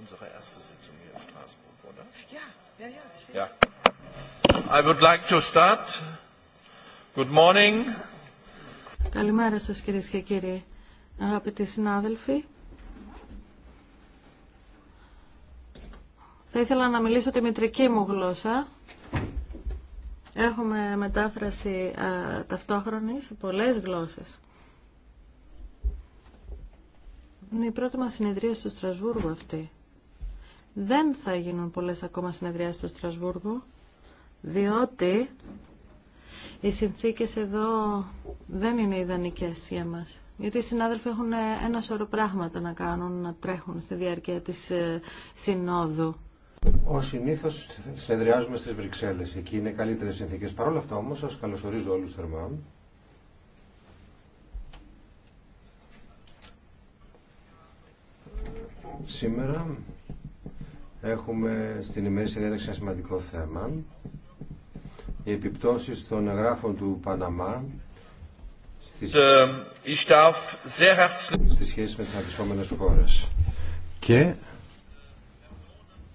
unsere erste Sitzung hier in Straßburg, oder? Ja, ja, ja. ja. I would like to start. Good morning. Καλημέρα σας κυρίες και κύριοι, αγαπητοί συνάδελφοι. Θα ήθελα να μιλήσω τη μητρική μου γλώσσα. Έχουμε μετάφραση α, ταυτόχρονη σε πολλές γλώσσες. Είναι η πρώτη μας συνεδρία στο Στρασβούργο αυτή δεν θα γίνουν πολλές ακόμα συνεδριάσεις στο Στρασβούργο, διότι οι συνθήκες εδώ δεν είναι ιδανικές για μας. Γιατί οι συνάδελφοι έχουν ένα σωρό πράγματα να κάνουν, να τρέχουν στη διάρκεια της ε, συνόδου. Ο συνήθω συνεδριάζουμε στι Βρυξέλλε. Εκεί είναι καλύτερε συνθήκε. Παρ' όλα αυτά όμω σα καλωσορίζω όλου θερμά. Σήμερα έχουμε στην ημέρηση διάταξη ένα σημαντικό θέμα. Οι επιπτώσεις των εγγράφων του Παναμά στις, ε, στις σχέσεις με τις αντισώμενες χώρες. Και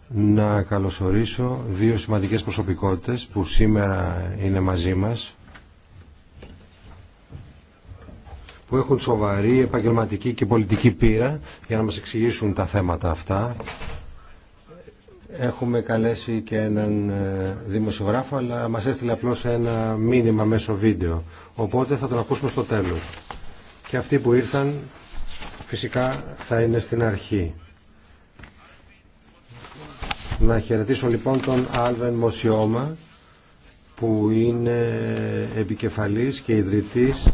να καλωσορίσω δύο σημαντικές προσωπικότητες που σήμερα είναι μαζί μας που έχουν σοβαρή επαγγελματική και πολιτική πείρα για να μας εξηγήσουν τα θέματα αυτά. Έχουμε καλέσει και έναν ε, δημοσιογράφο, αλλά μας έστειλε απλώς ένα μήνυμα μέσω βίντεο. Οπότε θα τον ακούσουμε στο τέλος. Και αυτοί που ήρθαν φυσικά θα είναι στην αρχή. Να χαιρετήσω λοιπόν τον Άλβεν Μοσιώμα, που είναι επικεφαλής και ιδρυτής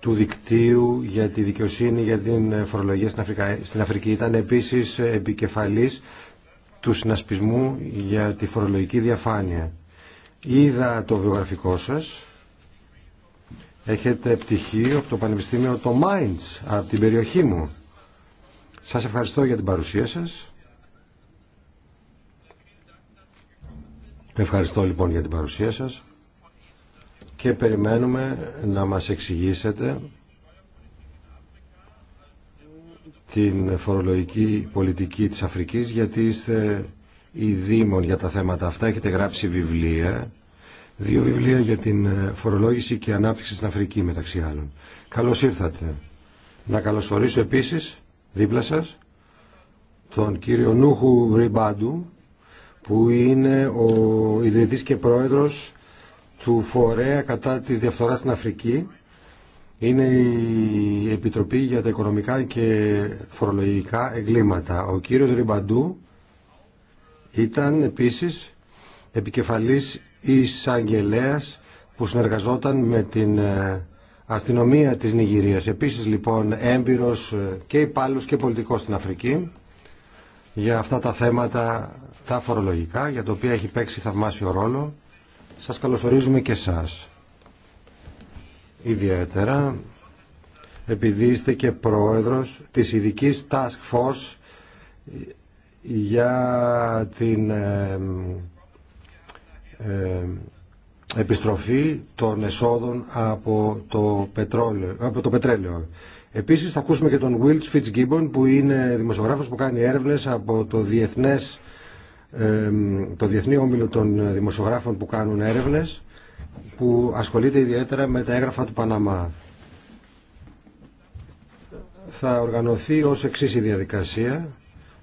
του δικτύου για τη δικαιοσύνη για την φορολογία στην, Αφρική. Στην Ήταν επίσης επικεφαλής του συνασπισμού για τη φορολογική διαφάνεια. Είδα το βιογραφικό σας. Έχετε πτυχίο από το Πανεπιστήμιο το Mainz, από την περιοχή μου. Σας ευχαριστώ για την παρουσία σας. Ευχαριστώ λοιπόν για την παρουσία σας και περιμένουμε να μας εξηγήσετε την φορολογική πολιτική της Αφρικής γιατί είστε οι για τα θέματα αυτά. Έχετε γράψει βιβλία, δύο βιβλία για την ε, φορολόγηση και ανάπτυξη στην Αφρική μεταξύ άλλων. Καλώς ήρθατε. Να καλωσορίσω επίσης δίπλα σας τον κύριο Νούχου Ριμπάντου που είναι ο ιδρυτής και πρόεδρος του Φορέα κατά της διαφθοράς στην Αφρική είναι η Επιτροπή για τα Οικονομικά και Φορολογικά Εγκλήματα. Ο κύριος Ριμπαντού ήταν επίσης επικεφαλής εισαγγελέα που συνεργαζόταν με την ε, αστυνομία της Νιγηρίας. Επίσης λοιπόν έμπειρος ε, και υπάλληλο και πολιτικός στην Αφρική για αυτά τα θέματα τα φορολογικά για τα οποία έχει παίξει θαυμάσιο ρόλο. Σας καλωσορίζουμε και εσάς ιδιαίτερα επειδή είστε και πρόεδρος της ειδική Task Force για την ε, ε, επιστροφή των εσόδων από το, πετρόλαιο, από το πετρέλαιο. Επίσης θα ακούσουμε και τον Will Fitzgibbon που είναι δημοσιογράφος που κάνει έρευνες από το, διεθνές, ε, το Διεθνή Όμιλο των Δημοσιογράφων που κάνουν έρευνες που ασχολείται ιδιαίτερα με τα έγγραφα του Παναμά. Θα οργανωθεί ως εξή η διαδικασία.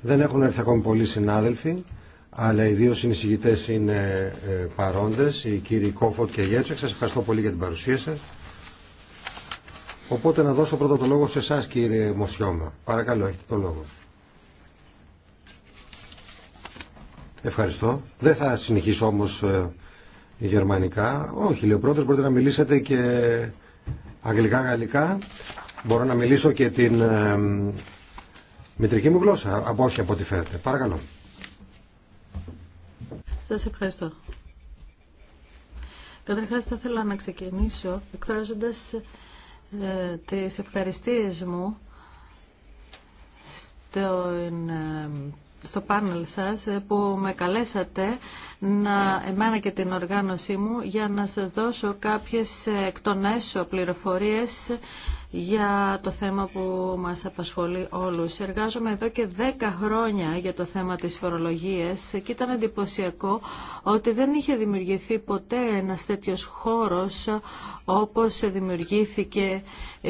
Δεν έχουν έρθει ακόμη πολλοί συνάδελφοι, αλλά οι δύο συνεισηγητές είναι ε, παρόντες, οι κύριοι Κόφωτ και Γέτσεκ. Σας ευχαριστώ πολύ για την παρουσία σας. Οπότε να δώσω πρώτα το λόγο σε εσά κύριε Μοσιώμα. Παρακαλώ, έχετε το λόγο. Ευχαριστώ. Δεν θα συνεχίσω όμως ε, γερμανικά. Όχι, λέει ο μπορείτε να μιλήσετε και αγγλικά-γαλλικά. Μπορώ να μιλήσω και την ε, μητρική μου γλώσσα, από όχι από ό,τι φέρετε. Παρακαλώ. Σας ευχαριστώ. Καταρχάς θα ήθελα να ξεκινήσω εκφράζοντας ε, τις ευχαριστίες μου στον ε, στο πάνελ σας ε, που με καλέσατε να εμένα και την οργάνωσή μου για να σας δώσω κάποιες εκ των έσω πληροφορίες για το θέμα που μας απασχολεί όλους. Εργάζομαι εδώ και 10 χρόνια για το θέμα της φορολογίας και ήταν εντυπωσιακό ότι δεν είχε δημιουργηθεί ποτέ ένας τέτοιος χώρος όπως δημιουργήθηκε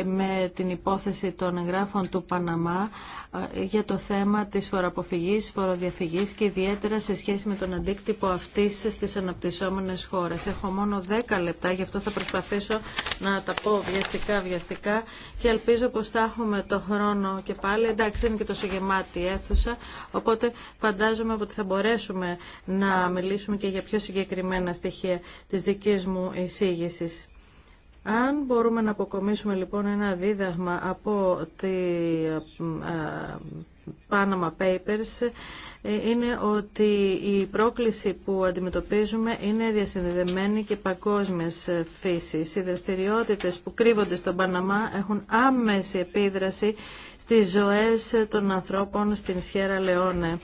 με την υπόθεση των εγγράφων του Παναμά ε, για το θέμα της φοροαποφυγής, φοροδιαφυγής και ιδιαίτερα σε σχέση με τον αντίκτυπο αυτής στις αναπτυσσόμενες χώρες. Έχω μόνο 10 λεπτά, γι' αυτό θα προσπαθήσω να τα πω βιαστικά, βιαστικά και ελπίζω πως θα έχουμε το χρόνο και πάλι. Εντάξει, είναι και τόσο γεμάτη η αίθουσα, οπότε φαντάζομαι ότι θα μπορέσουμε να μιλήσουμε και για πιο συγκεκριμένα στοιχεία της δικής μου εισήγησης. Αν μπορούμε να αποκομίσουμε λοιπόν ένα δίδαγμα από τη ε, Panama Papers ε, είναι ότι η πρόκληση που αντιμετωπίζουμε είναι διασυνδεδεμένη και παγκόσμιας φύσης. Οι δραστηριότητες που κρύβονται στον Παναμά έχουν άμεση επίδραση στις ζωές των ανθρώπων στην Σιέρα Λεόνε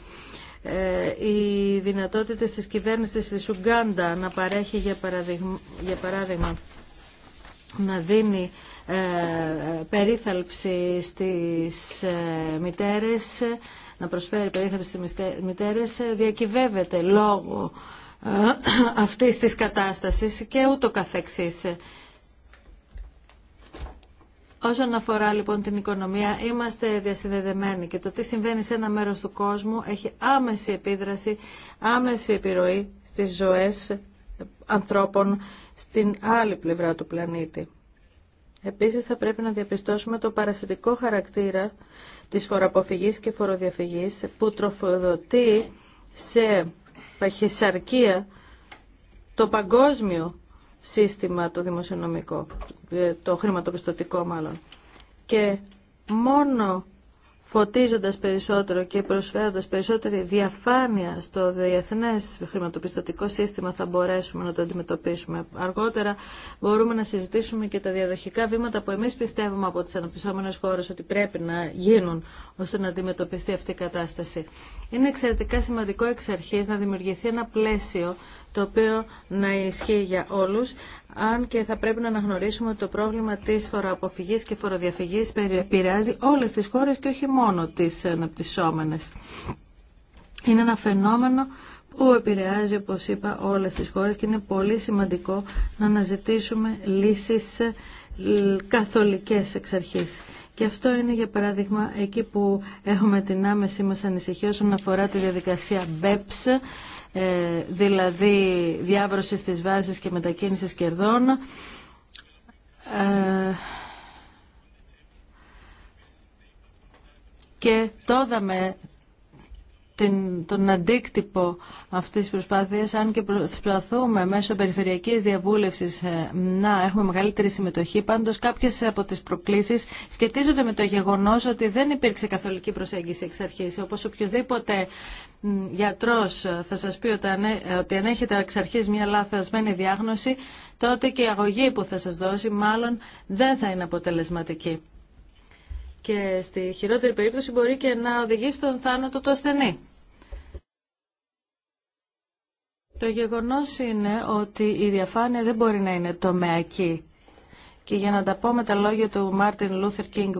ε, οι δυνατότητες της κυβέρνησης της Ουγγάντα να παρέχει για παράδειγμα, για παράδειγμα να δίνει ε, περίθαλψη στις ε, μητέρες, να προσφέρει περίθαλψη στις μητέρες, ε, διακυβεύεται λόγω αυτής της κατάστασης και ούτω καθεξής. Όσον αφορά λοιπόν την οικονομία, είμαστε διασυνδεδεμένοι και το τι συμβαίνει σε ένα μέρος του κόσμου έχει άμεση επίδραση, άμεση επιρροή στις ζωές ανθρώπων στην άλλη πλευρά του πλανήτη. Επίσης θα πρέπει να διαπιστώσουμε το παρασιτικό χαρακτήρα της φοροαποφυγής και φοροδιαφυγής που τροφοδοτεί σε παχυσαρκία το παγκόσμιο σύστημα το δημοσιονομικό, ε, το χρηματοπιστωτικό μάλλον. Και μόνο φωτίζοντας περισσότερο και προσφέροντας περισσότερη διαφάνεια στο διεθνές χρηματοπιστωτικό σύστημα θα μπορέσουμε να το αντιμετωπίσουμε. Αργότερα μπορούμε να συζητήσουμε και τα διαδοχικά βήματα που εμείς πιστεύουμε από τις αναπτυσσόμενες χώρες ότι πρέπει να γίνουν ώστε να αντιμετωπιστεί αυτή η κατάσταση. Είναι εξαιρετικά σημαντικό εξ αρχής να δημιουργηθεί ένα πλαίσιο το οποίο να ισχύει για όλους, αν και θα πρέπει να αναγνωρίσουμε ότι το πρόβλημα της φοροαποφυγής και φοροδιαφυγής επηρεάζει όλες τις χώρες και όχι μόνο τις αναπτυσσόμενες. Είναι ένα φαινόμενο που επηρεάζει, όπως είπα, όλες τις χώρες και είναι πολύ σημαντικό να αναζητήσουμε λύσεις ε, καθολικές εξ αρχής. Και αυτό είναι για παράδειγμα εκεί που έχουμε την άμεση μας ανησυχία όσον αφορά τη διαδικασία BEPS ε, δηλαδή διάβρωση της βάσης και μετακίνησης κερδών. Ε, και τόδαμε τον αντίκτυπο αυτής της προσπάθειας, αν και προσπαθούμε μέσω περιφερειακής διαβούλευσης ε, να έχουμε μεγαλύτερη συμμετοχή, πάντως κάποιες από τις προκλήσεις σχετίζονται με το γεγονός ότι δεν υπήρξε καθολική προσέγγιση εξ αρχής, όπως οποιοδήποτε γιατρός ε, θα σας πει ε, ότι αν έχετε εξ αρχής μια λαθασμένη διάγνωση, τότε και η αγωγή που θα σας δώσει μάλλον δεν θα είναι αποτελεσματική. Και στη χειρότερη περίπτωση μπορεί και να οδηγήσει στον θάνατο του ασθενή. Το γεγονός είναι ότι η διαφάνεια δεν μπορεί να είναι τομεακή. Και για να τα πω με τα λόγια του Μάρτιν Λούθερ Κίνγκ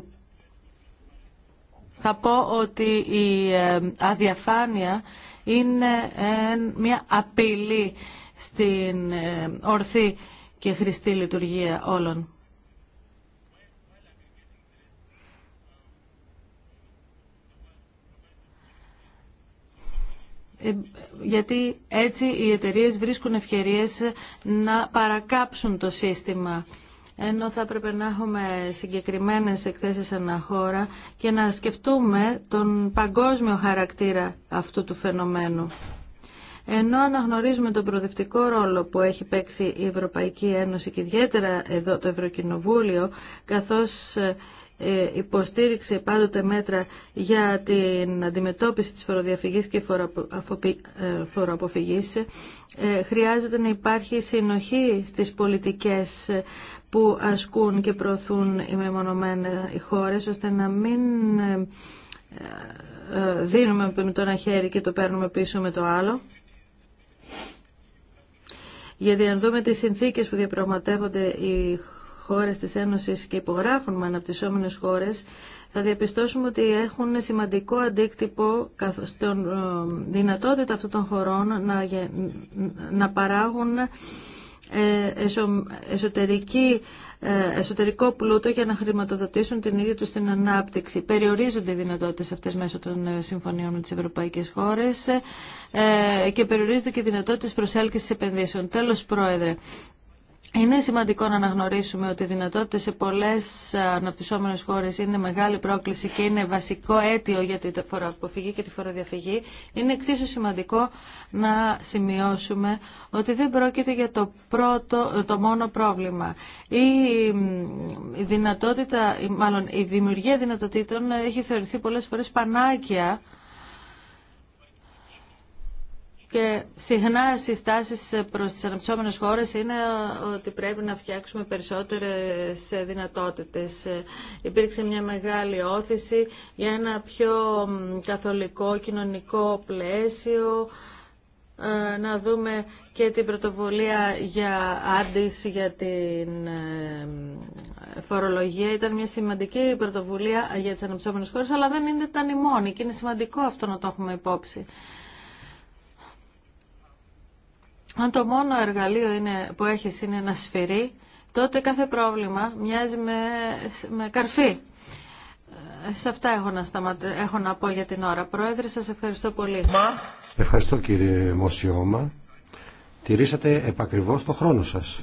θα πω ότι η ε, αδιαφάνεια είναι ε, μια απειλή στην ε, ορθή και χρηστή λειτουργία όλων. γιατί έτσι οι εταιρείες βρίσκουν ευκαιρίες να παρακάψουν το σύστημα ενώ θα έπρεπε να έχουμε συγκεκριμένες εκθέσεις αναχώρα και να σκεφτούμε τον παγκόσμιο χαρακτήρα αυτού του φαινομένου. Ενώ αναγνωρίζουμε τον προοδευτικό ρόλο που έχει παίξει η Ευρωπαϊκή Ένωση και ιδιαίτερα εδώ το Ευρωκοινοβούλιο, καθώς ε, υποστήριξε πάντοτε μέτρα για την αντιμετώπιση της φοροδιαφυγής και ε, φοροαποφυγής, ε, χρειάζεται να υπάρχει συνοχή στις πολιτικές που ασκούν και προωθούν οι μεμονωμένες οι χώρες, ώστε να μην ε, ε, δίνουμε με το ένα χέρι και το παίρνουμε πίσω με το άλλο. Γιατί αν δούμε τις συνθήκες που διαπραγματεύονται οι χώρες της Ένωσης και υπογράφουν με αναπτυσσόμενες χώρες, θα διαπιστώσουμε ότι έχουν σημαντικό αντίκτυπο στην ε, δυνατότητα αυτών των χωρών να, να παράγουν ε, εσωτερική, ε, εσωτερικό πλούτο για να χρηματοδοτήσουν την ίδια τους την ανάπτυξη. Περιορίζονται οι δυνατότητες αυτές μέσω των ε, συμφωνιών με τις ευρωπαϊκές χώρες και περιορίζονται και οι δυνατότητες προσέλκυσης επενδύσεων. Τέλος, Πρόεδρε, είναι σημαντικό να αναγνωρίσουμε ότι οι δυνατότητες σε πολλές αναπτυσσόμενες χώρες είναι μεγάλη πρόκληση και είναι βασικό αίτιο για τη φοροαποφυγή και τη φοροδιαφυγή. Είναι εξίσου σημαντικό να σημειώσουμε ότι δεν πρόκειται για το, πρώτο, το μόνο πρόβλημα. Η, δυνατότητα, μάλλον η δημιουργία δυνατοτήτων έχει θεωρηθεί πολλές φορές πανάκια και συχνά τάσει προ τι αναπτυσσόμενες χώρε είναι ότι πρέπει να φτιάξουμε περισσότερε δυνατότητε. Υπήρξε μια μεγάλη όθηση για ένα πιο καθολικό κοινωνικό πλαίσιο, ε, να δούμε και την πρωτοβουλία για άντιση για την ε, φορολογία. Ήταν μια σημαντική πρωτοβουλία για τις αναπτυσσόμενες χώρες, αλλά δεν ήταν η μόνη και είναι σημαντικό αυτό να το έχουμε υπόψη. Αν το μόνο εργαλείο είναι, που έχεις είναι ένα σφυρί, τότε κάθε πρόβλημα μοιάζει με, με καρφί. Ε, σε αυτά έχω να, έχω να πω για την ώρα. Πρόεδρε, σας ευχαριστώ πολύ. Ευχαριστώ κύριε Μοσιώμα. Τηρήσατε επακριβώς το χρόνο σας.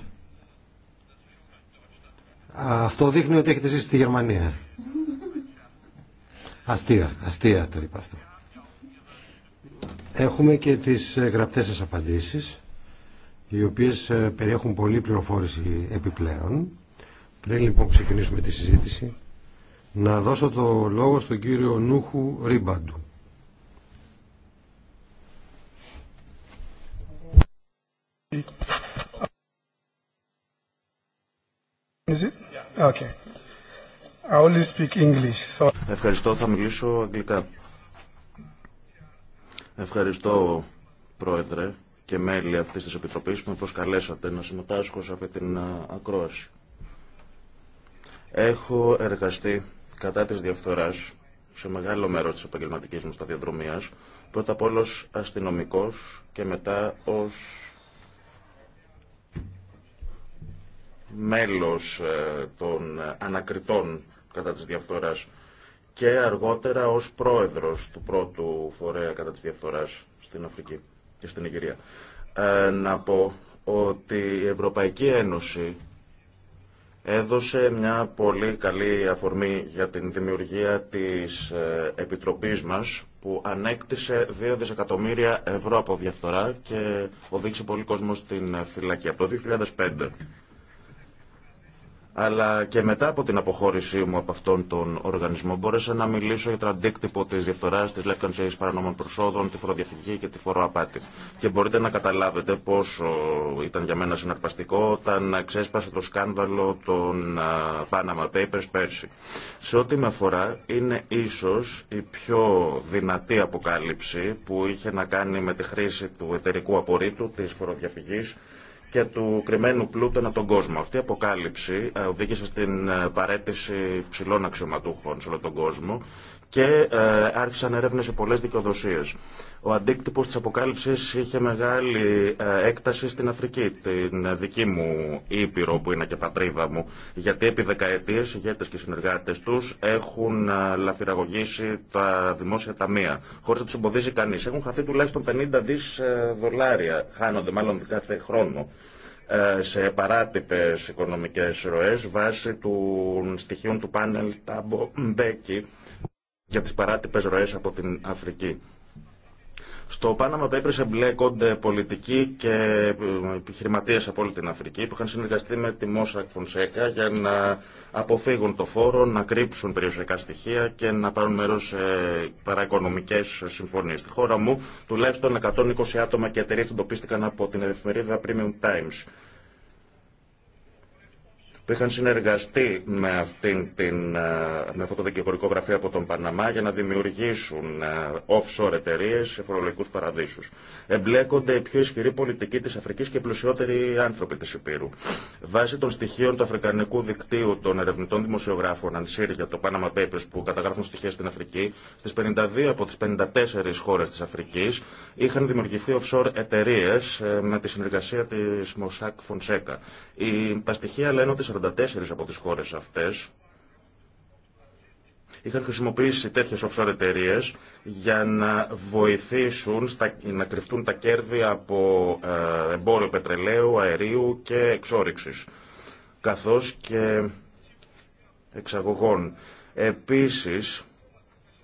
Αυτό δείχνει ότι έχετε ζήσει στη Γερμανία. Αστεία, αστεία το είπα αυτό. Έχουμε και τις ε, γραπτές σας απαντήσεις οι οποίες ε, περιέχουν πολλή πληροφόρηση επιπλέον. Πριν λοιπόν ξεκινήσουμε τη συζήτηση, να δώσω το λόγο στον κύριο Νούχου Ρίμπαντου. Ευχαριστώ, θα μιλήσω αγγλικά. Ευχαριστώ, Πρόεδρε και μέλη αυτή τη επιτροπή που με προσκαλέσατε να συμμετάσχω σε αυτή την ακρόαση. Έχω εργαστεί κατά τη διαφθοράς σε μεγάλο μέρος τη επαγγελματική μου σταδιοδρομίας, πρώτα απ' όλα ως αστυνομικός και μετά ως μέλος ε, των ανακριτών κατά της διαφθοράς και αργότερα ως πρόεδρος του πρώτου φορέα κατά της διαφθοράς στην Αφρική και στην Ε, να πω ότι η Ευρωπαϊκή Ένωση έδωσε μια πολύ καλή αφορμή για την δημιουργία της ε, Επιτροπής μας που ανέκτησε 2 δισεκατομμύρια ευρώ από διαφθορά και οδήγησε πολύ κόσμο στην ε, φυλακή. Από το 2005 αλλά και μετά από την αποχώρησή μου από αυτόν τον οργανισμό μπόρεσα να μιλήσω για τον αντίκτυπο τη διαφθορά, τη λεύκανση παρανόμων προσόδων, τη φοροδιαφυγή και τη φοροαπάτη. Και μπορείτε να καταλάβετε πόσο ήταν για μένα συναρπαστικό όταν ξέσπασε το σκάνδαλο των Panama Papers πέρσι. Σε ό,τι με αφορά, είναι ίσω η πιο δυνατή αποκάλυψη που είχε να κάνει με τη χρήση του εταιρικού απορρίτου, τη φοροδιαφυγή και του κρυμμένου πλούτου από τον κόσμο. Αυτή η αποκάλυψη ε, οδήγησε στην ε, παρέτηση ψηλών αξιωματούχων σε όλο τον κόσμο και ε, άρχισαν έρευνε σε πολλέ δικαιοδοσίε. Ο αντίκτυπο τη αποκάλυψη είχε μεγάλη έκταση στην Αφρική, την δική μου ήπειρο που είναι και πατρίδα μου, γιατί επί δεκαετίε οι ηγέτε και οι συνεργάτε του έχουν λαφυραγωγήσει τα δημόσια ταμεία, χωρί να του εμποδίζει κανεί. Έχουν χαθεί τουλάχιστον 50 δι δολάρια, χάνονται μάλλον κάθε χρόνο ε, σε παράτυπες οικονομικές ροές βάσει των στοιχείων του πάνελ Ταμπο για τις παράτυπες ροές από την Αφρική. Στο Πάναμα Papers εμπλέκονται πολιτικοί και ε, επιχειρηματίε από όλη την Αφρική που είχαν συνεργαστεί με τη Mossack Fonseca για να αποφύγουν το φόρο, να κρύψουν περιουσιακά στοιχεία και να πάρουν μέρο σε παραοικονομικέ συμφωνίε. Στη χώρα μου, τουλάχιστον 120 άτομα και εταιρείε εντοπίστηκαν από την εφημερίδα Premium Times που είχαν συνεργαστεί με, αυτήν την, ε, με αυτό το δικηγορικό γραφείο από τον Παναμά για να δημιουργήσουν ε, offshore εταιρείε σε φορολογικού παραδείσου. Εμπλέκονται οι πιο ισχυροί πολιτικοί τη Αφρική και οι πλουσιότεροι άνθρωποι τη Υπήρου. Βάσει των στοιχείων του Αφρικανικού Δικτύου των Ερευνητών Δημοσιογράφων Ανσύρ για το Panama Papers που καταγράφουν στοιχεία στην Αφρική, στι 52 από τι 54 χώρε τη Αφρική είχαν δημιουργηθεί offshore εταιρείε ε, με τη συνεργασία τη Mossack Fonseca η τα στοιχεία λένε ότι 44 από τις χώρες αυτές είχαν χρησιμοποιήσει τέτοιες offshore εταιρείε για να βοηθήσουν στα, να κρυφτούν τα κέρδη από ε, εμπόριο πετρελαίου, αερίου και εξόριξης, καθώς και εξαγωγών. Επίσης,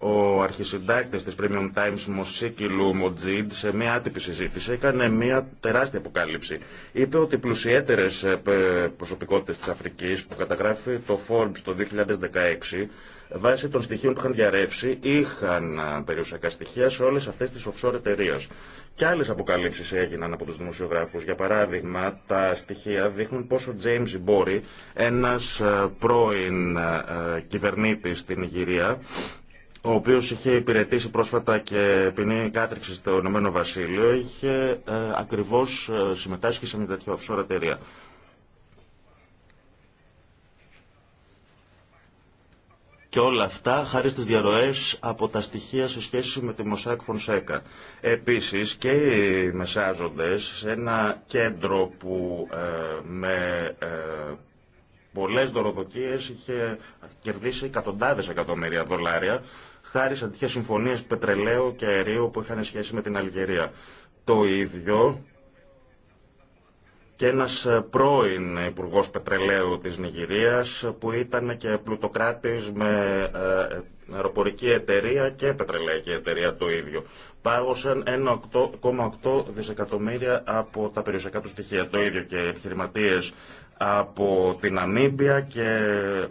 ο αρχισυντάκτης τη Premium Times Μωσίκη Μοτζίντ σε μια άτυπη συζήτηση έκανε μια τεράστια αποκάλυψη. Είπε ότι οι πλουσιέτερε ε, προσωπικότητε τη Αφρική που καταγράφει το Forbes το 2016 βάσει των στοιχείων που είχαν διαρρεύσει είχαν ε, περιουσιακά στοιχεία σε όλε αυτέ τι offshore εταιρείε. Και άλλε αποκαλύψει έγιναν από του δημοσιογράφου. Για παράδειγμα, τα στοιχεία δείχνουν πόσο James Μπόρι, ένα ε, πρώην κυβερνήτη στην Ιγυρία, ο οποίος είχε υπηρετήσει πρόσφατα και ποινή κάτριξη στο Ηνωμένο Βασίλειο, είχε ε, ακριβώς ε, συμμετάσχει σε μια τέτοια offshore εταιρεία. Και όλα αυτά χάρη στις διαρροές από τα στοιχεία σε σχέση με τη Μοσάκ Φονσέκα. Επίσης και οι μεσάζοντες σε ένα κέντρο που ε, με ε, πολλές δωροδοκίες είχε κερδίσει εκατοντάδες εκατομμύρια δολάρια χάρη σε τέτοιε συμφωνίε πετρελαίου και αερίου που είχαν σχέση με την Αλγερία. Το ίδιο και ένας πρώην υπουργό πετρελαίου της Νιγηρίας που ήταν και πλουτοκράτης με ε, αεροπορική εταιρεία και πετρελαϊκή εταιρεία το ίδιο. Πάγωσαν 1,8 δισεκατομμύρια από τα περιουσιακά του στοιχεία. Το ίδιο και επιχειρηματίες. επιχειρηματίε από την Αμίμπια και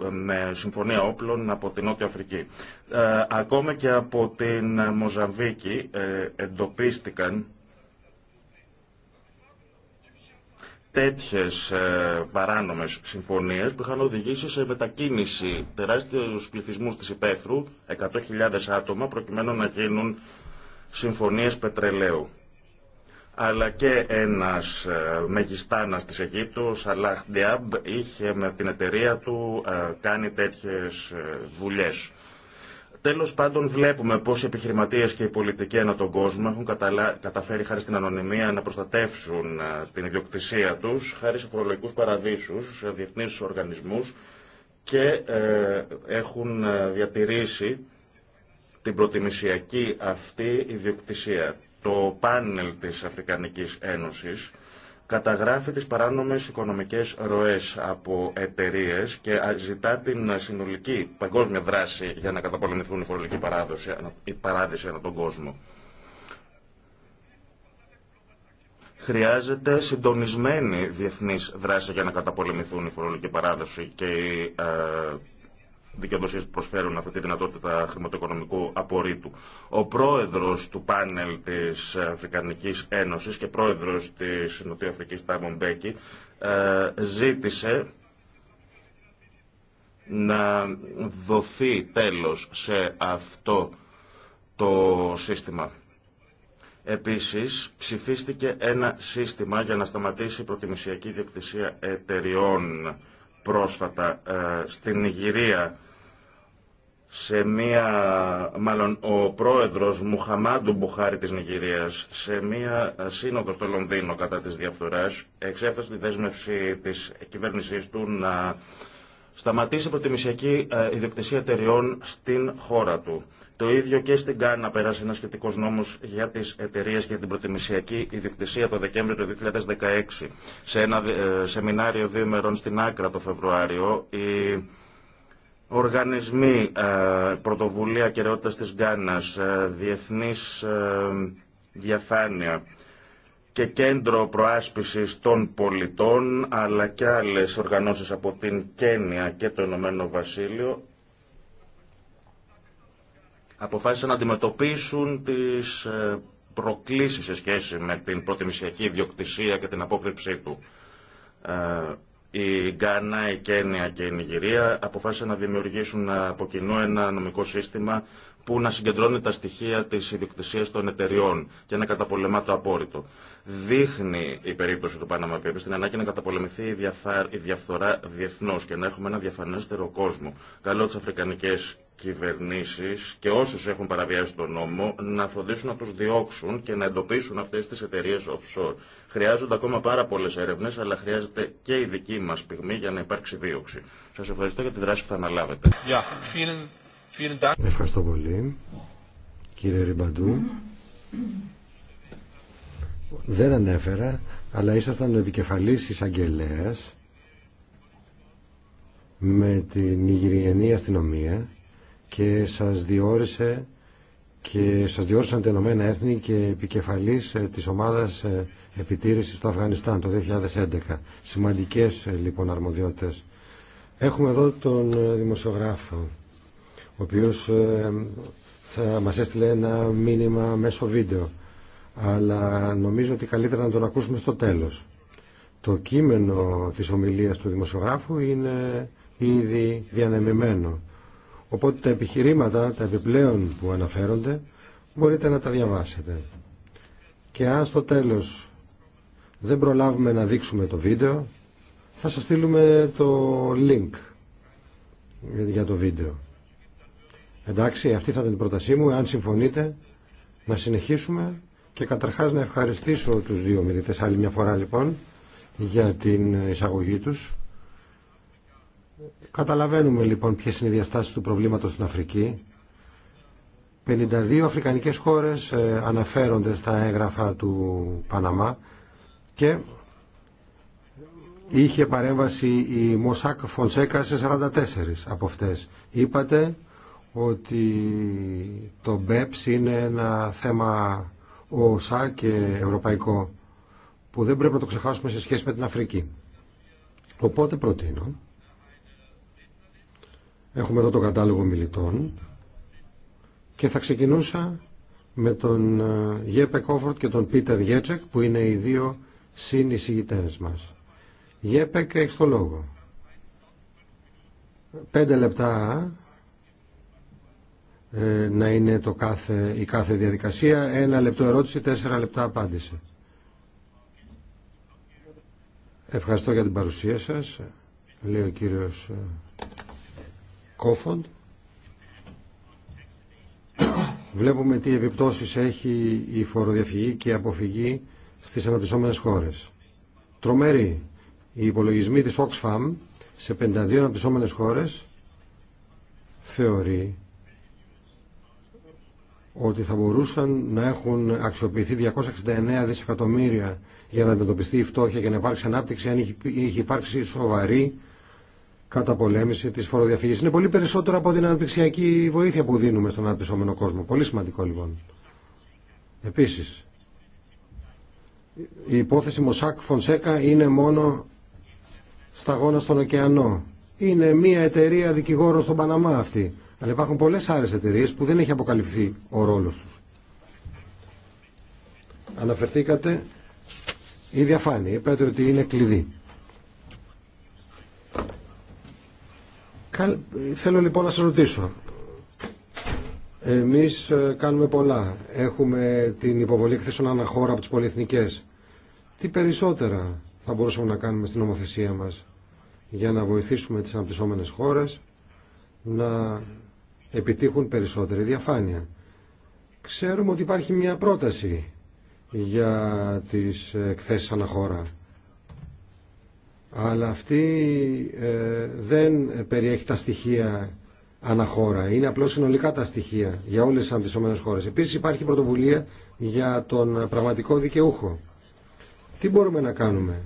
ε, με συμφωνία όπλων από την Νότια Αφρική. Ε, ακόμα και από την Μοζαμβίκη ε, εντοπίστηκαν τέτοιες ε, παράνομες συμφωνίες που είχαν οδηγήσει σε μετακίνηση τεράστιους πληθυσμούς της υπαίθρου, 100.000 άτομα, προκειμένου να γίνουν συμφωνίες πετρελαίου αλλά και ένας ε, μεγιστάνας της Αιγύπτου, Σαλάχ Ντιάμπ, είχε με την εταιρεία του ε, κάνει τέτοιες ε, δουλειές. Τέλος πάντων βλέπουμε πως οι επιχειρηματίες και οι πολιτικοί ανά τον κόσμο έχουν καταφέρει χάρη στην ανωνυμία να προστατεύσουν την ιδιοκτησία τους, χάρη σε φορολογικούς παραδείσους, σε διεθνείς οργανισμούς και έχουν διατηρήσει την προτιμησιακή αυτή ιδιοκτησία το πάνελ της Αφρικανικής Ένωσης καταγράφει τις παράνομες οικονομικές ροές από εταιρείε και ζητά την συνολική παγκόσμια δράση για να καταπολεμηθούν οι φορολογική παράδοση, η παράδειση ανά τον κόσμο. Χρειάζεται συντονισμένη διεθνής δράση για να καταπολεμηθούν οι φορολογική παράδοση και ε, δικαιοδοσίε που προσφέρουν αυτή τη δυνατότητα χρηματοοικονομικού απορρίτου. Ο πρόεδρο του πάνελ της Αφρικανική Ένωσης και πρόεδρο τη Νοτιοαφρική Τάμον Μπέκη ε, ζήτησε να δοθεί τέλος σε αυτό το σύστημα. Επίσης, ψηφίστηκε ένα σύστημα για να σταματήσει η προτιμησιακή διοκτησία εταιριών πρόσφατα ε, στην Νιγηρία σε μία, μάλλον ο πρόεδρος Μουχαμάντου Μπουχάρη της Νιγηρίας σε μία ε, σύνοδο στο Λονδίνο κατά της διαφθοράς εξέφρασε τη δέσμευση της κυβέρνησής του να σταματήσει προτιμησιακή ε, ιδιοκτησία εταιριών στην χώρα του. Το ίδιο και στην Κάνα πέρασε ένα σχετικό νόμο για τι εταιρείε και την προτιμησιακή ιδιοκτησία το Δεκέμβριο του 2016. Σε ένα ε, σεμινάριο δύο ημερών στην Άκρα το Φεβρουάριο, οι οργανισμοί ε, Πρωτοβουλία Κεραιότητα τη Γκάνα, ε, Διεθνή Διαφάνεια και Κέντρο Προάσπισης των Πολιτών, αλλά και άλλες οργανώσει από την Κένια και το Ηνωμένο Βασίλειο, αποφάσισαν να αντιμετωπίσουν τις ε, προκλήσεις σε σχέση με την προτιμησιακή ιδιοκτησία και την απόκρυψή του. Ε, η Γκάνα, η Κένια και η Νιγηρία αποφάσισαν να δημιουργήσουν από κοινού ένα νομικό σύστημα που να συγκεντρώνει τα στοιχεία τη ιδιοκτησία των εταιριών και να καταπολεμά το απόρριτο. Δείχνει η περίπτωση του Πάναμα Papers την ανάγκη να καταπολεμηθεί η διαφθορά διεθνώ και να έχουμε ένα διαφανέστερο κόσμο. Καλό τι αφρικανικέ κυβερνήσεις και όσους έχουν παραβιάσει τον νόμο να φροντίσουν να τους διώξουν και να εντοπίσουν αυτές τις εταιρείες offshore. Χρειάζονται ακόμα πάρα πολλές έρευνες, αλλά χρειάζεται και η δική μας πυγμή για να υπάρξει δίωξη. Σας ευχαριστώ για τη δράση που θα αναλάβετε. Ευχαριστώ πολύ, κύριε Ριμπαντού. Δεν ανέφερα, αλλά ήσασταν ο επικεφαλής εισαγγελέας με την Ιγυριανή αστυνομία και σας διόρισε και σας διόρισαν τα Ηνωμένα Έθνη και επικεφαλής ε, της ομάδας ε, επιτήρησης στο Αφγανιστάν το 2011. Σημαντικές ε, λοιπόν αρμοδιότητες. Έχουμε εδώ τον δημοσιογράφο, ο οποίος θα μας έστειλε ένα μήνυμα μέσω βίντεο, αλλά νομίζω ότι καλύτερα να τον ακούσουμε στο τέλος. Το κείμενο της ομιλίας του δημοσιογράφου είναι ήδη διανεμημένο Οπότε τα επιχειρήματα, τα επιπλέον που αναφέρονται, μπορείτε να τα διαβάσετε. Και αν στο τέλος δεν προλάβουμε να δείξουμε το βίντεο, θα σας στείλουμε το link για το βίντεο. Εντάξει, αυτή θα ήταν η πρότασή μου. Αν συμφωνείτε, να συνεχίσουμε και καταρχάς να ευχαριστήσω τους δύο μιλητές άλλη μια φορά λοιπόν για την εισαγωγή τους. Καταλαβαίνουμε λοιπόν ποιες είναι οι διαστάσεις του προβλήματος στην Αφρική. 52 αφρικανικές χώρες ε, αναφέρονται στα έγγραφα του Παναμά και είχε παρέμβαση η Μοσάκ Φονσέκα σε 44 από αυτές. Είπατε ότι το BEPS ε είναι ένα θέμα ΟΣΑ και ευρωπαϊκό που δεν πρέπει να το ξεχάσουμε σε σχέση με την Αφρική. Οπότε προτείνω Έχουμε εδώ το κατάλογο μιλητών και θα ξεκινούσα με τον ε, Γέπε Κόφορτ και τον Πίτερ Γέτσεκ που είναι οι δύο συνεισηγητές μας. Γέπε και έχεις το λόγο. Πέντε λεπτά ε, να είναι το κάθε, η κάθε διαδικασία. Ένα λεπτό ερώτηση, τέσσερα λεπτά απάντηση. Ευχαριστώ για την παρουσία σας, λέει ο κύριος ε, βλέπουμε τι επιπτώσεις έχει η φοροδιαφυγή και η αποφυγή στις αναπτυσσόμενες χώρες. Τρομερή, οι υπολογισμοί της Oxfam σε 52 αναπτυσσόμενες χώρες θεωρεί ότι θα μπορούσαν να έχουν αξιοποιηθεί 269 δισεκατομμύρια για να αντιμετωπιστεί η φτώχεια και να υπάρξει ανάπτυξη αν είχε υπάρξει σοβαρή καταπολέμηση της φοροδιαφυγή. Είναι πολύ περισσότερο από την αναπτυξιακή βοήθεια που δίνουμε στον αναπτυσσόμενο κόσμο. Πολύ σημαντικό λοιπόν. Επίσης, η υπόθεση Μοσάκ Φονσέκα είναι μόνο σταγόνα στον ωκεανό. Είναι μια εταιρεία δικηγόρων στον Παναμά αυτή. Αλλά υπάρχουν πολλές άλλες εταιρείε που δεν έχει αποκαλυφθεί ο ρόλο του. Αναφερθήκατε η διαφάνεια. Είπατε ότι είναι κλειδί. Θέλω λοιπόν να σας ρωτήσω. Εμείς ε, κάνουμε πολλά. Έχουμε την υποβολή εκθέσεων αναχώρα από τις πολυεθνικές. Τι περισσότερα θα μπορούσαμε να κάνουμε στην νομοθεσία μας για να βοηθήσουμε τις αναπτυσσόμενες χώρες να επιτύχουν περισσότερη διαφάνεια. Ξέρουμε ότι υπάρχει μια πρόταση για τις εκθέσεις αναχώρα αλλά αυτή ε, δεν περιέχει τα στοιχεία αναχώρα. Είναι απλώς συνολικά τα στοιχεία για όλες τις αντισωμένες χώρες. Επίσης υπάρχει πρωτοβουλία για τον πραγματικό δικαιούχο. Τι μπορούμε να κάνουμε,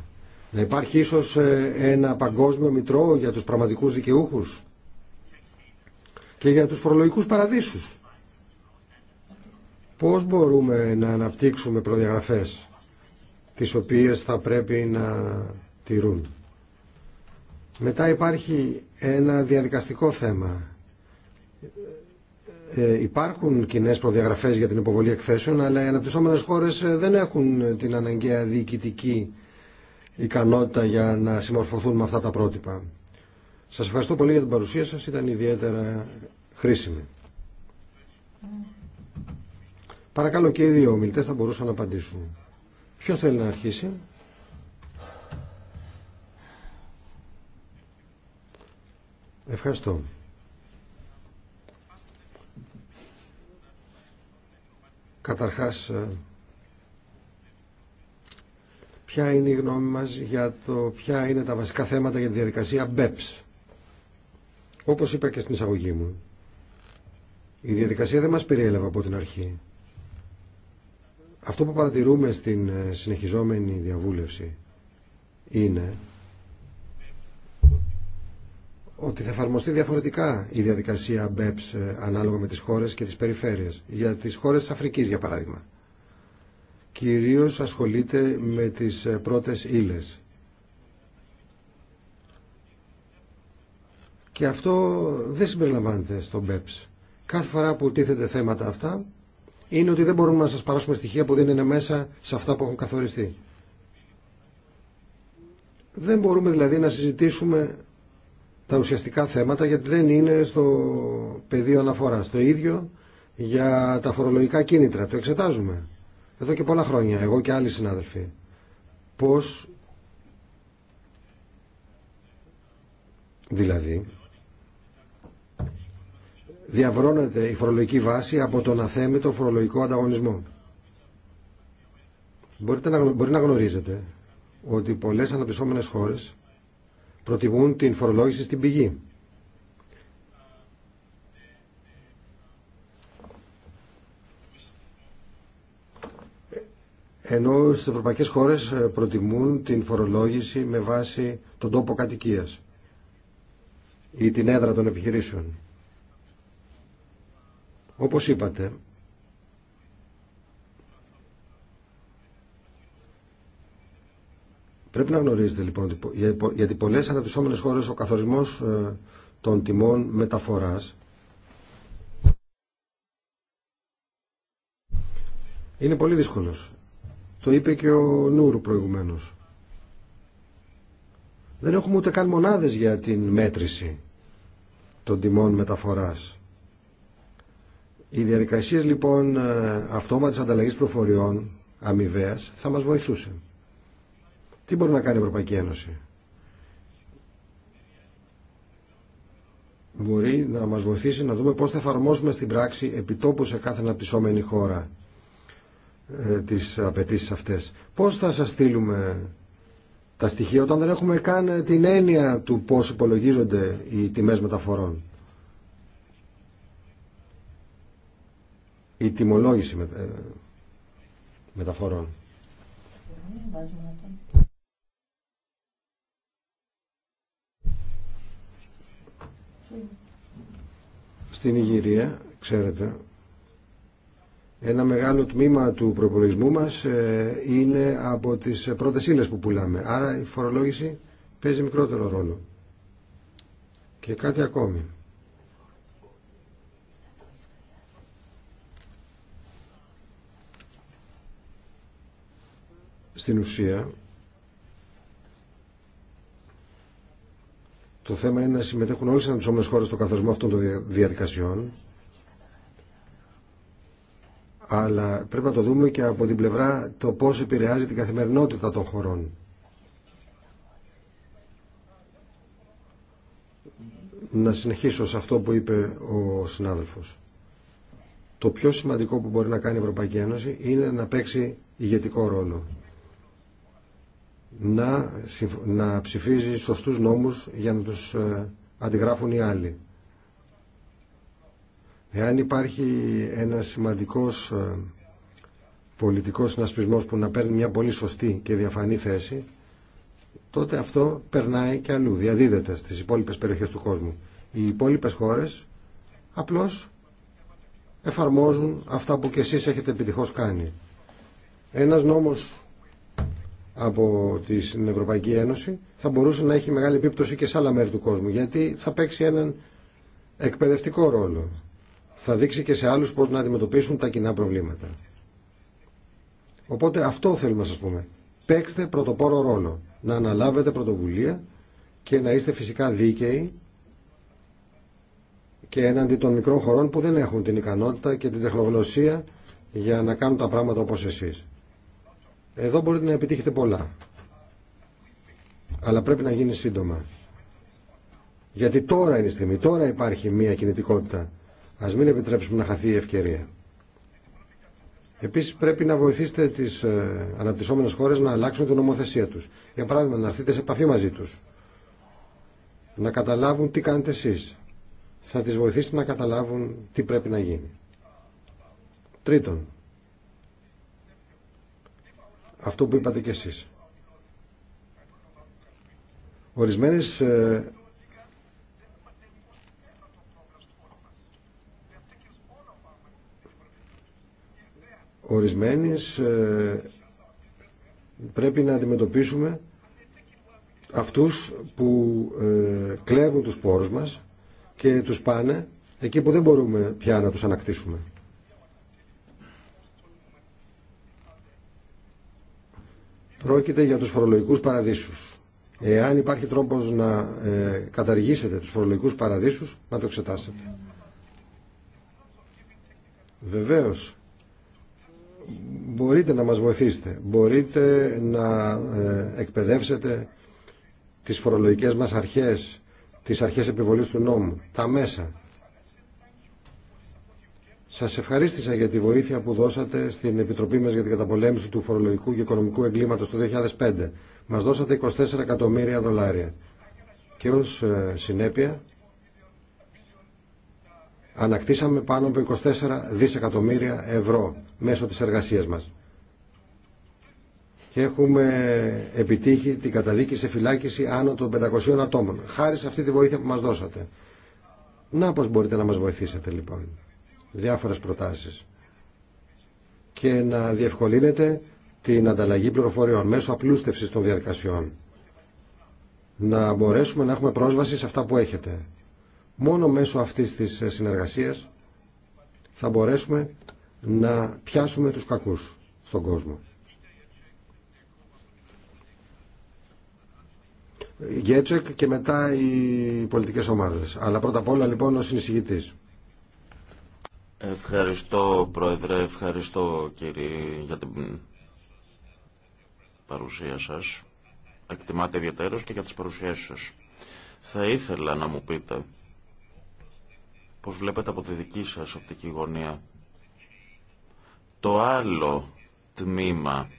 Να υπάρχει ίσως ε, ένα παγκόσμιο μητρό για τους πραγματικούς δικαιούχους. και για τους φορολογικούς παραδείσους. Πώς μπορούμε να αναπτύξουμε προδιαγραφές τις οποίες θα πρέπει να τηρούν. Μετά υπάρχει ένα διαδικαστικό θέμα. Ε, υπάρχουν κοινέ προδιαγραφέ για την υποβολή εκθέσεων, αλλά οι αναπτυσσόμενε χώρε ε, δεν έχουν την αναγκαία διοικητική ικανότητα για να συμμορφωθούν με αυτά τα πρότυπα. Σας ευχαριστώ πολύ για την παρουσία σας, ήταν ιδιαίτερα χρήσιμη. Παρακαλώ και οι δύο ομιλητέ θα μπορούσαν να απαντήσουν. Ποιο θέλει να αρχίσει. Ευχαριστώ. Καταρχάς, ε, ποια είναι η γνώμη μας για το ποια είναι τα βασικά θέματα για τη διαδικασία BEPS. Όπως είπα και στην εισαγωγή μου, η διαδικασία δεν μας περιέλαβε από την αρχή. Αυτό που παρατηρούμε στην ε, συνεχιζόμενη διαβούλευση είναι ότι θα εφαρμοστεί διαφορετικά η διαδικασία BEPS ε ε, ανάλογα με τις χώρες και τις περιφέρειες. Για τις χώρες της Αφρικής, για παράδειγμα. Κυρίως ασχολείται με τις ε, πρώτες ύλες. Και αυτό δεν συμπεριλαμβάνεται στο BEPS. Κάθε φορά που τίθεται θέματα αυτά, είναι ότι δεν μπορούμε να σας παράσουμε στοιχεία που δεν είναι μέσα σε αυτά που έχουν καθοριστεί. Δεν μπορούμε δηλαδή να συζητήσουμε τα ουσιαστικά θέματα γιατί δεν είναι στο πεδίο αναφοράς. Το ίδιο για τα φορολογικά κίνητρα. Το εξετάζουμε εδώ και πολλά χρόνια, εγώ και άλλοι συνάδελφοι. Πώς δηλαδή διαβρώνεται η φορολογική βάση από τον αθέμητο φορολογικό ανταγωνισμό. Μπορείτε να, μπορεί να γνωρίζετε ότι πολλές αναπτυσσόμενες χώρες προτιμούν την φορολόγηση στην πηγή. Ενώ στις ευρωπαϊκές χώρες ε, προτιμούν την φορολόγηση με βάση τον τόπο κατοικίας ή την έδρα των επιχειρήσεων. Όπως είπατε, Πρέπει να γνωρίζετε λοιπόν γιατί πολλέ αναπτυσσόμενε χώρε ο καθορισμός ε, των τιμών μεταφοράς είναι πολύ δύσκολος. Το είπε και ο Νούρου προηγουμένω. Δεν έχουμε ούτε καν μονάδες για την μέτρηση των τιμών μεταφοράς. Οι διαδικασίε λοιπόν ε, αυτόματης ανταλλαγής προφοριών αμοιβαία θα μας βοηθούσαν. Τι μπορεί να κάνει η Ευρωπαϊκή Ένωση. Μπορεί να μας βοηθήσει να δούμε πώς θα εφαρμόσουμε στην πράξη επιτόπου σε κάθε αναπτυσσόμενη χώρα ε, τις απαιτήσει αυτές. Πώς θα σας στείλουμε τα στοιχεία όταν δεν έχουμε καν την έννοια του πώς υπολογίζονται οι τιμές μεταφορών. Η τιμολόγηση ε, μεταφορών. Στην Ιγυρία, ξέρετε, ένα μεγάλο τμήμα του προπολογισμού μας ε, είναι από τις πρώτες ύλες που πουλάμε. Άρα η φορολόγηση παίζει μικρότερο ρόλο. Και κάτι ακόμη. Στην ουσία, Το θέμα είναι να συμμετέχουν όλες οι αναπτυσσόμενες χώρες στο καθορισμό αυτών των διαδικασιών. Αλλά πρέπει να το δούμε και από την πλευρά το πώς επηρεάζει την καθημερινότητα των χωρών. Να συνεχίσω σε αυτό που είπε ο συνάδελφος. Το πιο σημαντικό που μπορεί να κάνει η Ευρωπαϊκή Ένωση είναι να παίξει ηγετικό ρόλο να, να ψηφίζει σωστούς νόμους για να τους ε, αντιγράφουν οι άλλοι. Εάν υπάρχει ένα σημαντικός ε, πολιτικός συνασπισμός που να παίρνει μια πολύ σωστή και διαφανή θέση, τότε αυτό περνάει και αλλού, διαδίδεται στις υπόλοιπες περιοχές του κόσμου. Οι υπόλοιπες χώρες απλώς εφαρμόζουν αυτά που και εσείς έχετε επιτυχώς κάνει. Ένας νόμος από την Ευρωπαϊκή Ένωση θα μπορούσε να έχει μεγάλη επίπτωση και σε άλλα μέρη του κόσμου γιατί θα παίξει έναν εκπαιδευτικό ρόλο. Θα δείξει και σε άλλους πώς να αντιμετωπίσουν τα κοινά προβλήματα. Οπότε αυτό θέλουμε να σας πούμε. Παίξτε πρωτοπόρο ρόλο. Να αναλάβετε πρωτοβουλία και να είστε φυσικά δίκαιοι και έναντι των μικρών χωρών που δεν έχουν την ικανότητα και την τεχνογνωσία για να κάνουν τα πράγματα όπως εσείς. Εδώ μπορείτε να επιτύχετε πολλά. Αλλά πρέπει να γίνει σύντομα. Γιατί τώρα είναι η στιγμή, τώρα υπάρχει μια κινητικότητα. Ας μην επιτρέψουμε να χαθεί η ευκαιρία. Επίσης πρέπει να βοηθήσετε τις ε, αναπτυσσόμενες χώρες να αλλάξουν την νομοθεσία τους. Για παράδειγμα, να έρθετε σε επαφή μαζί τους. Να καταλάβουν τι κάνετε εσεί. Θα τι βοηθήσετε να καταλάβουν τι πρέπει να γίνει. Τρίτον, αυτό που είπατε κι εσείς. Ορισμένες ε, ορισμένες ε, πρέπει να αντιμετωπίσουμε αυτούς που ε, κλέβουν τους πόρους μας και τους πάνε εκεί που δεν μπορούμε πια να τους ανακτήσουμε. Πρόκειται για τους φορολογικούς παραδείσους. Εάν υπάρχει τρόπος να ε, καταργήσετε τους φορολογικούς παραδείσους, να το εξετάσετε. Βεβαίως, μπορείτε να μας βοηθήσετε, μπορείτε να ε, εκπαιδεύσετε τις φορολογικές μας αρχές, τις αρχές επιβολής του νόμου, τα μέσα. Σας ευχαρίστησα για τη βοήθεια που δώσατε στην Επιτροπή μας για την καταπολέμηση του φορολογικού και οικονομικού εγκλήματος το 2005. Μας δώσατε 24 εκατομμύρια δολάρια. Και ως ε, συνέπεια ανακτήσαμε πάνω από 24 δισεκατομμύρια ευρώ μέσω της εργασία μας. Και έχουμε επιτύχει την καταδίκη σε φυλάκιση άνω των 500 ατόμων. Χάρη σε αυτή τη βοήθεια που μα δώσατε. Να πώ μπορείτε να μα βοηθήσετε λοιπόν διάφορες προτάσεις και να διευκολύνεται την ανταλλαγή πληροφοριών μέσω απλούστευσης των διαδικασιών. Να μπορέσουμε να έχουμε πρόσβαση σε αυτά που έχετε. Μόνο μέσω αυτής της συνεργασίας θα μπορέσουμε να πιάσουμε τους κακούς στον κόσμο. Γκέτσεκ και μετά οι πολιτικές ομάδες. Αλλά πρώτα απ' όλα λοιπόν ο συνεισηγητής. Ευχαριστώ Πρόεδρε, ευχαριστώ κύριε για την παρουσία σας. εκτιμάται ιδιαίτερως και για τις παρουσίες σας. Θα ήθελα να μου πείτε πώς βλέπετε από τη δική σας οπτική γωνία το άλλο τμήμα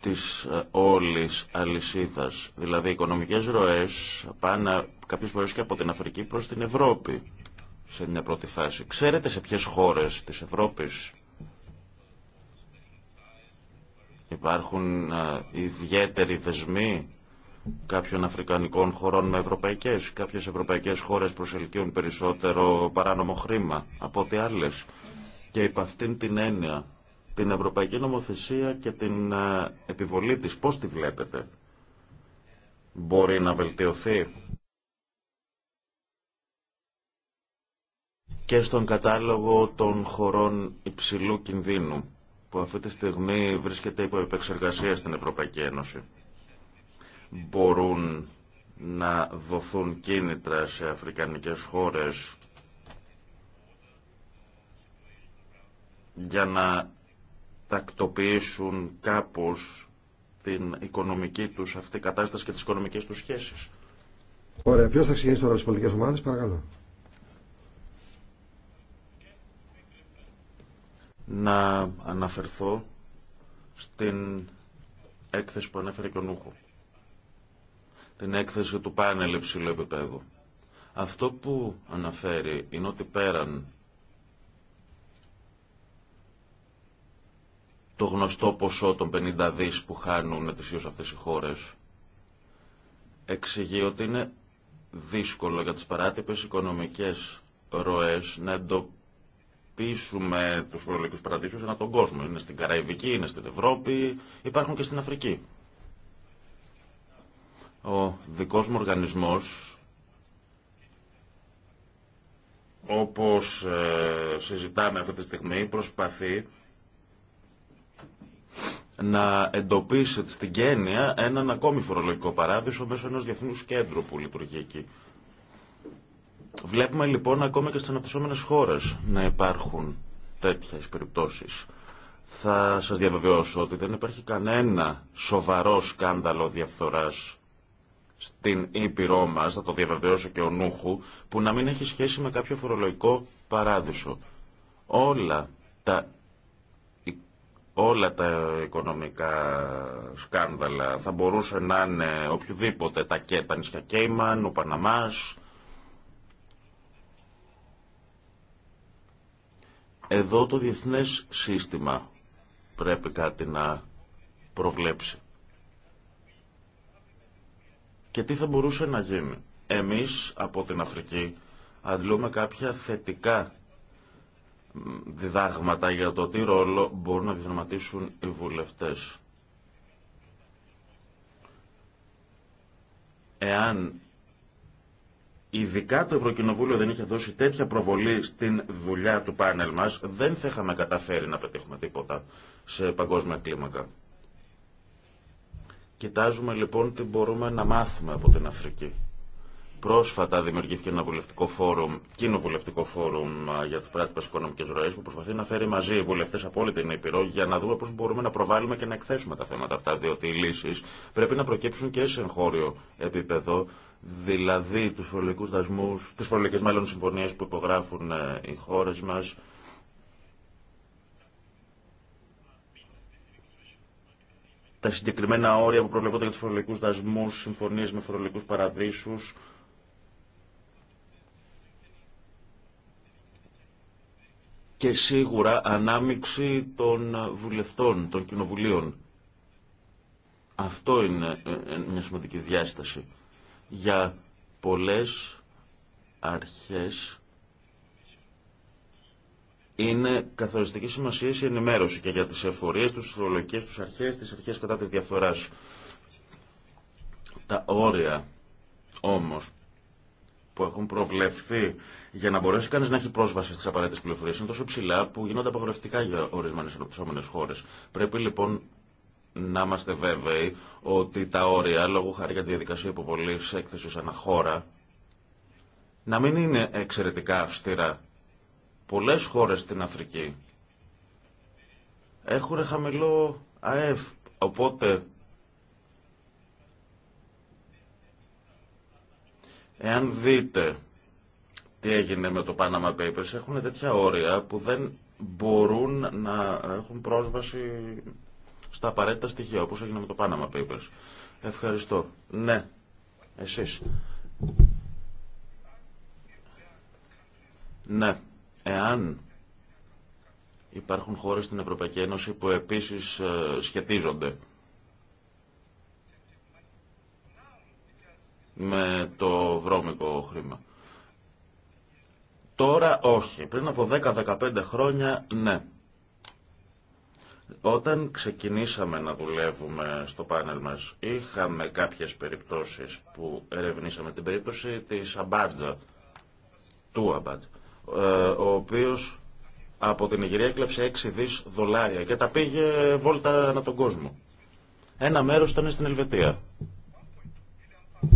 της ε, όλης αλυσίδας. Δηλαδή οι οικονομικές ροές πάνε κάποιες φορές και από την Αφρική προς την Ευρώπη σε μια πρώτη φάση. Ξέρετε σε ποιες χώρες της Ευρώπης υπάρχουν ε, ιδιαίτεροι δεσμοί κάποιων αφρικανικών χωρών με ευρωπαϊκές. Κάποιες ευρωπαϊκές χώρες προσελκύουν περισσότερο παράνομο χρήμα από ό,τι άλλες. Και υπ' αυτήν την έννοια, την ευρωπαϊκή νομοθεσία και την ε, επιβολή της, πώς τη βλέπετε, μπορεί να βελτιωθεί και στον κατάλογο των χωρών υψηλού κινδύνου που αυτή τη στιγμή βρίσκεται υπό επεξεργασία στην Ευρωπαϊκή Ένωση. Μπορούν να δοθούν κίνητρα σε αφρικανικές χώρες για να τακτοποιήσουν κάπως την οικονομική τους αυτή κατάσταση και τις οικονομικές τους σχέσεις. Ωραία, ποιος θα ξεκινήσει τώρα τις πολιτικές ομάδες, παρακαλώ. να αναφερθώ στην έκθεση που ανέφερε και ο Νούχο. Την έκθεση του πάνελ υψηλού επίπεδου. Αυτό που αναφέρει είναι ότι πέραν το γνωστό ποσό των 50 δις που χάνουν ετησίως αυτές οι χώρες εξηγεί ότι είναι δύσκολο για τις παράτυπες οικονομικές ροές να εντοπίσουν εντοπίσουμε τους φορολογικού σε ανά τον κόσμο. Είναι στην Καραϊβική, είναι στην Ευρώπη, υπάρχουν και στην Αφρική. Ο δικό μου οργανισμός, όπως ε, συζητάμε αυτή τη στιγμή, προσπαθεί να εντοπίσει στην Κένια έναν ακόμη φορολογικό παράδεισο μέσω ενός διεθνούς κέντρου που λειτουργεί εκεί. Βλέπουμε λοιπόν ακόμα και στις αναπτυσσόμενες χώρες να υπάρχουν τέτοιες περιπτώσεις. Θα σας διαβεβαιώσω ότι δεν υπάρχει κανένα σοβαρό σκάνδαλο διαφθοράς στην Ήπειρό μας, θα το διαβεβαιώσω και ο Νούχου, που να μην έχει σχέση με κάποιο φορολογικό παράδεισο. Όλα τα όλα τα οικονομικά σκάνδαλα θα μπορούσε να είναι οποιοδήποτε τα, τα νησιά Κέιμαν, ο Παναμάς, Εδώ το διεθνές σύστημα πρέπει κάτι να προβλέψει. Και τι θα μπορούσε να γίνει. Εμείς από την Αφρική αντλούμε κάποια θετικά διδάγματα για το τι ρόλο μπορούν να διδραματίσουν οι βουλευτές. Εάν ειδικά το Ευρωκοινοβούλιο δεν είχε δώσει τέτοια προβολή στην δουλειά του πάνελ μας, δεν θα είχαμε καταφέρει να πετύχουμε τίποτα σε παγκόσμια κλίμακα. Κοιτάζουμε λοιπόν τι μπορούμε να μάθουμε από την Αφρική. Πρόσφατα δημιουργήθηκε ένα βουλευτικό φόρουμ, κοινοβουλευτικό φόρουμ για τι πράτυπε οικονομικέ ροέ που προσπαθεί να φέρει μαζί οι βουλευτέ από όλη την Ήπειρο για να δούμε πώ μπορούμε να προβάλλουμε και να εκθέσουμε τα θέματα αυτά. Διότι οι λύσει πρέπει να προκύψουν και σε εγχώριο επίπεδο δηλαδή τους φορολογικούς δασμούς, τις φορολογικές μάλλον συμφωνίες που υπογράφουν ε, οι χώρες μας, τα συγκεκριμένα όρια που προβλεπόνται για τους φορολογικούς δασμούς, συμφωνίες με φορολογικούς παραδείσους, και σίγουρα ανάμειξη των βουλευτών, των κοινοβουλίων. Αυτό είναι ε, ε, μια σημαντική διάσταση για πολλές αρχές είναι καθοριστική σημασία η ενημέρωση και για τις εφορίες, τους φορολογικές, τους αρχές, τις αρχές κατά της διαφθοράς. Τα όρια όμως που έχουν προβλεφθεί για να μπορέσει κανείς να έχει πρόσβαση στις απαραίτητες πληροφορίες είναι τόσο ψηλά που γίνονται απαγορευτικά για ορισμένε αναπτυσσόμενε χώρες. Πρέπει λοιπόν να είμαστε βέβαιοι ότι τα όρια, λόγω χάρη για τη διαδικασία υποβολής έκθεσης αναχώρα, να μην είναι εξαιρετικά αυστηρά. Πολλέ χώρε στην Αφρική έχουν χαμηλό ΑΕΦ, οπότε εάν δείτε τι έγινε με το Panama Papers, έχουν τέτοια όρια που δεν μπορούν να έχουν πρόσβαση στα απαραίτητα στοιχεία, όπως έγινε με το Panama Papers. Ευχαριστώ. Ναι, εσείς. Ναι, εάν υπάρχουν χώρες στην Ευρωπαϊκή Ένωση που επίσης ε, σχετίζονται με το βρώμικο χρήμα. Τώρα όχι. Πριν από 10-15 χρόνια ναι. Όταν ξεκινήσαμε να δουλεύουμε στο πάνελ μας, είχαμε κάποιες περιπτώσεις που ερευνήσαμε. Την περίπτωση της Αμπάντζα, του Αμπάντζα, ε, ο οποίος από την Ιγυρία έκλεψε 6 δις δολάρια και τα πήγε βόλτα ανά τον κόσμο. Ένα μέρος ήταν στην Ελβετία.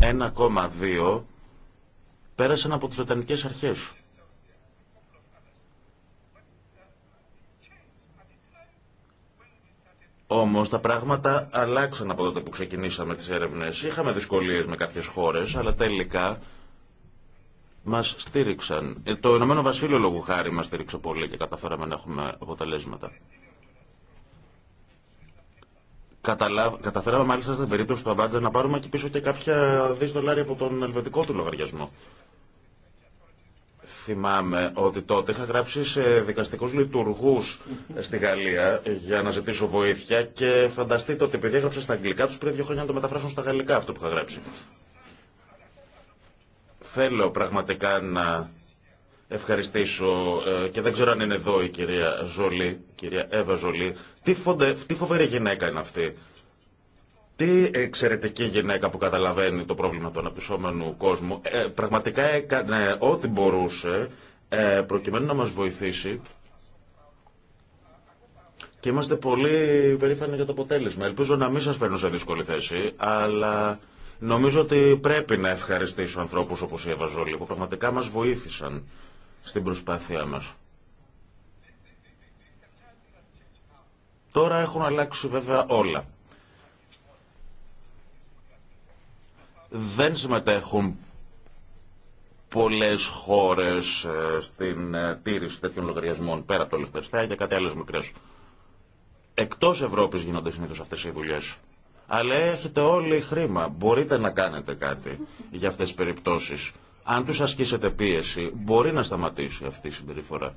1,2 πέρασαν από τις Βρετανικές αρχές. Όμω τα πράγματα αλλάξαν από τότε που ξεκινήσαμε τι έρευνε. Είχαμε δυσκολίε με κάποιε χώρε, αλλά τελικά μα στήριξαν. Ε, το Ηνωμένο Βασίλειο λόγου χάρη μα στήριξε πολύ και καταφέραμε να έχουμε αποτελέσματα. Καταφέραμε μάλιστα στην περίπτωση του Αμπάντζα να πάρουμε και πίσω και κάποια δις δολάρια από τον ελβετικό του λογαριασμό θυμάμαι ότι τότε είχα γράψει σε δικαστικούς λειτουργούς στη Γαλλία για να ζητήσω βοήθεια και φανταστείτε ότι επειδή έγραψα στα αγγλικά τους πριν δύο χρόνια να το μεταφράσουν στα γαλλικά αυτό που είχα γράψει. Θέλω πραγματικά να ευχαριστήσω ε, και δεν ξέρω αν είναι εδώ η κυρία Ζολή, κυρία Εύα Ζολή. Τι, φοβερή γυναίκα είναι αυτή. Τι εξαιρετική γυναίκα που καταλαβαίνει το πρόβλημα του αναπτυσσόμενου κόσμου. Ε, πραγματικά έκανε ό,τι μπορούσε ε, προκειμένου να μας βοηθήσει και είμαστε πολύ περήφανοι για το αποτέλεσμα. Ελπίζω να μην σας φέρνω σε δύσκολη θέση, αλλά νομίζω ότι πρέπει να ευχαριστήσω ανθρώπους όπως η Ευαζόλη που πραγματικά μας βοήθησαν στην προσπάθειά μας. Τώρα έχουν αλλάξει βέβαια όλα. δεν συμμετέχουν πολλές χώρες ε, στην ε, τήρηση τέτοιων λογαριασμών πέρα από το Λευτεριστέα και κάτι άλλες μικρές. Εκτός Ευρώπης γίνονται συνήθως αυτές οι δουλειές. Αλλά έχετε όλοι χρήμα. Μπορείτε να κάνετε κάτι για αυτές τις περιπτώσεις. Αν τους ασκήσετε πίεση, μπορεί να σταματήσει αυτή η συμπεριφορά.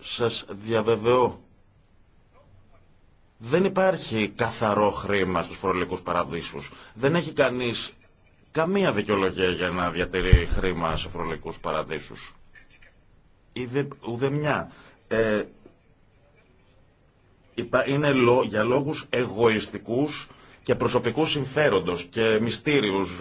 Σας διαβεβαιώ δεν υπάρχει καθαρό χρήμα στους φορολογικούς παραδείσους. Δεν έχει κανείς καμία δικαιολογία για να διατηρεί χρήμα σε φορολογικούς παραδείσους. Ούτε ουδε μια. Ε, είναι για λόγους εγωιστικούς και προσωπικούς συμφέροντος και μυστήριους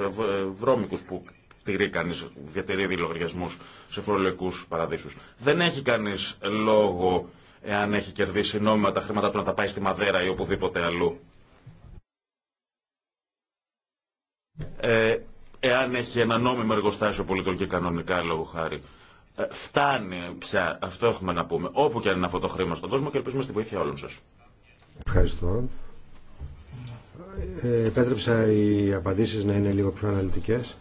βρώμικους που τηρεί κανείς, διατηρεί δηλογαριασμούς σε φορολογικούς παραδείσους. Δεν έχει κανείς λόγο εάν έχει κερδίσει νόμιμα τα χρήματα του να τα πάει στη Μαδέρα ή οπουδήποτε αλλού. Ε, εάν έχει ένα νόμιμο εργοστάσιο που λειτουργεί κανονικά λόγω χάρη. Ε, φτάνει πια, αυτό έχουμε να πούμε, όπου και αν είναι αυτό το χρήμα στον κόσμο και ελπίζουμε στη βοήθεια όλων σας. Ευχαριστώ. Ε, επέτρεψα οι απαντήσεις να είναι λίγο πιο αναλυτικές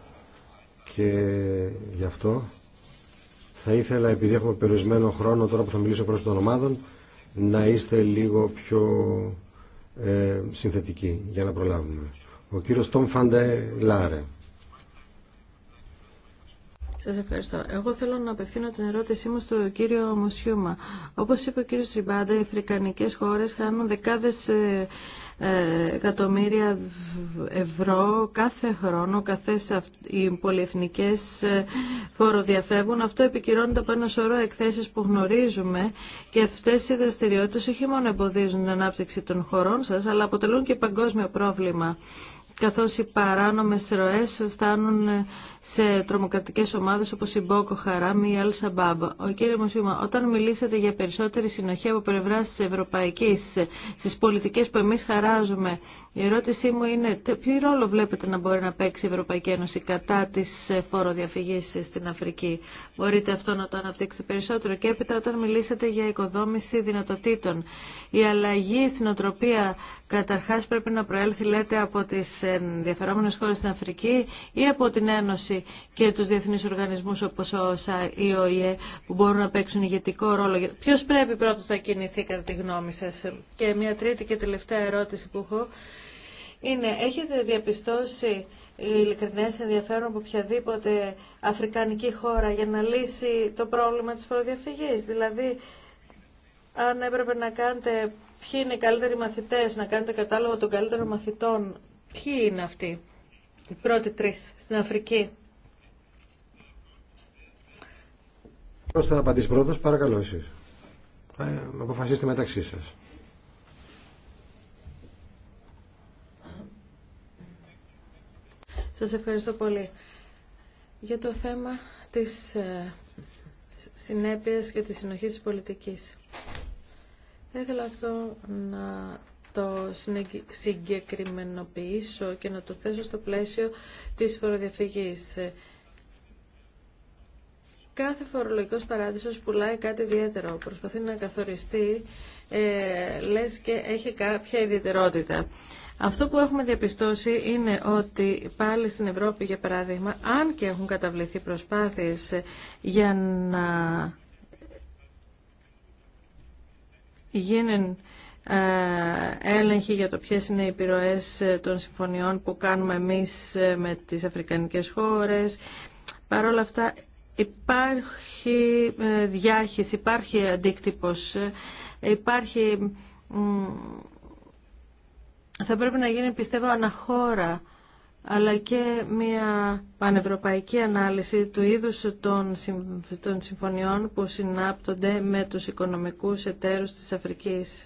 και γι' αυτό θα ήθελα, επειδή έχουμε περιορισμένο χρόνο τώρα που θα μιλήσω προς των ομάδων, να είστε λίγο πιο ε, συνθετικοί για να προλάβουμε. Ο κύριος Τόμ Φαντε Λάρε. Σας ευχαριστώ. Εγώ θέλω να απευθύνω την ερώτησή μου στον κύριο Μουσιούμα. Όπως είπε ο κύριος Τριμπάντα, οι αφρικανικές χώρες χάνουν δεκάδες ε, ε, εκατομμύρια ευρώ κάθε χρόνο, καθές οι πολυεθνικές ε, φοροδιαφεύγουν. Αυτό επικυρώνεται από ένα σωρό εκθέσεις που γνωρίζουμε και αυτές οι δραστηριότητες όχι μόνο εμποδίζουν την ανάπτυξη των χωρών σας, αλλά αποτελούν και παγκόσμιο πρόβλημα καθώς οι παράνομες ροές φτάνουν σε τρομοκρατικές ομάδες όπως η Μπόκο Χαράμ ή η Αλ Σαμπάμπα. Ο κύριε Μουσίμα, όταν μιλήσατε για περισσότερη συνοχή από πλευρά τη Ευρωπαϊκή στις πολιτικές που εμείς χαράζουμε, η ερώτησή μου είναι ποιο ρόλο βλέπετε να μπορεί να παίξει η Ευρωπαϊκή Ένωση κατά της φοροδιαφυγής στην Αφρική. Μπορείτε αυτό να το αναπτύξετε περισσότερο και έπειτα όταν μιλήσατε για οικοδόμηση δυνατοτήτων. Η αλλαγή στην οτροπία καταρχάς πρέπει να προέλθει λέτε από τις ενδιαφερόμενε χώρε στην Αφρική ή από την Ένωση και του διεθνεί οργανισμού όπω ο ΣΑ ή ο ΙΕ που μπορούν να παίξουν ηγετικό ρόλο. Ποιο πρέπει πρώτο να κινηθεί κατά τη γνώμη σα. Και μια τρίτη και τελευταία ερώτηση που έχω είναι έχετε διαπιστώσει ειλικρινέ ενδιαφέρον από οποιαδήποτε αφρικανική χώρα για να λύσει το πρόβλημα τη φοροδιαφυγής. Δηλαδή, αν έπρεπε να κάνετε ποιοι είναι οι καλύτεροι μαθητές, να κάνετε κατάλογο των καλύτερων μαθητών Ποιοι είναι αυτοί, οι πρώτοι τρεις στην Αφρική. Πώς θα απαντήσει πρώτος, παρακαλώ εσείς. Ε, αποφασίστε μεταξύ σας. Σας ευχαριστώ πολύ. Για το θέμα της ε, συνέπειας και της συνοχής της πολιτικής. Θα ήθελα αυτό να το συγκεκριμενοποιήσω και να το θέσω στο πλαίσιο της φοροδιαφυγής. Κάθε φορολογικός παράδεισος πουλάει κάτι ιδιαίτερο. Προσπαθεί να καθοριστεί, ε, λες και έχει κάποια ιδιαιτερότητα. Αυτό που έχουμε διαπιστώσει είναι ότι πάλι στην Ευρώπη, για παράδειγμα, αν και έχουν καταβληθεί προσπάθειες για να γίνουν ε, έλεγχη για το ποιες είναι οι επιρροές ε, των συμφωνιών που κάνουμε εμείς ε, με τις αφρικανικές χώρες. Παρ' όλα αυτά υπάρχει διάχυση, υπάρχει αντίκτυπος, υπάρχει... Θα πρέπει να γίνει πιστεύω αναχώρα αλλά και μια πανευρωπαϊκή ανάλυση του είδους των, συμφωνιών που συνάπτονται με τους οικονομικούς εταίρους της Αφρικής.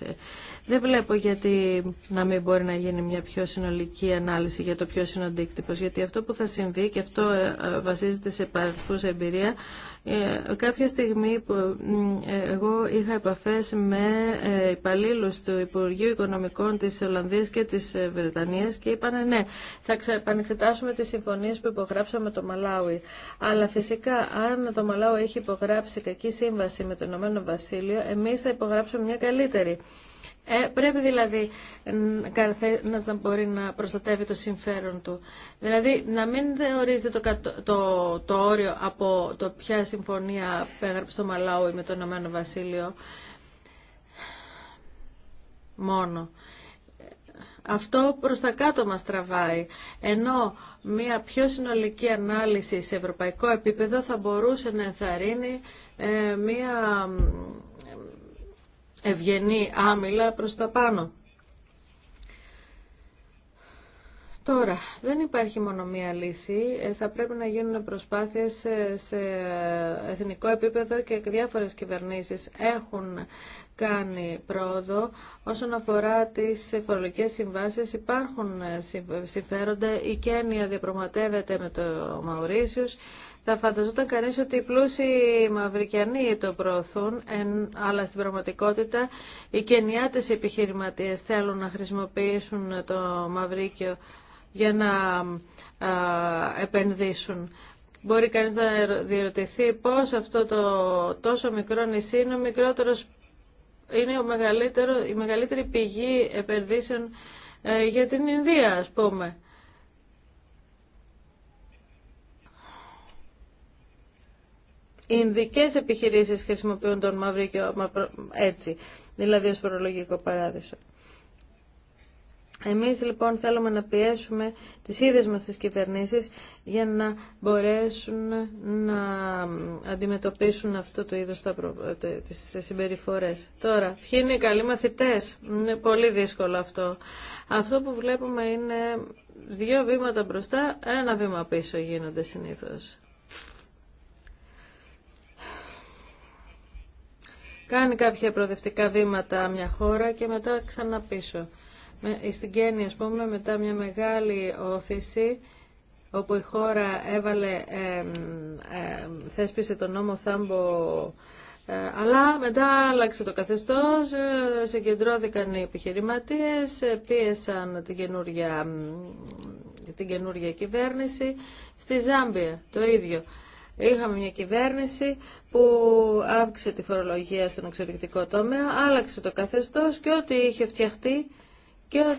Δεν βλέπω γιατί να μην μπορεί να γίνει μια πιο συνολική ανάλυση για το πιο είναι ο γιατί αυτό που θα συμβεί και αυτό ε, ε, βασίζεται σε παρελθούσα εμπειρία ε, κάποια στιγμή που ε, εγώ είχα επαφές με ε, υπαλλήλους του Υπουργείου Οικονομικών της Ολλανδίας και της Βρετανίας και είπαν ναι, θα επανεξετάσουμε τις συμφωνίες που υπογράψαμε με το Μαλάουι. Αλλά φυσικά αν το Μαλάουι έχει υπογράψει κακή σύμβαση με το Ηνωμένο Βασίλειο, εμείς θα υπογράψουμε μια καλύτερη. Ε, πρέπει δηλαδή καθένα να μπορεί να προστατεύει το συμφέρον του. Δηλαδή να μην ορίζεται το, το, το όριο από το ποια συμφωνία έγραψε το Μαλάουι με το Ηνωμένο Βασίλειο μόνο. Αυτό προς τα κάτω μας τραβάει, ενώ μια πιο συνολική ανάλυση σε ευρωπαϊκό επίπεδο θα μπορούσε να ενθαρρύνει ε, μια ευγενή άμυλα προς τα πάνω. Τώρα, δεν υπάρχει μόνο μία λύση. Ε, θα πρέπει να γίνουν προσπάθειες ε, σε εθνικό επίπεδο και διάφορες κυβερνήσεις έχουν κάνει πρόοδο. Όσον αφορά τις φορολογικές συμβάσεις υπάρχουν συμφέροντα. Η Κένια διαπραγματεύεται με το Μαουρίσιος. Θα φανταζόταν κανείς ότι οι πλούσιοι μαυρικιανοί το προωθούν, εν, αλλά στην πραγματικότητα οι κενιάτες επιχειρηματίες θέλουν να χρησιμοποιήσουν το μαυρίκιο για να επενδύσουν. Μπορεί κανείς να διερωτηθεί πώς αυτό το τόσο μικρό νησί είναι ο μικρότερος, είναι ο μεγαλύτερο, η μεγαλύτερη πηγή επενδύσεων ε, για την Ινδία, ας πούμε. Ινδικέ επιχειρήσεις χρησιμοποιούν τον μαύρο και έτσι, δηλαδή ω φορολογικό παράδεισο. Εμείς λοιπόν θέλουμε να πιέσουμε τις ίδιες μας τις κυβερνήσεις για να μπορέσουν να αντιμετωπίσουν αυτό το είδος τα προ... συμπεριφορές. Τώρα, ποιοι είναι οι καλοί μαθητές. Είναι πολύ δύσκολο αυτό. Αυτό που βλέπουμε είναι δύο βήματα μπροστά, ένα βήμα πίσω γίνονται συνήθως. κάνει κάποια προοδευτικά βήματα μια χώρα και μετά ξαναπίσω. Στην Κένια, ας πούμε, μετά μια μεγάλη όθηση, όπου η χώρα έβαλε, θέσπισε τον νόμο Θάμπο ε, αλλά μετά άλλαξε το καθεστώς, ε, συγκεντρώθηκαν οι επιχειρηματίες, ε, πίεσαν την καινούργια, την καινούργια κυβέρνηση. Στη Ζάμπια το ίδιο. Είχαμε μια κυβέρνηση που αύξησε τη φορολογία στον εξωτερικό τομέα, άλλαξε το καθεστώς και ό,τι είχε φτιαχτεί και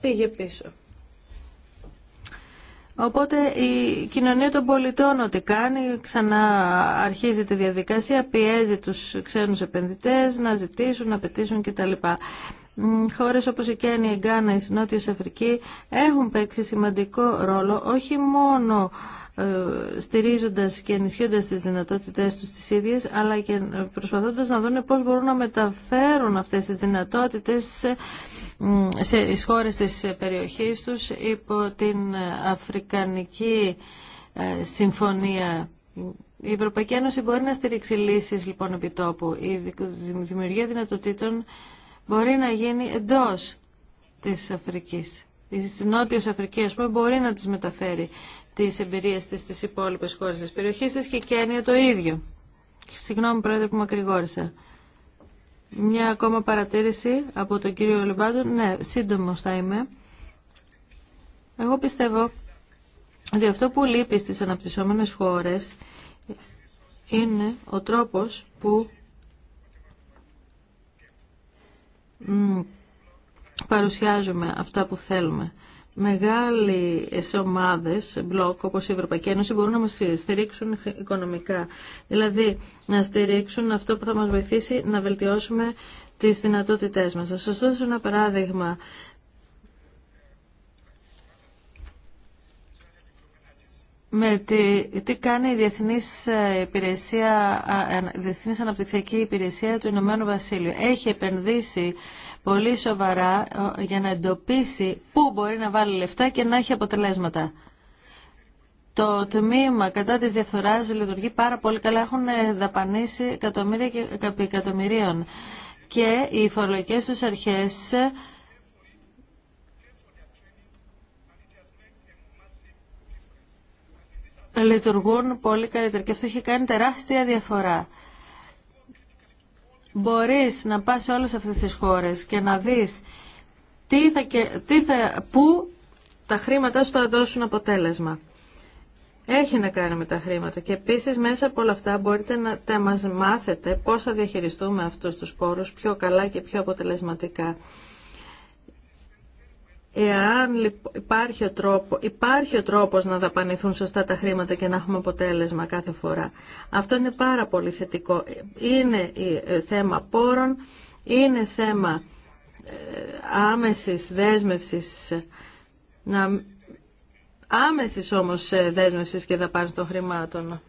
πήγε πίσω. Οπότε η κοινωνία των πολιτών ό,τι κάνει, ξανά αρχίζει τη διαδικασία, πιέζει τους ξένους επενδυτές να ζητήσουν, να απαιτήσουν κτλ χώρες όπως η Κένια, η Γκάνα, η Νότιος Αφρική έχουν παίξει σημαντικό ρόλο όχι μόνο ε, στηρίζοντας και ενισχύοντας τις δυνατότητές τους τις ίδιες αλλά και ε, προσπαθώντας να δουν πώς μπορούν να μεταφέρουν αυτές τις δυνατότητες σε χώρες της περιοχής τους υπό την Αφρικανική ε, Συμφωνία η Ευρωπαϊκή Ένωση μπορεί να στηρίξει λύσεις λοιπόν επιτόπου. Η δημιουργία δυνατοτήτων μπορεί να γίνει εντός της Αφρικής. Η Νότιος Αφρική, Α πούμε, μπορεί να τις μεταφέρει τις εμπειρίες της στις υπόλοιπε χώρες της περιοχής της και η Κένια το ίδιο. Συγγνώμη, Πρόεδρε, που μακρηγόρησα. Μια ακόμα παρατήρηση από τον κύριο Λεμπάντο. Ναι, σύντομο θα είμαι. Εγώ πιστεύω ότι αυτό που λείπει στις αναπτυσσόμενες χώρες είναι ο τρόπος που παρουσιάζουμε αυτά που θέλουμε. Μεγάλοι σε ομάδες, μπλοκ όπως η Ευρωπαϊκή Ένωση μπορούν να μας στηρίξουν οικονομικά. Δηλαδή να στηρίξουν αυτό που θα μας βοηθήσει να βελτιώσουμε τις δυνατότητές μας. Θα σας δώσω ένα παράδειγμα με τι, τι κάνει η Διεθνής, ε, υπηρεσία, ε, Διεθνής Αναπτυξιακή Υπηρεσία του Ηνωμένου Βασίλειου. Έχει επενδύσει πολύ σοβαρά ε, για να εντοπίσει πού μπορεί να βάλει λεφτά και να έχει αποτελέσματα. Το τμήμα κατά της διαφθοράς λειτουργεί πάρα πολύ καλά. Έχουν δαπανίσει εκατομμύρια και εκατομμυρίων. Και οι φορολογικές τους αρχές λειτουργούν πολύ καλύτερα και αυτό έχει κάνει τεράστια διαφορά. Μπορείς να πας σε όλες αυτές τις χώρες και να δεις τι θα, τι θα, πού τα χρήματα σου θα δώσουν αποτέλεσμα. Έχει να κάνει με τα χρήματα και επίσης μέσα από όλα αυτά μπορείτε να τα μας μάθετε πώς θα διαχειριστούμε αυτούς τους πόρους πιο καλά και πιο αποτελεσματικά. Εάν υπάρχει ο, τρόπο, τρόπος να δαπανηθούν σωστά τα χρήματα και να έχουμε αποτέλεσμα κάθε φορά. Αυτό είναι πάρα πολύ θετικό. Είναι ε, θέμα πόρων, είναι θέμα ε, άμεσης δέσμευσης, να, άμεσης όμως ε, δέσμευσης και δαπάνης των χρημάτων.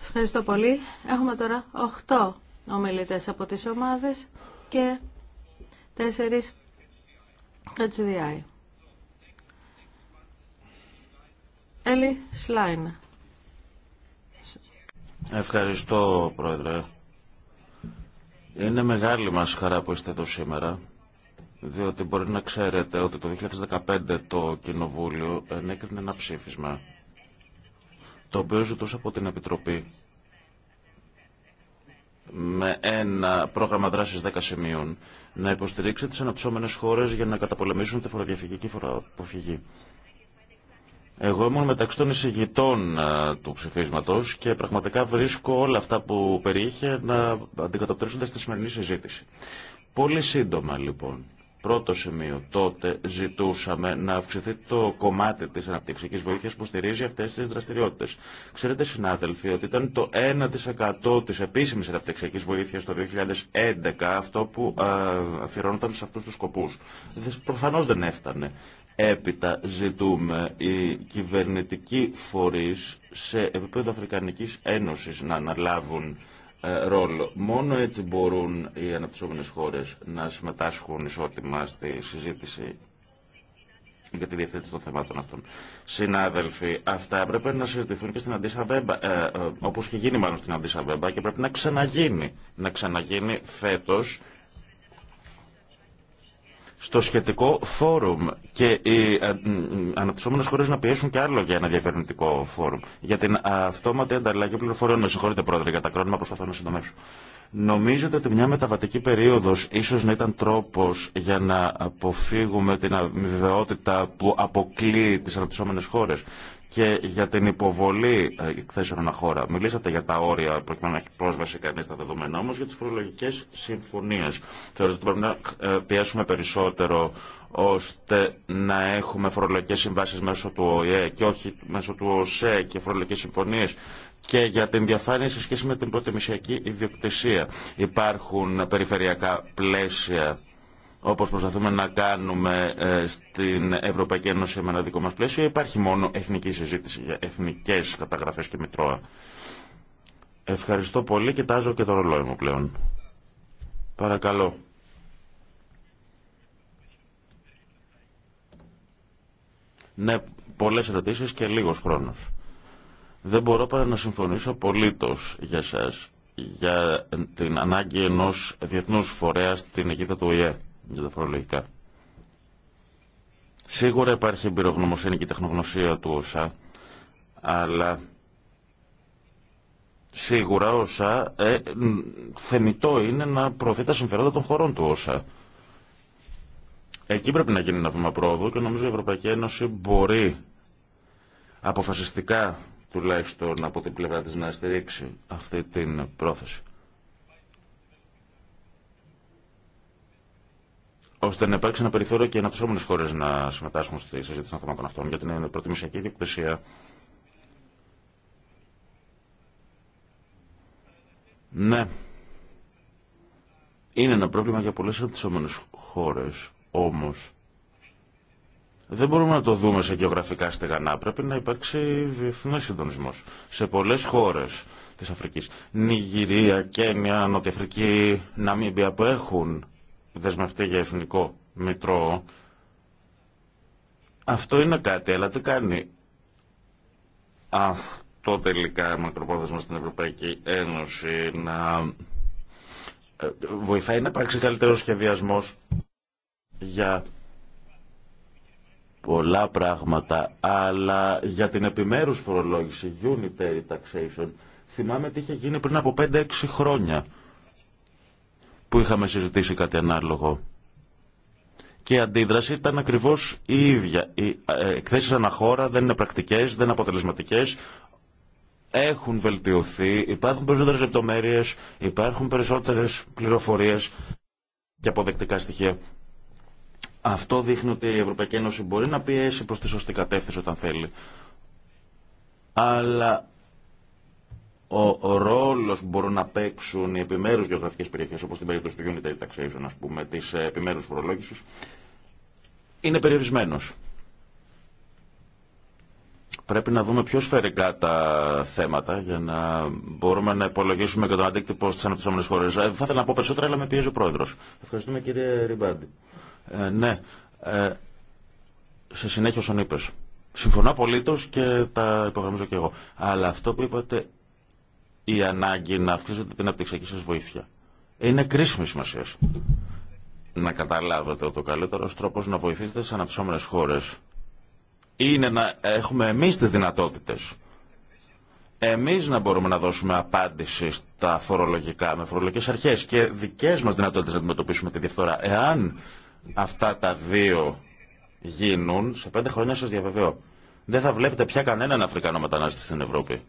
Ευχαριστώ πολύ. Έχουμε τώρα 8 ομιλητές από τις ομάδες και 4 Ευχαριστώ, Πρόεδρε. Είναι μεγάλη μας χαρά που είστε εδώ σήμερα, διότι μπορεί να ξέρετε ότι το 2015 το Κοινοβούλιο ενέκρινε ένα ψήφισμα, το οποίο ζητούσε από την Επιτροπή με ένα πρόγραμμα δράσης 10 σημείων να υποστηρίξει τι αναψώμενες χώρες για να καταπολεμήσουν τη και φοροαποφυγή. Εγώ ήμουν μεταξύ των εισηγητών ε, του ψηφίσματο και πραγματικά βρίσκω όλα αυτά που περιείχε να αντικατοπτρίζονται στη σημερινή συζήτηση. Πολύ σύντομα λοιπόν πρώτο σημείο τότε ζητούσαμε να αυξηθεί το κομμάτι της αναπτυξιακής βοήθειας που στηρίζει αυτές τις δραστηριότητες. Ξέρετε συνάδελφοι ότι ήταν το 1% της επίσημης αναπτυξιακής βοήθειας το 2011 αυτό που αφιερώνονταν σε αυτούς τους σκοπούς. Προφανώς δεν έφτανε. Έπειτα ζητούμε οι κυβερνητικοί φορείς σε επίπεδο Αφρικανικής Ένωσης να αναλάβουν ε, ρόλο. Μόνο έτσι μπορούν οι αναπτυσσόμενες χώρες να συμμετάσχουν ισότιμα στη συζήτηση για τη διευθέτηση των θεμάτων αυτών. Συνάδελφοι, αυτά έπρεπε να συζητηθούν και στην Αντισαβέμπα, ε, ε, όπως και γίνει μάλλον στην Αντισαβέμπα και πρέπει να ξαναγίνει. Να ξαναγίνει φέτος στο σχετικό φόρουμ και οι ε, αναπτυσσόμενες χώρες να πιέσουν και άλλο για ένα διαφερνητικό φόρουμ. Για την αυτόματη ανταλλαγή πληροφοριών, με συγχωρείτε πρόεδρε για τα κρόνημα, προσπαθώ να συντομεύσω. Νομίζετε ότι μια μεταβατική περίοδος ίσως να ήταν τρόπος για να αποφύγουμε την αμοιβαιότητα που αποκλεί τις αναπτυσσόμενες χώρες και για την υποβολή ε, εκθέσεων αναχώρα. Μιλήσατε για τα όρια προκειμένου να έχει πρόσβαση κανεί στα δεδομένα, όμω για τι φορολογικέ συμφωνίε. Θεωρείτε ότι πρέπει να ε, πιέσουμε περισσότερο ώστε να έχουμε φορολογικέ συμβάσει μέσω του ΟΗΕ και όχι μέσω του ΟΣΕ και φορολογικέ συμφωνίες και για την διαφάνεια σε σχέση με την προτιμησιακή ιδιοκτησία. Υπάρχουν περιφερειακά πλαίσια όπως προσπαθούμε να κάνουμε ε, στην Ευρωπαϊκή Ένωση με ένα δικό μας πλαίσιο, υπάρχει μόνο εθνική συζήτηση για εθνικές καταγραφές και μητρώα. Ευχαριστώ πολύ. Κοιτάζω και το ρολόι μου πλέον. Παρακαλώ. Ναι, πολλές ερωτήσεις και λίγος χρόνος. Δεν μπορώ παρά να συμφωνήσω απολύτως για σας για την ανάγκη ενός διεθνούς φορέας στην αιγύδα του ΟΗΕ για τα Σίγουρα υπάρχει εμπειρογνωμοσύνη και τεχνογνωσία του όσα, αλλά σίγουρα όσα ε, θεμητό είναι να προωθεί τα συμφερόντα των χωρών του όσα. Εκεί πρέπει να γίνει ένα βήμα πρόοδου και νομίζω η Ευρωπαϊκή Ένωση μπορεί αποφασιστικά τουλάχιστον από την πλευρά της να στηρίξει αυτή την πρόθεση. ώστε να υπάρξει ένα περιθώριο και οι αναπτυσσόμενε χώρε να συμμετάσχουν στη συζήτηση των θεμάτων αυτών για την προτιμησιακή διοκτησία. Ναι. Είναι ένα πρόβλημα για πολλές αναπτυσσόμενε χώρες, όμως δεν μπορούμε να το δούμε σε γεωγραφικά στεγανά. Πρέπει να υπάρξει διεθνή συντονισμό σε πολλέ χώρε τη Αφρική. Νιγηρία, Κένια, Νοτιοαφρική, Ναμίμπια που έχουν δεσμευτεί για εθνικό μητρό, αυτό είναι κάτι, αλλά τι κάνει αυτό τελικά μακροπρόθεσμα στην Ευρωπαϊκή Ένωση να ε, βοηθάει να υπάρξει καλύτερο σχεδιασμό για πολλά πράγματα, αλλά για την επιμέρους φορολόγηση, unitary taxation, θυμάμαι τι είχε γίνει πριν από 5-6 χρόνια που είχαμε συζητήσει κάτι ανάλογο. Και η αντίδραση ήταν ακριβώ η ίδια. Οι ε, εκθέσει αναχώρα δεν είναι πρακτικέ, δεν είναι αποτελεσματικέ. Έχουν βελτιωθεί, υπάρχουν περισσότερε λεπτομέρειε, υπάρχουν περισσότερε πληροφορίε και αποδεκτικά στοιχεία. Αυτό δείχνει ότι η Ευρωπαϊκή Ένωση μπορεί να πιέσει προ τη σωστή κατεύθυνση όταν θέλει. Αλλά ο ρόλος που μπορούν να παίξουν οι επιμέρους γεωγραφικές περιοχές, όπως στην περίπτωση του Unitary Taxation, ας πούμε, της ε, επιμέρους φορολόγησης, είναι περιορισμένος. Πρέπει να δούμε πιο σφαιρικά τα θέματα για να μπορούμε να υπολογίσουμε και τον αντίκτυπο στι αναπτυσσόμενε χώρε. Ε, θα ήθελα να πω περισσότερα, αλλά με πιέζει ο πρόεδρο. Ευχαριστούμε κύριε Ριμπάντη. Ε, ναι, σε συνέχεια όσον είπε. Συμφωνώ απολύτω και τα υπογραμμίζω και εγώ. Αλλά αυτό που είπατε η ανάγκη να αυξήσετε την απτυξιακή σας βοήθεια. Είναι κρίσιμη σημασία. Να καταλάβετε ότι ο καλύτερο τρόπο να βοηθήσετε τι αναπτυσσόμενε χώρε είναι να έχουμε εμεί τι δυνατότητε. Εμεί να μπορούμε να δώσουμε απάντηση στα φορολογικά, με φορολογικέ αρχέ και δικέ μα δυνατότητε να αντιμετωπίσουμε τη διαφθορά. Εάν αυτά τα δύο γίνουν, σε πέντε χρόνια σα διαβεβαιώ, δεν θα βλέπετε πια κανέναν Αφρικανό μετανάστη στην Ευρώπη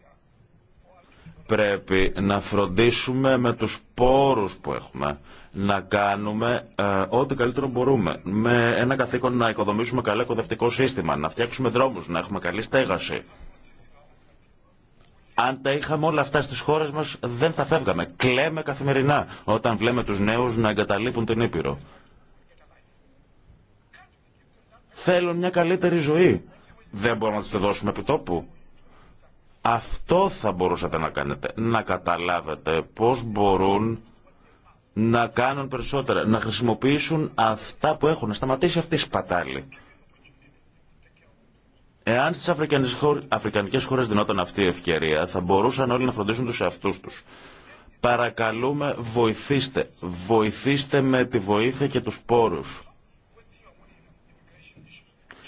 πρέπει να φροντίσουμε με τους πόρους που έχουμε να κάνουμε ε, ό,τι καλύτερο μπορούμε. Με ένα καθήκον να οικοδομήσουμε καλό οικοδευτικό σύστημα, να φτιάξουμε δρόμους, να έχουμε καλή στέγαση. Αν τα είχαμε όλα αυτά στις χώρες μας δεν θα φεύγαμε. Κλαίμε καθημερινά όταν βλέπουμε τους νέους να εγκαταλείπουν την Ήπειρο. Θέλουν μια καλύτερη ζωή. Δεν μπορούμε να τους δώσουμε επιτόπου. Αυτό θα μπορούσατε να κάνετε, να καταλάβετε πώς μπορούν να κάνουν περισσότερα, να χρησιμοποιήσουν αυτά που έχουν, να σταματήσει αυτή η σπατάλη. Εάν στις αφρικανικές χώρες δινόταν αυτή η ευκαιρία, θα μπορούσαν όλοι να φροντίσουν τους εαυτούς τους. Παρακαλούμε, βοηθήστε. Βοηθήστε με τη βοήθεια και τους πόρους.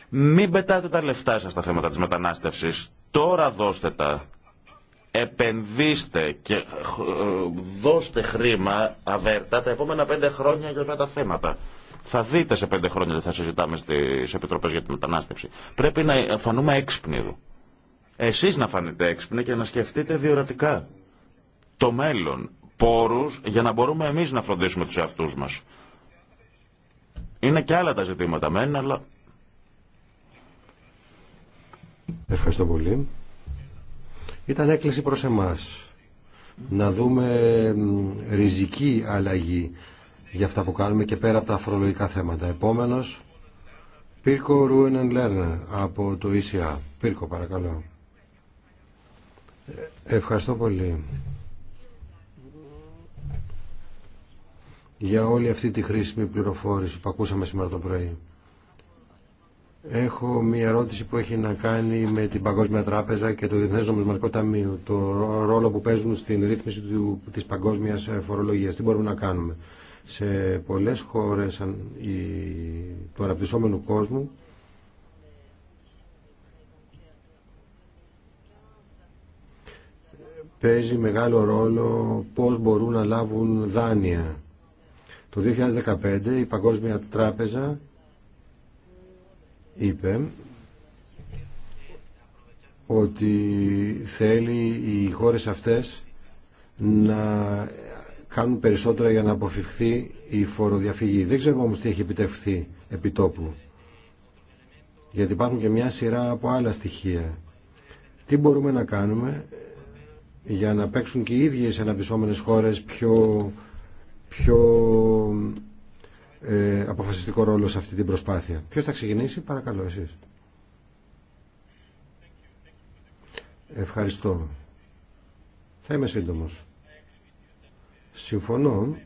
Μην πετάτε τα λεφτά σας στα θέματα της μετανάστευσης. Τώρα δώστε τα. Επενδύστε και ε, δώστε χρήμα αβέρτα τα επόμενα πέντε χρόνια για αυτά τα θέματα. Θα δείτε σε πέντε χρόνια ότι θα συζητάμε στι επιτροπέ για τη μετανάστευση. Πρέπει να φανούμε έξυπνοι εδώ. Εσεί να φανείτε έξυπνοι και να σκεφτείτε διορατικά το μέλλον. Πόρου για να μπορούμε εμεί να φροντίσουμε του εαυτού μα. Είναι και άλλα τα ζητήματα μεν, αλλά Ευχαριστώ πολύ. Ήταν έκκληση προς εμάς να δούμε ριζική αλλαγή για αυτά που κάνουμε και πέρα από τα αφρολογικά θέματα. Επόμενος, Πύρκο Ρούινεν Λέρνερ από το ECA. Πύρκο, παρακαλώ. Ευχαριστώ πολύ για όλη αυτή τη χρήσιμη πληροφόρηση που ακούσαμε σήμερα το πρωί. Έχω μια ερώτηση που έχει να κάνει με την Παγκόσμια Τράπεζα και το Διεθνές Νομισματικό Ταμείο, το ρόλο που παίζουν στην ρύθμιση του, της παγκόσμιας ε, φορολογίας. Τι μπορούμε να κάνουμε. Σε πολλές χώρες του αναπτυσσόμενου κόσμου παίζει μεγάλο ρόλο πώς μπορούν να λάβουν δάνεια. Το 2015 η Παγκόσμια Τράπεζα είπε ότι θέλει οι χώρες αυτές να κάνουν περισσότερα για να αποφευχθεί η φοροδιαφυγή. Δεν ξέρουμε όμως τι έχει επιτευχθεί επί τόπου. Γιατί υπάρχουν και μια σειρά από άλλα στοιχεία. Τι μπορούμε να κάνουμε για να παίξουν και οι ίδιες αναπτυσσόμενες χώρες πιο, πιο ε, αποφασιστικό ρόλο σε αυτή την προσπάθεια. Ποιος θα ξεκινήσει, παρακαλώ εσείς. Ευχαριστώ. Θα είμαι σύντομος. Συμφωνώ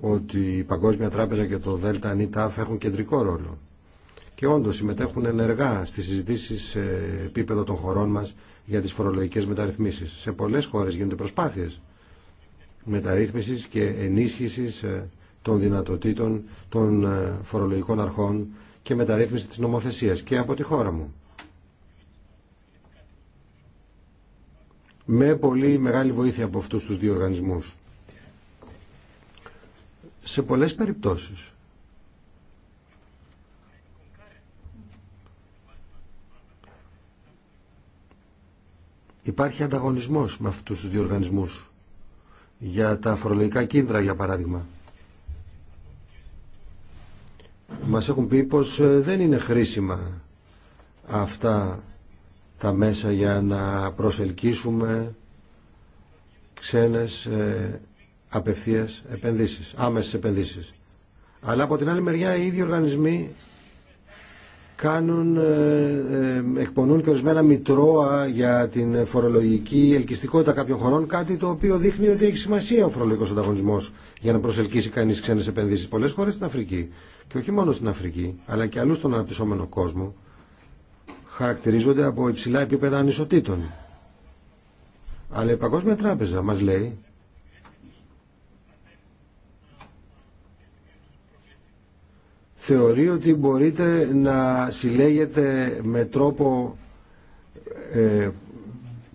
ότι η Παγκόσμια Τράπεζα και το Δέλτα ΝΙΤΑΦ έχουν κεντρικό ρόλο και όντως συμμετέχουν ενεργά στις συζητήσεις σε επίπεδο των χωρών μας για τις φορολογικές μεταρρυθμίσεις. Σε πολλές χώρες γίνονται προσπάθειες μεταρρύθμισης και ενίσχυσης ε, των δυνατοτήτων των ε, φορολογικών αρχών και μεταρρύθμιση της νομοθεσίας και από τη χώρα μου. Με πολύ μεγάλη βοήθεια από αυτούς τους δύο οργανισμούς. Σε πολλές περιπτώσεις υπάρχει ανταγωνισμός με αυτούς τους δύο οργανισμούς για τα φορολογικά κίνδρα για παράδειγμα μας έχουν πει πως ε, δεν είναι χρήσιμα αυτά τα μέσα για να προσελκύσουμε ξένες ε, απευθείας επενδύσεις, άμεσες επενδύσεις. Αλλά από την άλλη μεριά οι ίδιοι οργανισμοί κάνουν, ε, εκπονούν και ορισμένα μητρώα για την φορολογική ελκυστικότητα κάποιων χωρών, κάτι το οποίο δείχνει ότι έχει σημασία ο φορολογικός ανταγωνισμός για να προσελκύσει κανείς ξένες επενδύσεις. Πολλές χώρες στην Αφρική και όχι μόνο στην Αφρική αλλά και αλλού στον αναπτυσσόμενο κόσμο χαρακτηρίζονται από υψηλά επίπεδα ανισοτήτων. Αλλά η Παγκόσμια Τράπεζα μας λέει θεωρεί ότι μπορείτε να συλλέγετε με τρόπο ε,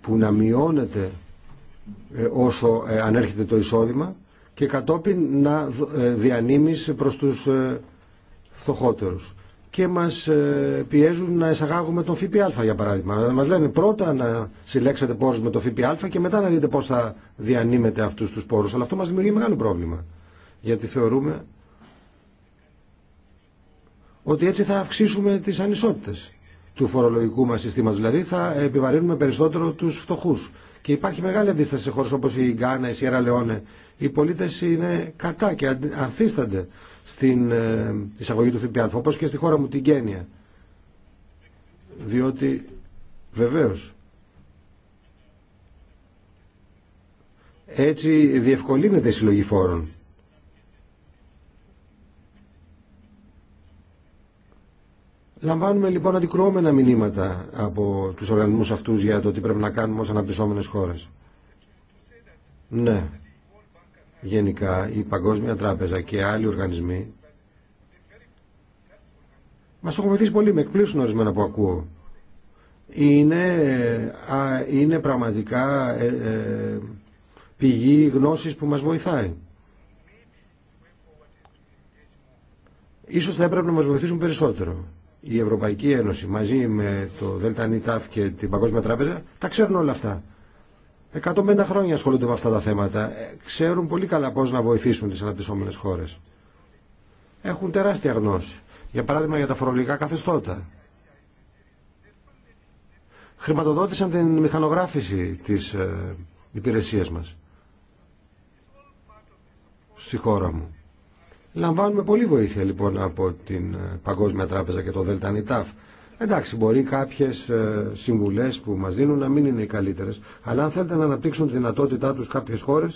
που να μειώνετε... Ε, όσο ε, ανέρχεται το εισόδημα και κατόπιν να διανύμεις προς τους φτωχότερους και μας ε, πιέζουν να εισαγάγουμε τον ΦΠΑ για παράδειγμα. Μας λένε πρώτα να συλλέξετε πόρους με τον ΦΠΑ και μετά να δείτε πώς θα διανύμετε αυτούς τους πόρους. Αλλά αυτό μας δημιουργεί μεγάλο πρόβλημα. Γιατί θεωρούμε ότι έτσι θα αυξήσουμε τις ανισότητες του φορολογικού μας συστήματος. Δηλαδή θα επιβαρύνουμε περισσότερο τους φτωχούς. Και υπάρχει μεγάλη αντίσταση σε χώρες όπως η Γκάνα, η Σιέρα Λεόνε. Οι πολίτες είναι κατά και ανθίστανται στην ε, εισαγωγή του ΦΠΑ, όπω και στη χώρα μου την Κένια. Διότι βεβαίως έτσι διευκολύνεται η συλλογή φόρων. Λαμβάνουμε λοιπόν αντικρουόμενα μηνύματα από τους οργανισμούς αυτούς για το τι πρέπει να κάνουμε ως αναπτυσσόμενες χώρες. Ναι γενικά η Παγκόσμια Τράπεζα και άλλοι οργανισμοί μας έχουν βοηθήσει πολύ, με εκπλήσουν ορισμένα που ακούω. Είναι, είναι πραγματικά ε, ε, πηγή γνώσης που μας βοηθάει. Ίσως θα έπρεπε να μας βοηθήσουν περισσότερο. Η Ευρωπαϊκή Ένωση μαζί με το ΔΝΤ και την Παγκόσμια Τράπεζα τα ξέρουν όλα αυτά. 150 χρόνια ασχολούνται με αυτά τα θέματα. Ε, ξέρουν πολύ καλά πώς να βοηθήσουν τις αναπτυσσόμενες χώρες. Έχουν τεράστια γνώση. Για παράδειγμα για τα φορολογικά καθεστώτα. Χρηματοδότησαν την μηχανογράφηση της ε, υπηρεσίας μας στη χώρα μου. Λαμβάνουμε πολύ βοήθεια λοιπόν από την ε, Παγκόσμια Τράπεζα και το ΔΕΛΤΑΝΙΤΑΦ Εντάξει, μπορεί κάποιε συμβουλέ που μα δίνουν να μην είναι οι καλύτερε, αλλά αν θέλετε να αναπτύξουν τη δυνατότητά του κάποιε χώρε,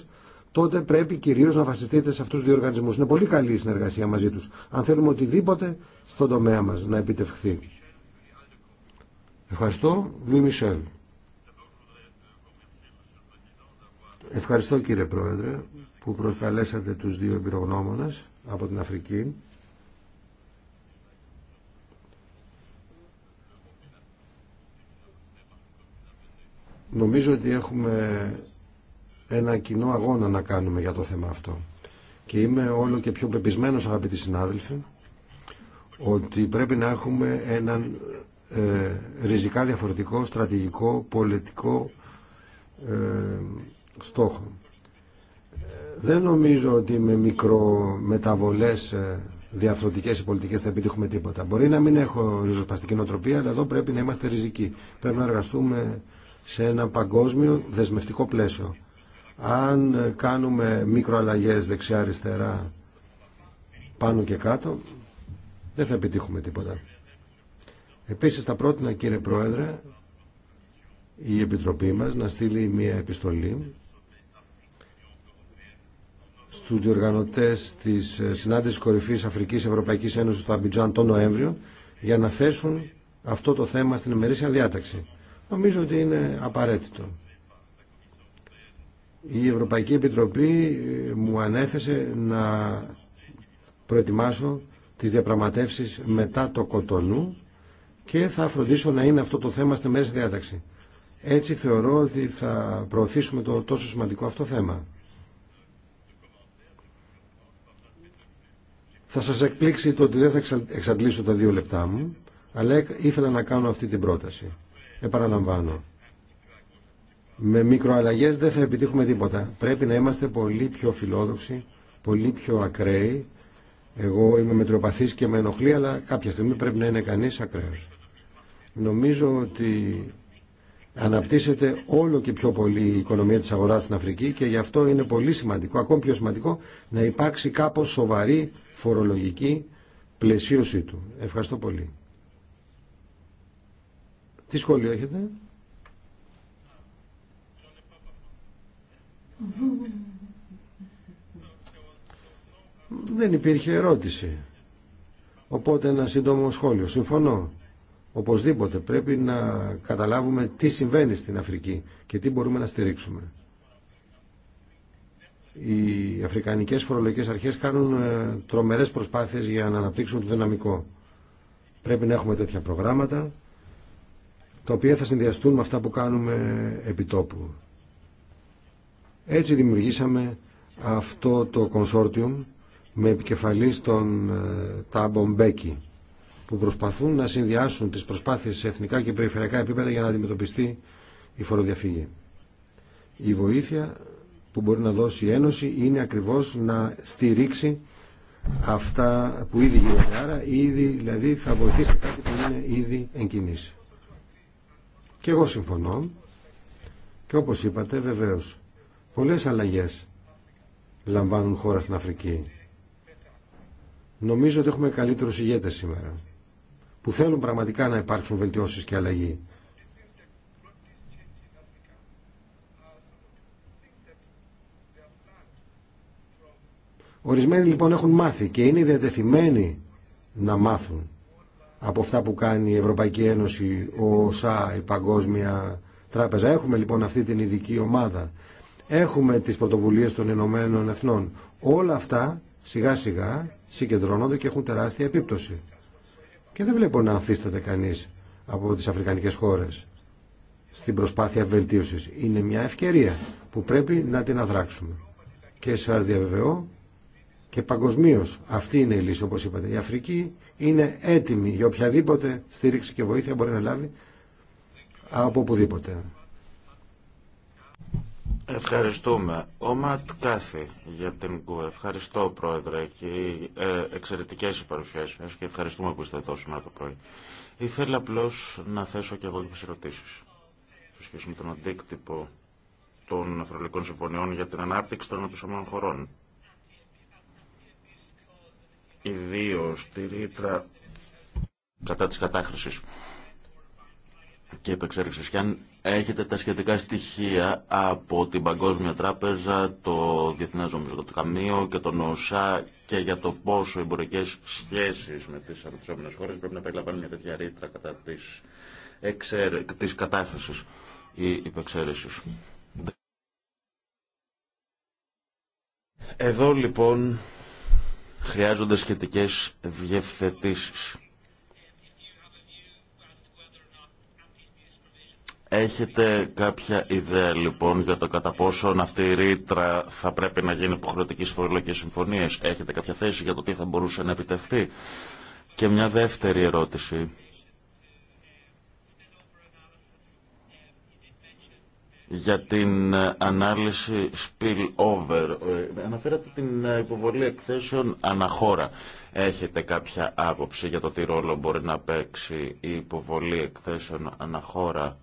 τότε πρέπει κυρίω να βασιστείτε σε αυτού του δύο οργανισμού. Είναι πολύ καλή η συνεργασία μαζί του, αν θέλουμε οτιδήποτε στον τομέα μα να επιτευχθεί. Ευχαριστώ, Λουί Μισελ. Ευχαριστώ κύριε Πρόεδρε που προσκαλέσατε τους δύο εμπειρογνώμονες από την Αφρική Νομίζω ότι έχουμε ένα κοινό αγώνα να κάνουμε για το θέμα αυτό. Και είμαι όλο και πιο πεπισμένος αγαπητοί συνάδελφοι ότι πρέπει να έχουμε έναν ε, ριζικά διαφορετικό στρατηγικό πολιτικό ε, στόχο. Δεν νομίζω ότι με μικρομεταβολές ε, διαφορετικέ πολιτικές θα επιτύχουμε τίποτα. Μπορεί να μην έχω ριζοσπαστική νοοτροπία, αλλά εδώ πρέπει να είμαστε ριζικοί. Πρέπει να εργαστούμε σε ένα παγκόσμιο δεσμευτικό πλαίσιο. Αν κάνουμε μικροαλλαγές δεξιά-αριστερά πάνω και κάτω, δεν θα επιτύχουμε τίποτα. Επίσης θα πρότεινα κύριε Πρόεδρε η Επιτροπή μας να στείλει μια επιστολή στους διοργανωτές της ε, συνάντησης κορυφής Αφρικής Ευρωπαϊκής Ένωσης στο Αμπιτζάν τον Νοέμβριο για να θέσουν αυτό το θέμα στην ημερήσια διάταξη. Νομίζω ότι είναι απαραίτητο. Η Ευρωπαϊκή Επιτροπή ε, μου ανέθεσε να προετοιμάσω τις διαπραγματεύσεις μετά το Κοτονού και θα φροντίσω να είναι αυτό το θέμα στη μέση διάταξη. Έτσι θεωρώ ότι θα προωθήσουμε το τόσο σημαντικό αυτό θέμα. Θα σας εκπλήξει το ότι δεν θα εξαντλήσω τα δύο λεπτά μου, αλλά ήθελα να κάνω αυτή την πρόταση. Επαναλαμβάνω. Με μικροαλλαγές δεν θα επιτύχουμε τίποτα. Πρέπει να είμαστε πολύ πιο φιλόδοξοι, πολύ πιο ακραίοι. Εγώ είμαι μετροπαθής και με ενοχλεί, αλλά κάποια στιγμή πρέπει να είναι κανείς ακραίος. Νομίζω ότι αναπτύσσεται όλο και πιο πολύ η οικονομία της αγοράς στην Αφρική και γι' αυτό είναι πολύ σημαντικό, ακόμη πιο σημαντικό, να υπάρξει κάπως σοβαρή φορολογική πλαισίωση του. Ευχαριστώ πολύ. Τι σχόλιο έχετε. Δεν υπήρχε ερώτηση. Οπότε ένα σύντομο σχόλιο. Συμφωνώ. Οπωσδήποτε πρέπει να καταλάβουμε τι συμβαίνει στην Αφρική και τι μπορούμε να στηρίξουμε. Οι αφρικανικές φορολογικές αρχές κάνουν ε, τρομερές προσπάθειες για να αναπτύξουν το δυναμικό. Πρέπει να έχουμε τέτοια προγράμματα τα οποία θα συνδυαστούν με αυτά που κάνουμε επιτόπου. Έτσι δημιουργήσαμε αυτό το consortium με επικεφαλής τον ε, Τάμπο που προσπαθούν να συνδυάσουν τις προσπάθειες σε εθνικά και περιφερειακά επίπεδα για να αντιμετωπιστεί η φοροδιαφυγή. Η βοήθεια που μπορεί να δώσει η Ένωση είναι ακριβώς να στηρίξει αυτά που ήδη γίνονται. Άρα ήδη δηλαδή θα βοηθήσει κάτι που είναι ήδη εγκινήσει. Και εγώ συμφωνώ. Και όπως είπατε βεβαίως πολλές αλλαγές λαμβάνουν χώρα στην Αφρική. Νομίζω ότι έχουμε καλύτερους ηγέτες σήμερα που θέλουν πραγματικά να υπάρξουν βελτιώσεις και αλλαγή. Ορισμένοι λοιπόν έχουν μάθει και είναι διατεθειμένοι να μάθουν από αυτά που κάνει η Ευρωπαϊκή Ένωση, ο ΩΣΑ, η Παγκόσμια Τράπεζα. Έχουμε λοιπόν αυτή την ειδική ομάδα. Έχουμε τις πρωτοβουλίες των Ηνωμένων Εθνών. Όλα αυτά σιγά σιγά συγκεντρώνονται και έχουν τεράστια επίπτωση. Και δεν βλέπω να ανθίσταται κανείς από τις αφρικανικές χώρες στην προσπάθεια βελτίωσης. Είναι μια ευκαιρία που πρέπει να την αδράξουμε. Και σας διαβεβαιώ και παγκοσμίω αυτή είναι η λύση όπως είπατε. Η Αφρική είναι έτοιμη για οποιαδήποτε στήριξη και βοήθεια μπορεί να λάβει από οπουδήποτε. Ευχαριστούμε. Ο Ματ Κάθη για την ΚΟΥ. Ευχαριστώ, Πρόεδρε. και ε, εξαιρετικέ παρουσιάσει και ευχαριστούμε που είστε εδώ σήμερα το πρωί. Ήθελα απλώ να θέσω και εγώ κάποιε ερωτήσει σε σχέση με τον αντίκτυπο των Αφρολικών Συμφωνιών για την ανάπτυξη των αναπτυσσόμενων χωρών ιδίω τη ρήτρα κατά της κατάχρησης και υπεξέλιξης. Και αν έχετε τα σχετικά στοιχεία από την Παγκόσμια Τράπεζα, το Διεθνές Νομισματικό Ταμείο και τον ΝΟΣΑ και για το πόσο οι εμπορικές σχέσεις με τις αναπτυσσόμενες χώρες πρέπει να περιλαμβάνουν μια τέτοια ρήτρα κατά της, εξέρ, της κατάχρησης ή υπεξαίρεσης. Εδώ λοιπόν χρειάζονται σχετικές διευθετήσεις. Έχετε κάποια ιδέα λοιπόν για το κατά πόσο αυτή η ρήτρα θα πρέπει να γίνει υποχρεωτική φορολογικής φορολογικές συμφωνίες. Έχετε κάποια θέση για το τι θα μπορούσε να επιτευχθεί. Και μια δεύτερη ερώτηση για την ε, ανάλυση over ε, Αναφέρατε την ε, υποβολή εκθέσεων αναχώρα. Έχετε κάποια άποψη για το τι ρόλο μπορεί να παίξει η υποβολή εκθέσεων αναχώρα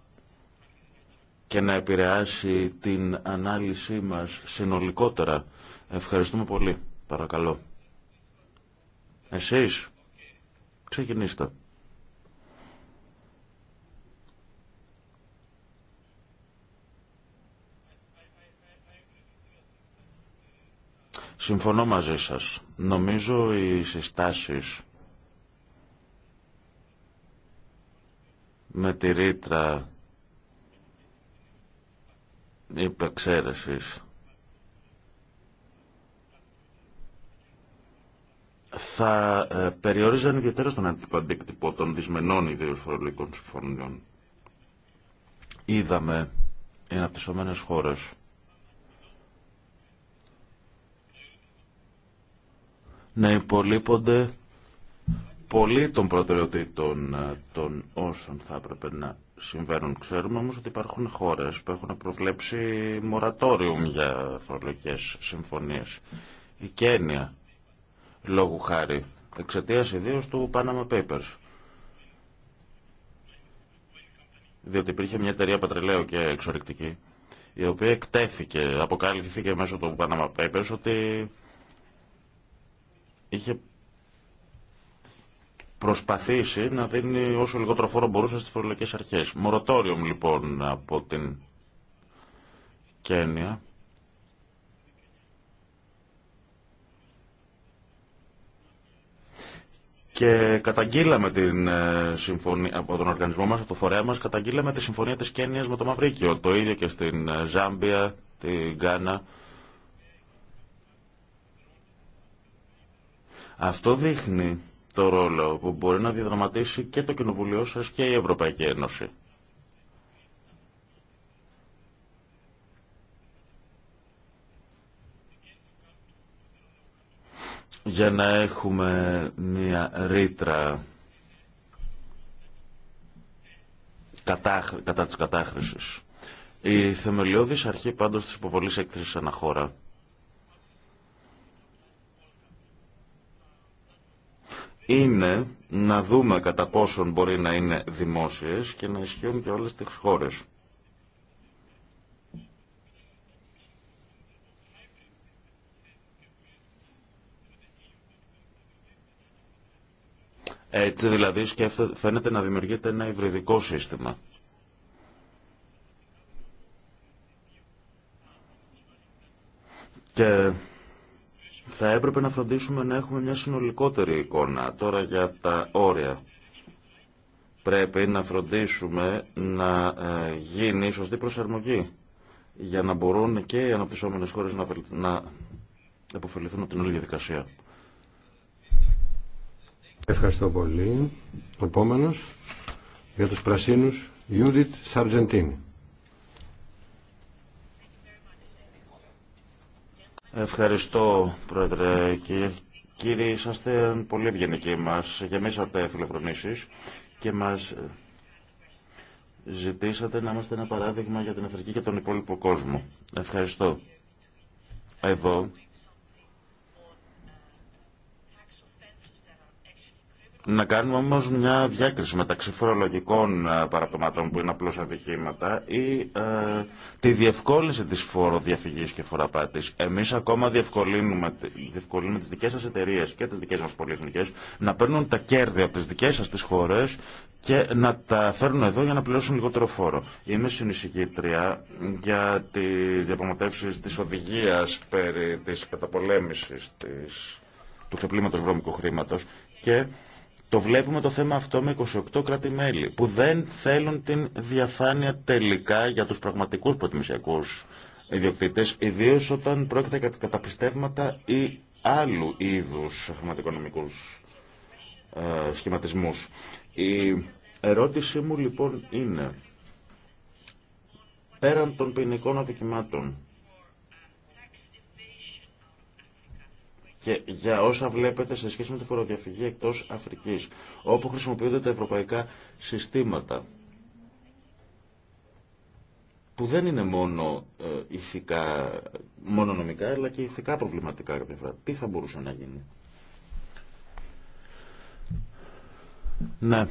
και να επηρεάσει την ανάλυση μας συνολικότερα. Ευχαριστούμε πολύ. Παρακαλώ. Εσείς, ξεκινήστε. Συμφωνώ μαζί σας. Νομίζω οι συστάσεις με τη ρήτρα υπεξαίρεσης θα ε, περιόριζαν ιδιαίτερα στον αρνητικό αντίκτυπο των δυσμενών ιδίως φορολογικών συμφωνιών. Είδαμε οι αναπτυσσόμενες χώρες να υπολείπονται πολύ των προτεραιοτήτων ε, των όσων θα έπρεπε να συμβαίνουν. Ξέρουμε όμως ότι υπάρχουν χώρες που έχουν προβλέψει μορατόριουμ για φορολογικές συμφωνίες. Η Κένια, λόγου χάρη, εξαιτία ιδίω του Panama Papers. Διότι υπήρχε μια εταιρεία πατρελαίου και εξορρυκτική, η οποία εκτέθηκε, αποκαλύφθηκε μέσω του Panama Papers ότι είχε προσπαθήσει να δίνει όσο λιγότερο φόρο μπορούσε στις φορολογικές αρχές. Μοροτόριο, λοιπόν από την Κένια. Και καταγγείλαμε την ε, συμφωνία από τον οργανισμό μας, από το φορέα μας, καταγγείλαμε τη συμφωνία της Κένιας με το Μαυρίκιο. Το ίδιο και στην ε, Ζάμπια, την Γκάνα. Αυτό δείχνει το ρόλο που μπορεί να διαδραματίσει και το Κοινοβουλίο σας και η Ευρωπαϊκή Ένωση. για να έχουμε μία ρήτρα κατά, της κατάχρησης. Η θεμελιώδης αρχή πάντως της υποβολής έκθεσης χώρα είναι να δούμε κατά πόσον μπορεί να είναι δημόσιες και να ισχύουν και όλες τις χώρες. Έτσι δηλαδή φαίνεται να δημιουργείται ένα υβριδικό σύστημα. Και θα έπρεπε να φροντίσουμε να έχουμε μια συνολικότερη εικόνα τώρα για τα όρια. Πρέπει να φροντίσουμε να ε, γίνει σωστή προσαρμογή για να μπορούν και οι αναπτυσσόμενες χώρες να, να από την όλη διαδικασία. Ευχαριστώ πολύ. Επόμενος για τους πρασίνους, Judith Sargentini. Ευχαριστώ, Πρόεδρε. Κύριε, κύριοι, είσαστε πολύ ευγενικοί μας. Γεμίσατε φιλοφρονήσεις και μας ε, ζητήσατε να είμαστε ένα παράδειγμα για την Αφρική και τον υπόλοιπο κόσμο. Ευχαριστώ. Εδώ Να κάνουμε όμω μια διάκριση μεταξύ φορολογικών ε, παραπτωμάτων που είναι απλώ αδικήματα ή ε, τη διευκόλυνση τη φοροδιαφυγή και φοραπάτη. Εμεί ακόμα διευκολύνουμε, διευκολύνουμε τι δικέ σα εταιρείε και τι δικέ μα πολυεθνικέ να παίρνουν τα κέρδη από τι δικέ σα τι χώρε και να τα φέρουν εδώ για να πληρώσουν λιγότερο φόρο. Είμαι συνεισηγήτρια για τι διαπραγματεύσει τη οδηγία περί τη καταπολέμηση του ξεπλήματο βρώμικου χρήματο και το βλέπουμε το θέμα αυτό με 28 κράτη-μέλη που δεν θέλουν την διαφάνεια τελικά για τους πραγματικούς προτιμησιακούς ιδιοκτήτες, ιδίως όταν πρόκειται για καταπιστεύματα ή άλλου είδους χρηματοοικονομικούς ε, σχηματισμούς. Η ερώτησή μου λοιπόν είναι, πέραν των ποινικών αδικημάτων, και για όσα βλέπετε σε σχέση με τη φοροδιαφυγή εκτός Αφρικής, όπου χρησιμοποιούνται τα ευρωπαϊκά συστήματα, που δεν είναι μόνο ε, ηθικά, μόνο νομικά, αλλά και ηθικά προβληματικά κάποια φορά. Τι θα μπορούσε να γίνει. Ναι,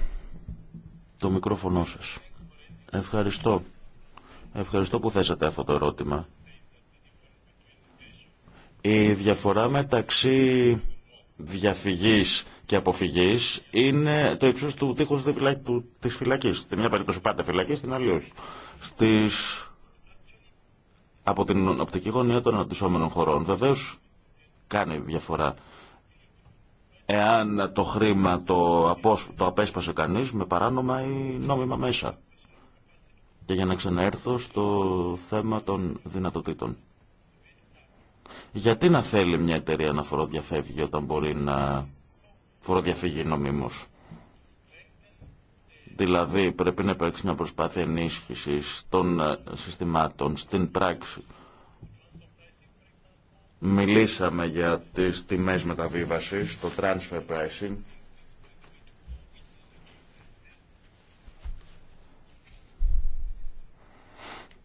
το μικρόφωνο σας. Ευχαριστώ. Ευχαριστώ που θέσατε αυτό το ερώτημα. Η διαφορά μεταξύ διαφυγής και αποφυγής είναι το ύψος του τείχους της φυλακής. Στην μια περίπτωση πάντα φυλακή, στην άλλη όχι. Στις... Από την οπτική γωνία των αναπτυσσόμενων χωρών βεβαίως κάνει διαφορά. Εάν το χρήμα το, απόσ... το απέσπασε κανείς με παράνομα ή νόμιμα μέσα. Και για να ξαναέρθω στο θέμα των δυνατοτήτων. Γιατί να θέλει μια εταιρεία να φοροδιαφεύγει όταν μπορεί να φοροδιαφύγει νομίμως. Δηλαδή πρέπει να υπάρξει μια προσπάθεια ενίσχυσης των ε, συστημάτων στην πράξη. Μιλήσαμε για τις τιμές μεταβίβασης, το transfer pricing.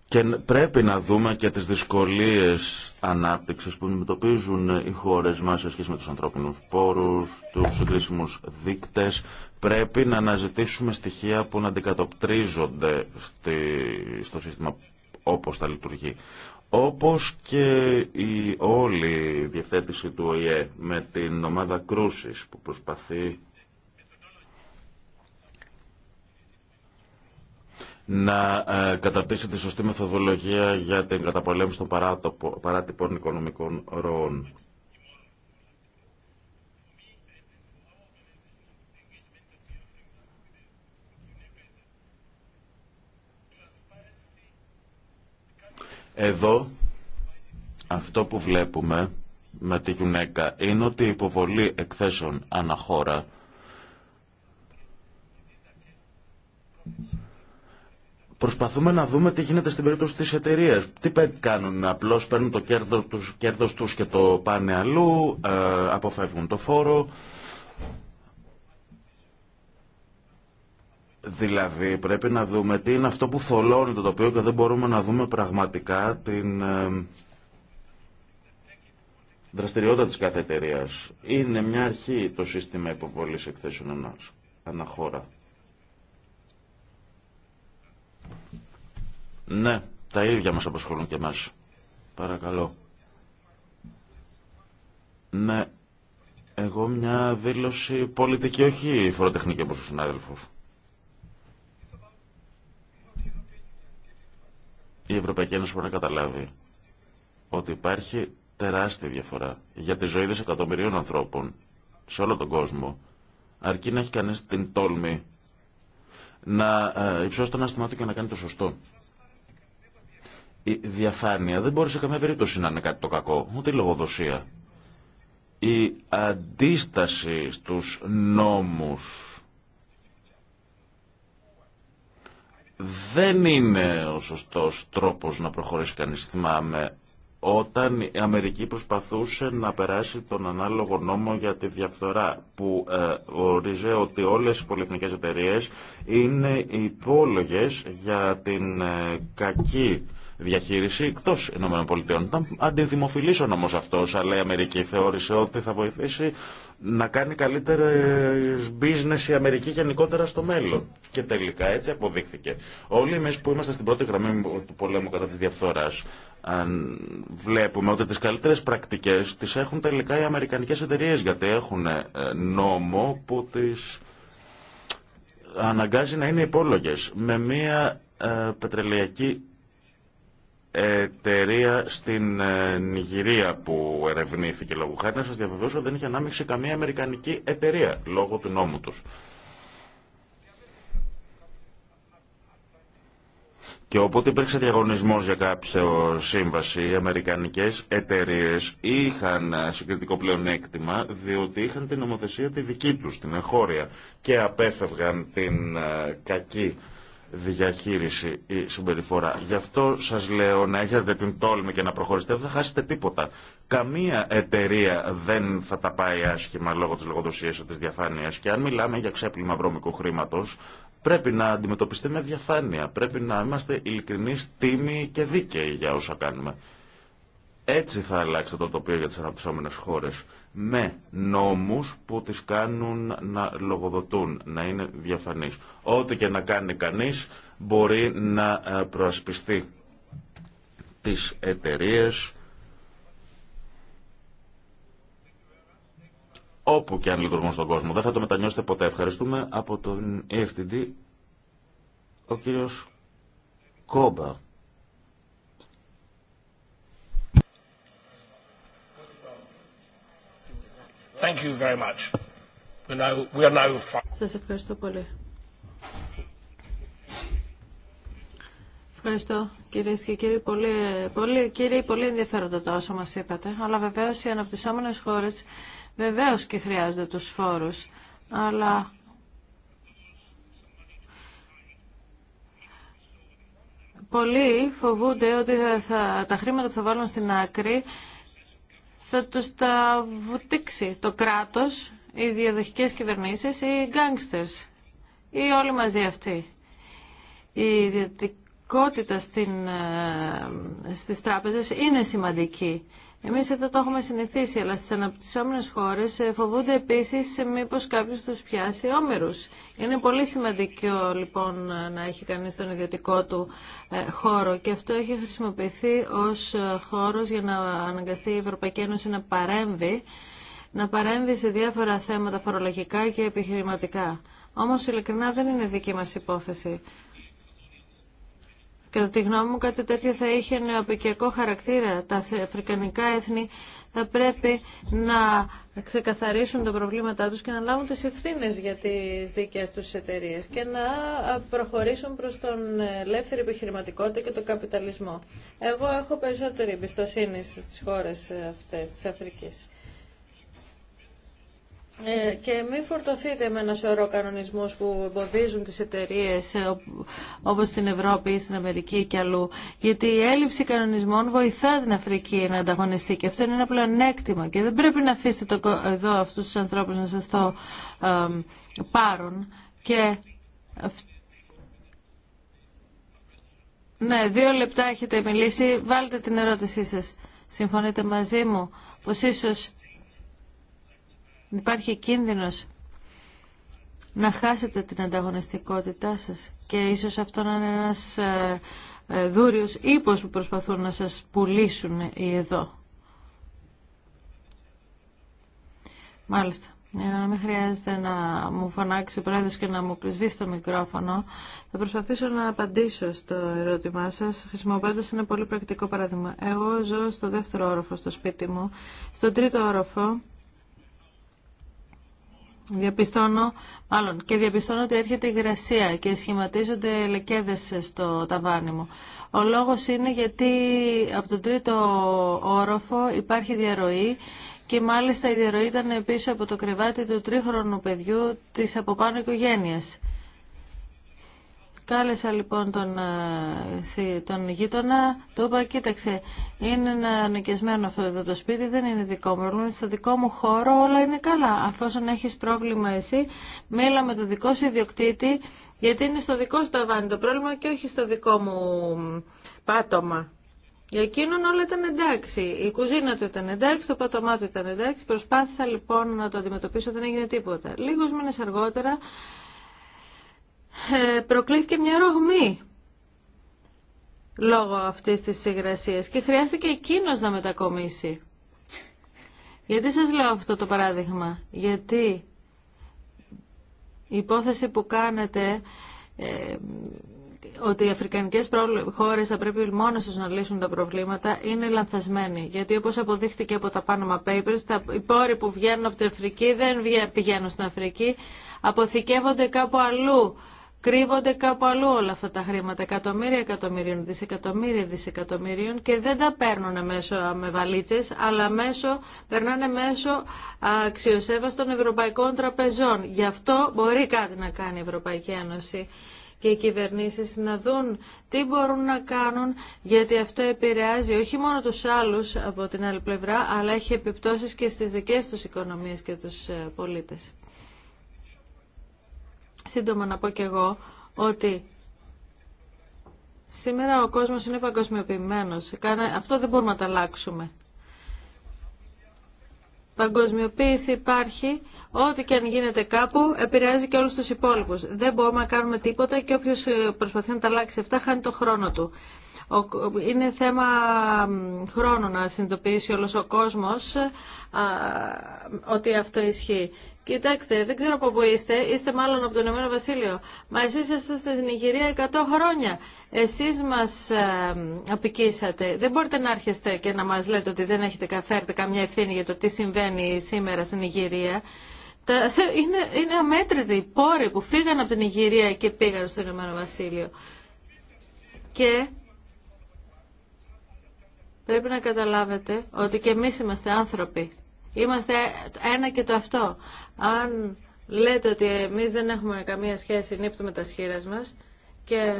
Και πρέπει να δούμε και τις δυσκολίες ανάπτυξης που αντιμετωπίζουν οι χώρες μας σε σχέση με τους ανθρώπινους πόρους, τους συγκρίσιμους δείκτες. Πρέπει να αναζητήσουμε στοιχεία που να αντικατοπτρίζονται στο σύστημα όπως θα λειτουργεί. Όπως και η όλη διευθέτηση του ΟΗΕ με την ομάδα κρούσης που προσπαθεί να ε, καταρτήσει τη σωστή μεθοδολογία για την καταπολέμηση των παράτυπων οικονομικών ροών. Εδώ αυτό που βλέπουμε με τη γυναίκα είναι ότι η υποβολή εκθέσεων αναχώρα Προσπαθούμε να δούμε τι γίνεται στην περίπτωση της εταιρεία. Τι κάνουν, απλώς παίρνουν το κέρδος τους, και το πάνε αλλού, ε, αποφεύγουν το φόρο. Δηλαδή πρέπει να δούμε τι είναι αυτό που θολώνει το τοπίο και δεν μπορούμε να δούμε πραγματικά την ε, δραστηριότητα της κάθε εταιρεία. Είναι μια αρχή το σύστημα υποβολής εκθέσεων ανά χώρα. Ναι, τα ίδια μας απασχολούν και εμάς. Παρακαλώ. Ναι, εγώ μια δήλωση πολιτική, όχι φοροτεχνική όπως ο συνάδελφος. Η Ευρωπαϊκή Ένωση μπορεί να καταλάβει ότι υπάρχει τεράστια διαφορά για τη ζωή εκατομμυρίων ανθρώπων σε όλο τον κόσμο, αρκεί να έχει κανείς την τόλμη να ε, υψώσει τον και να κάνει το σωστό. Η διαφάνεια δεν μπορεί σε καμία περίπτωση να είναι κάτι το κακό, ούτε η λογοδοσία. Η αντίσταση στους νόμους δεν είναι ο σωστός τρόπος να προχωρήσει κανείς. Θυμάμαι όταν η Αμερική προσπαθούσε να περάσει τον ανάλογο νόμο για τη διαφθορά που ε, ότι όλες οι πολυεθνικές εταιρείες είναι υπόλογες για την ε, κακή διαχείριση εκτό ΗΠΑ. Ήταν αντιδημοφιλή ο νόμο αυτό, αλλά η Αμερική θεώρησε ότι θα βοηθήσει να κάνει καλύτερε business η Αμερική γενικότερα στο μέλλον. Και τελικά έτσι αποδείχθηκε. Όλοι εμεί που είμαστε στην πρώτη γραμμή του πολέμου κατά τη διαφθορά, αν βλέπουμε ότι τις καλύτερες πρακτικές τις έχουν τελικά οι αμερικανικές εταιρείες γιατί έχουν ε, νόμο που τις αναγκάζει να είναι υπόλογες με μια ε, πετρελαϊκή εταιρεία στην ε, Νιγηρία που ερευνήθηκε λόγω χάρη να σα διαβεβαιώσω ότι δεν είχε ανάμειξη καμία αμερικανική εταιρεία λόγω του νόμου τους. Και όποτε υπήρξε διαγωνισμό για κάποια σύμβαση, οι αμερικανικέ εταιρείε είχαν ε, συγκριτικό πλεονέκτημα, διότι είχαν την νομοθεσία τη δική του, την εγχώρια, και απέφευγαν την ε, κακή διαχείριση ή συμπεριφορά. Γι' αυτό σας λέω να έχετε την τόλμη και να προχωρήσετε. Δεν θα χάσετε τίποτα. Καμία εταιρεία δεν θα τα πάει άσχημα λόγω της λογοδοσία ή της διαφάνειας. Και αν μιλάμε για ξέπλυμα βρώμικου χρήματος, πρέπει να αντιμετωπιστεί με διαφάνεια. Πρέπει να είμαστε ειλικρινεί τίμοι και δίκαιοι για όσα κάνουμε. Έτσι θα αλλάξετε το τοπίο για τις αναπτυσσόμενες χώρες με νόμους που τις κάνουν να λογοδοτούν, να είναι διαφανείς. Ό,τι και να κάνει κανείς μπορεί να ε, προασπιστεί τις εταιρείε όπου και αν λειτουργούν στον κόσμο. Δεν θα το μετανιώσετε ποτέ. Ευχαριστούμε από τον EFTD ε ο κύριος Κόμπα. Thank you very much. We are now... Σας ευχαριστώ πολύ. Ευχαριστώ κυρίε και κύριοι. Πολύ, πολύ, κύριοι, πολύ ενδιαφέροντα τα όσα μα είπατε. Αλλά βεβαίω οι αναπτυσσόμενε χώρε βεβαίω και χρειάζονται του φόρου. Αλλά πολλοί φοβούνται ότι θα, τα χρήματα που θα βάλουν στην άκρη θα του τα βουτήξει το κράτος, οι γγκάντε. Ή όλοι μαζί αυτοί. κυβερνήσεις, οι γκαγκστερ Η ιδιωτικότητα στι ε, στις είναι σημαντική. Εμείς εδώ το έχουμε συνηθίσει, αλλά στι αναπτυσσόμενε χώρες ε, φοβούνται επίσης ε, μήπω κάποιο του πιάσει όμοιρους. Είναι πολύ σημαντικό λοιπόν να έχει κάνει τον ιδιωτικό του ε, χώρο και αυτό έχει χρησιμοποιηθεί ως χώρος για να αναγκαστεί η Ευρωπαϊκή Ένωση να παρέμβει, να παρέμβει σε διάφορα θέματα φορολογικά και επιχειρηματικά. Όμω ειλικρινά δεν είναι δική μα υπόθεση. Κατά τη γνώμη μου κάτι τέτοιο θα είχε νεοπικιακό χαρακτήρα. Τα αφρικανικά έθνη θα πρέπει να ξεκαθαρίσουν τα προβλήματά τους και να λάβουν τις ευθύνες για τις δίκαιες τους εταιρείες και να προχωρήσουν προς τον ελεύθερη επιχειρηματικότητα και τον καπιταλισμό. Εγώ έχω περισσότερη εμπιστοσύνη στις χώρες αυτές της Αφρικής. Ε, και μην φορτωθείτε με ένα σωρό κανονισμούς που εμποδίζουν τις εταιρείες ε, όπως στην Ευρώπη ή στην Αμερική και αλλού. Γιατί η έλλειψη κανονισμών βοηθά την Αφρική να ανταγωνιστεί και αυτό είναι ένα πλεονέκτημα και δεν πρέπει να αφήσετε το, εδώ αυτούς τους ανθρώπους να σας το πάρουν. Και Ναι, δύο λεπτά έχετε μιλήσει. Βάλτε την ερώτησή σας. Συμφωνείτε μαζί μου πως ίσως Υπάρχει κίνδυνος να χάσετε την ανταγωνιστικότητά σας και ίσως αυτό να είναι ένας ε, ε, δούριος ύπος που προσπαθούν να σας πουλήσουν οι εδώ. Μάλιστα. Για να μην χρειάζεται να μου φωνάξει ο πρόεδρος και να μου κλεισβεί στο μικρόφωνο, θα προσπαθήσω να απαντήσω στο ερώτημά σας, χρησιμοποιώντας ένα πολύ πρακτικό παράδειγμα. Εγώ ζω στο δεύτερο όροφο στο σπίτι μου. Στο τρίτο όροφο Διαπιστώνω, μάλλον, και διαπιστώνω ότι έρχεται υγρασία και σχηματίζονται λεκέδες στο ταβάνι μου. Ο λόγος είναι γιατί από τον τρίτο όροφο υπάρχει διαρροή και μάλιστα η διαρροή ήταν πίσω από το κρεβάτι του τρίχρονου παιδιού της από πάνω οικογένειας. Κάλεσα λοιπόν τον, ε, τον γείτονα, του είπα κοίταξε είναι ένα νοικιασμένο αυτό εδώ το σπίτι, δεν είναι δικό μου πρόβλημα, στο δικό μου χώρο όλα είναι καλά. Αφόσον έχεις πρόβλημα εσύ, μίλα με το δικό σου ιδιοκτήτη γιατί είναι στο δικό σου ταβάνι το πρόβλημα και όχι στο δικό μου πάτωμα. Για εκείνον όλα ήταν εντάξει. Η κουζίνα του ήταν εντάξει, το πάτωμά του ήταν εντάξει. Προσπάθησα λοιπόν να το αντιμετωπίσω, δεν έγινε τίποτα. Λίγου μήνε αργότερα ε, προκλήθηκε μια ρογμή λόγω αυτής της υγρασίας και χρειάστηκε εκείνος να μετακομίσει. Γιατί σας λέω αυτό το παράδειγμα. Γιατί η υπόθεση που κάνετε ε, ότι οι αφρικανικές χώρες θα πρέπει μόνο τους να λύσουν τα προβλήματα είναι λανθασμένη. Γιατί όπως αποδείχτηκε από τα Panama Papers, τα, οι πόροι που βγαίνουν από την Αφρική δεν πηγαίνουν στην Αφρική, αποθηκεύονται κάπου αλλού κρύβονται κάπου αλλού όλα αυτά τα χρήματα, εκατομμύρια εκατομμυρίων, δισεκατομμύρια δισεκατομμυρίων και δεν τα παίρνουν μέσω με βαλίτσες, αλλά μέσω, περνάνε μέσω αξιοσέβαστων ευρωπαϊκών τραπεζών. Γι' αυτό μπορεί κάτι να κάνει η Ευρωπαϊκή Ένωση και οι κυβερνήσεις να δουν τι μπορούν να κάνουν γιατί αυτό επηρεάζει όχι μόνο τους άλλους από την άλλη πλευρά αλλά έχει επιπτώσεις και στις δικές τους οικονομίες και τους ε, πολίτες σύντομα να πω και εγώ ότι σήμερα ο κόσμος είναι παγκοσμιοποιημένος. Αυτό δεν μπορούμε να τα αλλάξουμε. Παγκοσμιοποίηση υπάρχει, ό,τι και αν γίνεται κάπου επηρεάζει και όλους τους υπόλοιπους. Δεν μπορούμε να κάνουμε τίποτα και όποιος ε, προσπαθεί να τα αλλάξει αυτά χάνει το χρόνο του. Είναι θέμα χρόνου να συνειδητοποιήσει όλος ο κόσμος ε, ότι αυτό ισχύει. Κοιτάξτε, δεν ξέρω από πού είστε. Είστε μάλλον από το Ηνωμένο Βασίλειο. Μα εσεί είσαστε στην Ιγυρία 100 χρόνια. Εσεί μα ε, απικήσατε. Δεν μπορείτε να έρχεστε και να μα λέτε ότι δεν έχετε φέρτε καμιά ευθύνη για το τι συμβαίνει σήμερα στην Ιγυρία. Είναι, είναι αμέτρητοι οι πόροι που φύγαν από την Ιγυρία και πήγαν στο Ηνωμένο Βασίλειο. Και πρέπει να καταλάβετε ότι και εμείς είμαστε άνθρωποι. Είμαστε ένα και το αυτό. Αν λέτε ότι εμείς δεν έχουμε καμία σχέση νύπτουμε τα σχήρες μας και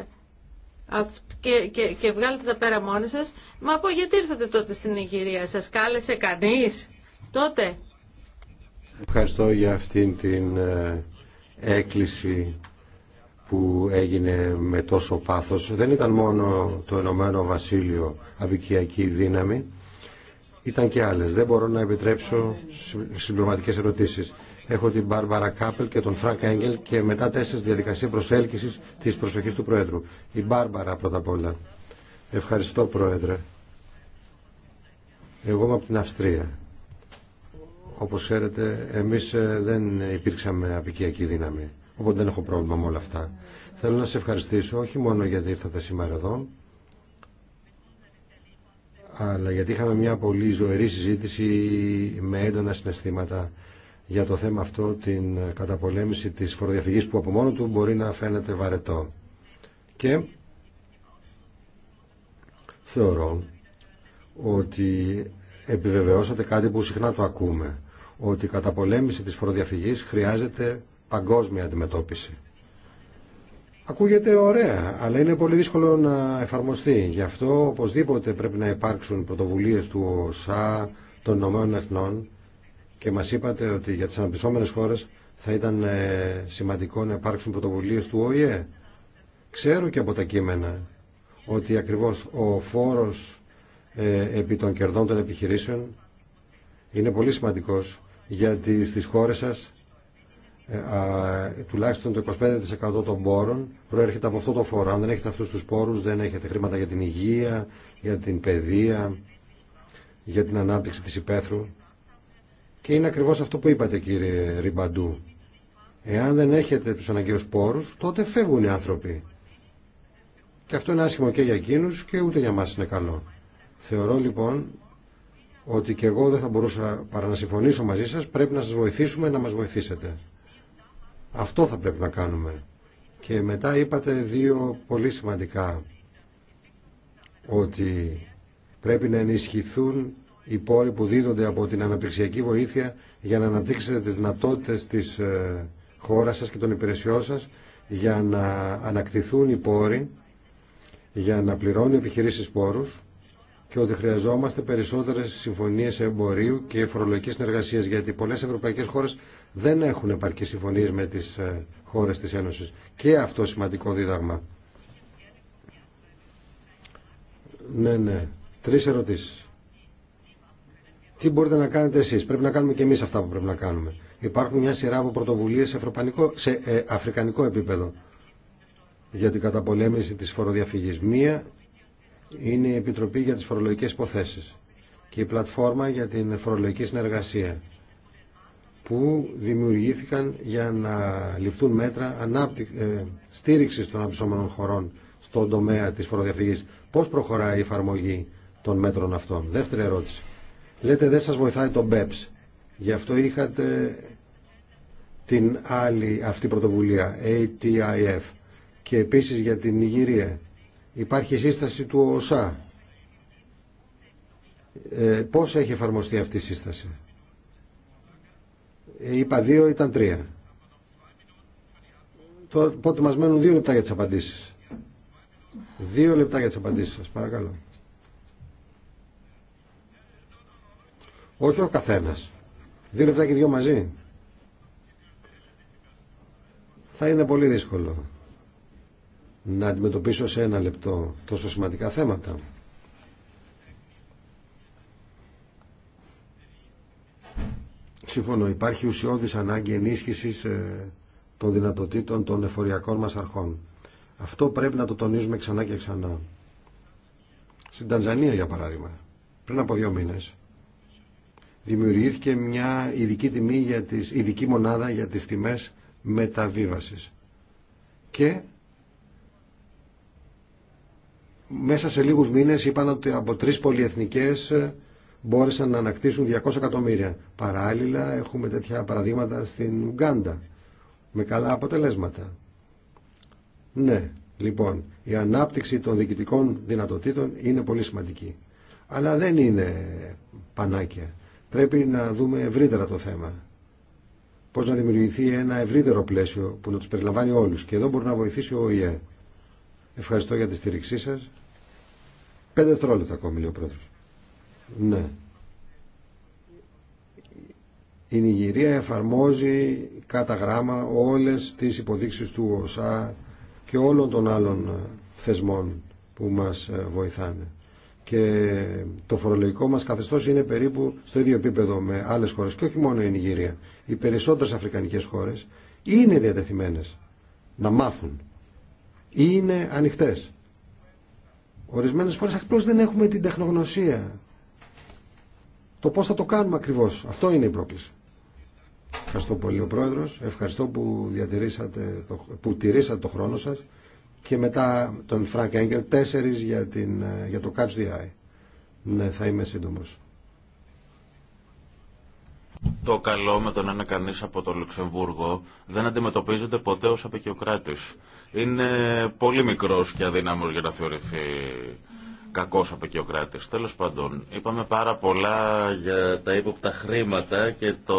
και, και, βγάλετε τα πέρα μόνοι σας. Μα πω γιατί ήρθατε τότε στην Ιγυρία, σας κάλεσε κανείς τότε. Ευχαριστώ για αυτήν την ε, έκκληση που έγινε με τόσο πάθος. Δεν ήταν μόνο το Ενωμένο Βασίλειο απικιακή δύναμη, ήταν και άλλες. Δεν μπορώ να επιτρέψω συμπληρωματικές ερωτήσεις. Έχω την Μπάρμπαρα Κάπελ και τον Φρανκ Έγγελ και μετά τέσσερις διαδικασίες προσέλκυσης της προσοχής του Πρόεδρου. Η Μπάρμπαρα πρώτα απ' όλα. Ευχαριστώ Πρόεδρε. Εγώ είμαι από την Αυστρία. Όπως ξέρετε, εμείς ε, δεν υπήρξαμε απικιακή δύναμη. Οπότε δεν έχω πρόβλημα με όλα αυτά. Θέλω να σε ευχαριστήσω όχι μόνο γιατί ήρθατε σήμερα εδώ, αλλά γιατί είχαμε μια πολύ ζωηρή συζήτηση με έντονα συναισθήματα για το θέμα αυτό, την καταπολέμηση της φοροδιαφυγής που από μόνο του μπορεί να φαίνεται βαρετό. Και θεωρώ ότι επιβεβαιώσατε κάτι που συχνά το ακούμε, ότι η καταπολέμηση της φοροδιαφυγής χρειάζεται παγκόσμια αντιμετώπιση. Ακούγεται ωραία, αλλά είναι πολύ δύσκολο να εφαρμοστεί. Γι' αυτό οπωσδήποτε πρέπει να υπάρξουν πρωτοβουλίες του ΟΣΑ, των Ηνωμένων Εθνών και μας είπατε ότι για τις αναπτυσσόμενες χώρες θα ήταν ε, σημαντικό να υπάρξουν πρωτοβουλίες του ΟΗΕ. Ξέρω και από τα κείμενα ότι ακριβώς ο φόρος ε, επί των κερδών των επιχειρήσεων είναι πολύ σημαντικός γιατί στις χώρες σας ε, τουλάχιστον το 25% των πόρων προέρχεται από αυτό το φόρο. Αν δεν έχετε αυτούς τους πόρους δεν έχετε χρήματα για την υγεία, για την παιδεία, για την ανάπτυξη της υπαίθρου. Και είναι ακριβώς αυτό που είπατε κύριε Ριμπαντού. Εάν δεν έχετε τους αναγκαίους πόρους, τότε φεύγουν οι άνθρωποι. Και αυτό είναι άσχημο και για εκείνους και ούτε για μας είναι καλό. Θεωρώ λοιπόν ότι και εγώ δεν θα μπορούσα παρά να συμφωνήσω μαζί σας, πρέπει να σας βοηθήσουμε να μας βοηθήσετε. Αυτό θα πρέπει να κάνουμε. Και μετά είπατε δύο πολύ σημαντικά ότι πρέπει να ενισχυθούν οι πόροι που δίδονται από την αναπτυξιακή βοήθεια για να αναπτύξετε τις δυνατότητες της ε, χώρας σας και των υπηρεσιών σας για να ανακτηθούν οι πόροι, για να πληρώνουν οι επιχειρήσεις πόρους και ότι χρειαζόμαστε περισσότερε συμφωνίε εμπορίου και φορολογική συνεργασία, γιατί πολλέ ευρωπαϊκέ χώρε δεν έχουν επαρκή συμφωνίε με τι ε, χώρε τη Ένωση. Και αυτό σημαντικό δίδαγμα. Ναι, ναι. Τρει ερωτήσει. Τι μπορείτε να κάνετε εσεί, Πρέπει να κάνουμε και εμεί αυτά που πρέπει να κάνουμε. Υπάρχουν μια σειρά από πρωτοβουλίε σε, ε, αφρικανικό επίπεδο για την καταπολέμηση της φοροδιαφυγής. Μία είναι η Επιτροπή για τις Φορολογικές Υποθέσεις και η Πλατφόρμα για την Φορολογική Συνεργασία που δημιουργήθηκαν για να ληφθούν μέτρα ανάπτυ... Ε, στήριξης των αναπτυσσόμενων χωρών στον τομέα της φοροδιαφυγής. Πώς προχωράει η εφαρμογή των μέτρων αυτών. Δεύτερη ερώτηση. Λέτε δεν σας βοηθάει το BEPS. Γι' αυτό είχατε την άλλη αυτή πρωτοβουλία, ATIF, και επίσης για την Ιγυρία. Υπάρχει σύσταση του ΟΣΑ. Ε, πώς έχει εφαρμοστεί αυτή η σύσταση. Ε, είπα δύο, ήταν τρία. Το, πότε μας μένουν δύο λεπτά για τις απαντήσεις. Δύο λεπτά για τις απαντήσεις σας, παρακαλώ. Όχι ο καθένας. Δύο λεπτά και δύο μαζί. Θα είναι πολύ δύσκολο να αντιμετωπίσω σε ένα λεπτό τόσο σημαντικά θέματα. Σύμφωνο. υπάρχει ουσιώδης ανάγκη ενίσχυσης ε, των δυνατοτήτων των εφοριακών μας αρχών. Αυτό πρέπει να το τονίζουμε ξανά και ξανά. Στην Τανζανία, για παράδειγμα, πριν από δύο μήνες, δημιουργήθηκε μια ειδική, τιμή για τις, ειδική μονάδα για τις τιμές μεταβίβασης. Και μέσα σε λίγους μήνες είπαν ότι από τρεις πολυεθνικές ε, μπόρεσαν να ανακτήσουν 200 εκατομμύρια. Παράλληλα έχουμε τέτοια παραδείγματα στην Ουγκάντα με καλά αποτελέσματα. Ναι, λοιπόν, η ανάπτυξη των διοικητικών δυνατοτήτων είναι πολύ σημαντική. Αλλά δεν είναι πανάκια. Πρέπει να δούμε ευρύτερα το θέμα. Πώς να δημιουργηθεί ένα ευρύτερο πλαίσιο που να τους περιλαμβάνει όλους. Και εδώ μπορεί να βοηθήσει ο ΟΗΕ. Ευχαριστώ για τη στήριξή σα Πέντε δευτερόλεπτα ακόμη, λέει πρόεδρος. Ναι. Η Νιγηρία εφαρμόζει κατά γράμμα όλες τις υποδείξεις του ΟΣΑ και όλων των άλλων ε, θεσμών που μας ε, βοηθάνε. Και ε, το φορολογικό μας καθεστώς είναι περίπου στο ίδιο επίπεδο με άλλες χώρες και όχι μόνο η Νιγηρία. Οι περισσότερες αφρικανικές χώρες είναι διατεθειμένες να μάθουν είναι ανοιχτές. Ορισμένες φορές απλώς δεν έχουμε την τεχνογνωσία. Το πώς θα το κάνουμε ακριβώς. Αυτό είναι η πρόκληση. Ευχαριστώ πολύ ο Πρόεδρος. Ευχαριστώ που, διατηρήσατε το, που τηρήσατε το χρόνο σας. Και μετά τον Φρανκ Έγκελ, τέσσερις για, την, για το Catch the Eye. Ναι, θα είμαι σύντομος. Το καλό με τον να από το Λουξεμβούργο δεν αντιμετωπίζεται ποτέ ω απεικιοκράτη είναι πολύ μικρός και αδύναμος για να θεωρηθεί κακός απεικιοκράτης. Τέλος παντών, είπαμε πάρα πολλά για τα ύποπτα χρήματα και το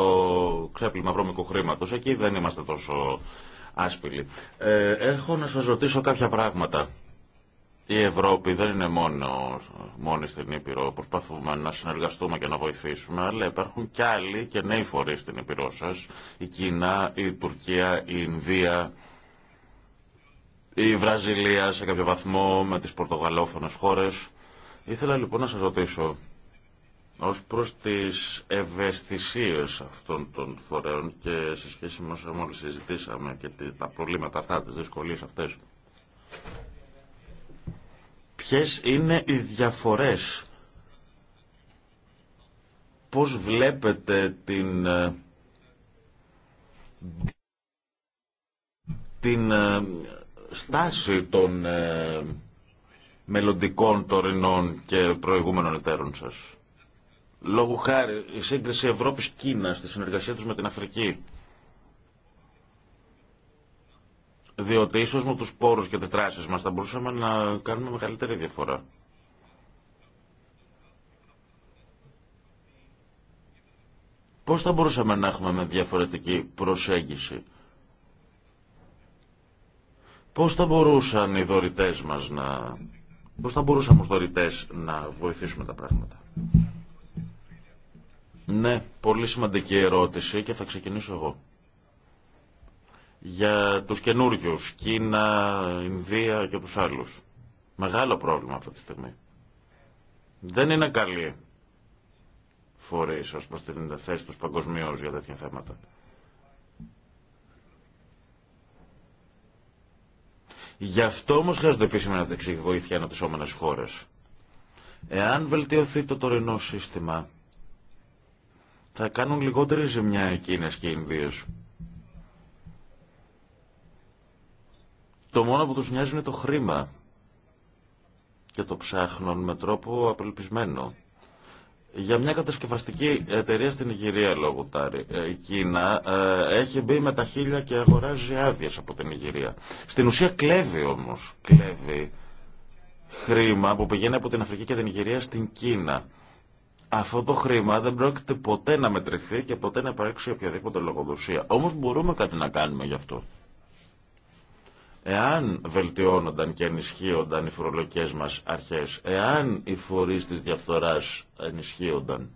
ξέπλυμα βρώμικου χρήματος. Εκεί δεν είμαστε τόσο άσπηλοι. Ε, έχω να σας ρωτήσω κάποια πράγματα. Η Ευρώπη δεν είναι μόνο μόνη στην Ήπειρο. Προσπαθούμε να συνεργαστούμε και να βοηθήσουμε, αλλά υπάρχουν και άλλοι και νέοι φορείς στην Ήπειρο σα. Η Κίνα, η Τουρκία, η Ινδία, η Βραζιλία σε κάποιο βαθμό με τις πορτογαλόφωνες χώρες. Ήθελα λοιπόν να σας ρωτήσω ως προς τις ευαισθησίες αυτών των φορέων και σε σχέση με όσα μόλις συζητήσαμε και τα προβλήματα αυτά, τις δυσκολίες αυτές. Ποιες είναι οι διαφορές πώς βλέπετε την, ε, την ε, στάση των ε, μελλοντικών τωρινών και προηγούμενων εταίρων σας. Λόγου χάρη, η συγκριση Ευρώπη Ευρώπης-Κίνας στη συνεργασία τους με την Αφρική. Διότι ίσως με τους πόρους και τις δράσει μας θα μπορούσαμε να κάνουμε μεγαλύτερη διαφορά. Πώς θα μπορούσαμε να έχουμε με διαφορετική προσέγγιση Πώς θα μπορούσαν οι δωρητές μας να... Πώς θα μπορούσαμε οι να βοηθήσουμε τα πράγματα. Ναι, πολύ σημαντική ερώτηση και θα ξεκινήσω εγώ. Για τους καινούριου, Κίνα, Ινδία και τους άλλους. Μεγάλο πρόβλημα αυτή τη στιγμή. Δεν είναι καλή φορείς ως προς την θέση τους παγκοσμίως για τέτοια θέματα. Γι' αυτό όμω χρειάζονται επίσημα να δεξί βοήθεια αναπτυσσόμενε χώρε. Εάν βελτιωθεί το τωρινό σύστημα, θα κάνουν λιγότερη ζημιά εκείνες και οι Ινδίες. Το μόνο που τους μοιάζει είναι το χρήμα και το ψάχνουν με τρόπο απελπισμένο για μια κατασκευαστική εταιρεία στην Ιγυρία, λόγω τάρι, ε, η Κίνα ε, έχει μπει με τα χίλια και αγοράζει άδειε από την Ιγυρία. Στην ουσία κλέβει όμω. Κλέβει χρήμα που πηγαίνει από την Αφρική και την Ιγυρία στην Κίνα. Αυτό το χρήμα δεν πρόκειται ποτέ να μετρηθεί και ποτέ να υπάρξει οποιαδήποτε λογοδοσία. Όμω μπορούμε κάτι να κάνουμε γι' αυτό. Εάν βελτιώνονταν και ενισχύονταν οι φορολογικές μας αρχές, εάν οι φορείς της διαφθοράς ενισχύονταν,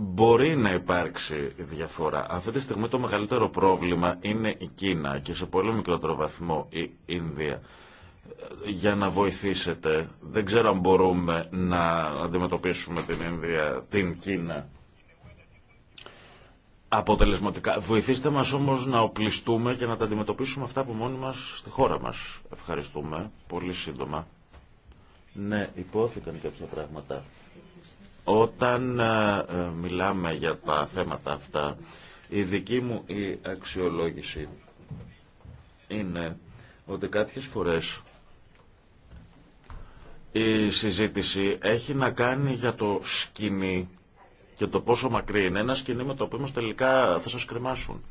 Μπορεί να υπάρξει διαφορά. Αυτή τη στιγμή το μεγαλύτερο πρόβλημα είναι η Κίνα και σε πολύ μικρότερο βαθμό η Ινδία. Για να βοηθήσετε, δεν ξέρω αν μπορούμε να αντιμετωπίσουμε την Ινδία, την Κίνα αποτελεσματικά. Βοηθήστε μας όμως να οπλιστούμε και να τα αντιμετωπίσουμε αυτά που μόνοι μας στη χώρα μας. Ευχαριστούμε. Πολύ σύντομα. Ναι, υπόθηκαν κάποια πράγματα. Όταν ε, ε, μιλάμε για τα θέματα αυτά, η δική μου η αξιολόγηση είναι ότι κάποιες φορές η συζήτηση έχει να κάνει για το σκηνή και το πόσο μακρύ είναι ένα σκηνή με το οποίο τελικά θα σας κρεμάσουν.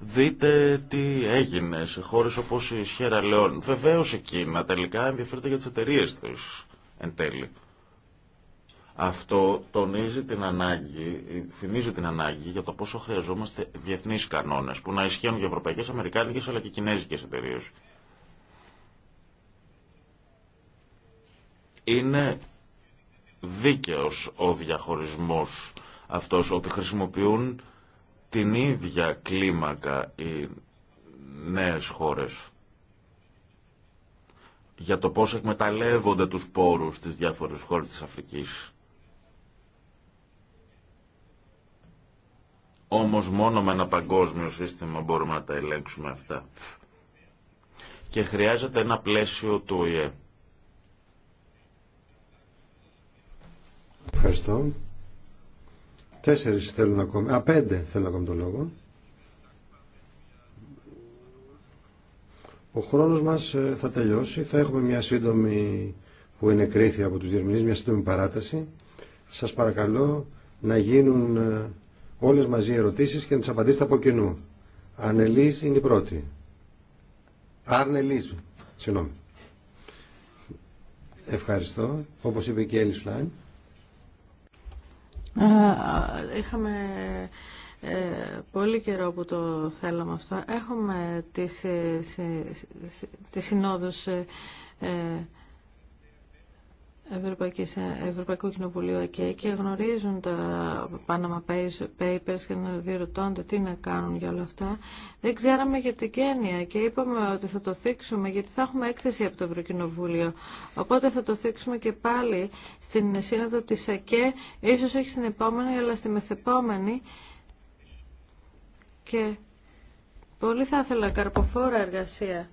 Δείτε τι έγινε σε χώρε όπως η Σιέρα Λεόν. Βεβαίω η Κίνα τελικά ενδιαφέρεται για τι εταιρείε τη εν τέλει. Αυτό τονίζει την ανάγκη, θυμίζει την ανάγκη για το πόσο χρειαζόμαστε διεθνείς κανόνες που να ισχύουν για ευρωπαϊκές, αμερικάνικέ αλλά και κινέζικες εταιρείε. Είναι δίκαιος ο διαχωρισμός αυτός, ότι χρησιμοποιούν την ίδια κλίμακα οι νέες χώρες για το πώς εκμεταλλεύονται τους πόρους στις διάφορες χώρες της Αφρικής. Όμως μόνο με ένα παγκόσμιο σύστημα μπορούμε να τα ελέγξουμε αυτά. Και χρειάζεται ένα πλαίσιο του ΟΗΕ. Ευχαριστώ. Τέσσερις θέλουν ακόμη, α, πέντε θέλουν ακόμη το λόγο. Ο χρόνος μας ε, θα τελειώσει, θα έχουμε μια σύντομη που είναι κρίθη από τους διερμηνείς, μια σύντομη παράταση. Σας παρακαλώ να γίνουν ε, όλες μαζί ερωτήσεις και να τις απαντήσετε από κοινού. Ανελής είναι η πρώτη. Άρνελής, συγγνώμη. Ευχαριστώ, όπως είπε και η Έλλη Είχαμε ε, πολύ καιρό που το θέλαμε αυτό. Έχουμε τις, ε, τις συνόδους ε, Ευρωπαϊκής, Ευρωπαϊκού Κοινοβουλίου και γνωρίζουν τα Panama Papers και να διερωτώνται τι να κάνουν για όλα αυτά. Δεν ξέραμε για την Κένια και είπαμε ότι θα το θίξουμε γιατί θα έχουμε έκθεση από το Ευρωκοινοβούλιο. Οπότε θα το θίξουμε και πάλι στην σύνοδο της ΑΚΕ, ίσως όχι στην επόμενη αλλά στη μεθεπόμενη. Και πολύ θα ήθελα καρποφόρα εργασία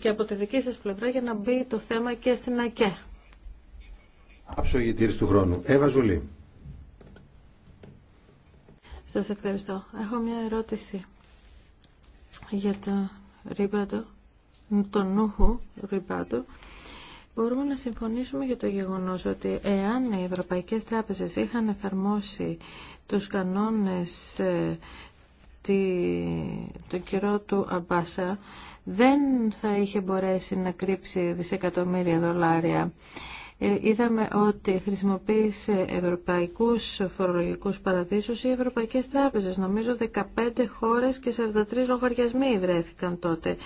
και από τη δική σας πλευρά για να μπει το θέμα και στην ΑΚΕ. Άψογη του χρόνου. Εύα Ζουλή. Σας ευχαριστώ. Έχω μια ερώτηση για το ρήπατο, τον νούχου ρήπατο. Μπορούμε να συμφωνήσουμε για το γεγονός ότι εάν οι ευρωπαϊκές τράπεζες είχαν εφαρμόσει τους κανόνες ε, τη, το καιρό του Αμπάσα δεν θα είχε μπορέσει να κρύψει δισεκατομμύρια δολάρια. Ε, είδαμε ότι χρησιμοποίησε ευρωπαϊκούς φορολογικούς παραδείσους ή ευρωπαϊκές τράπεζες. Νομίζω 15 χώρες και 43 λογαριασμοί βρέθηκαν τότε.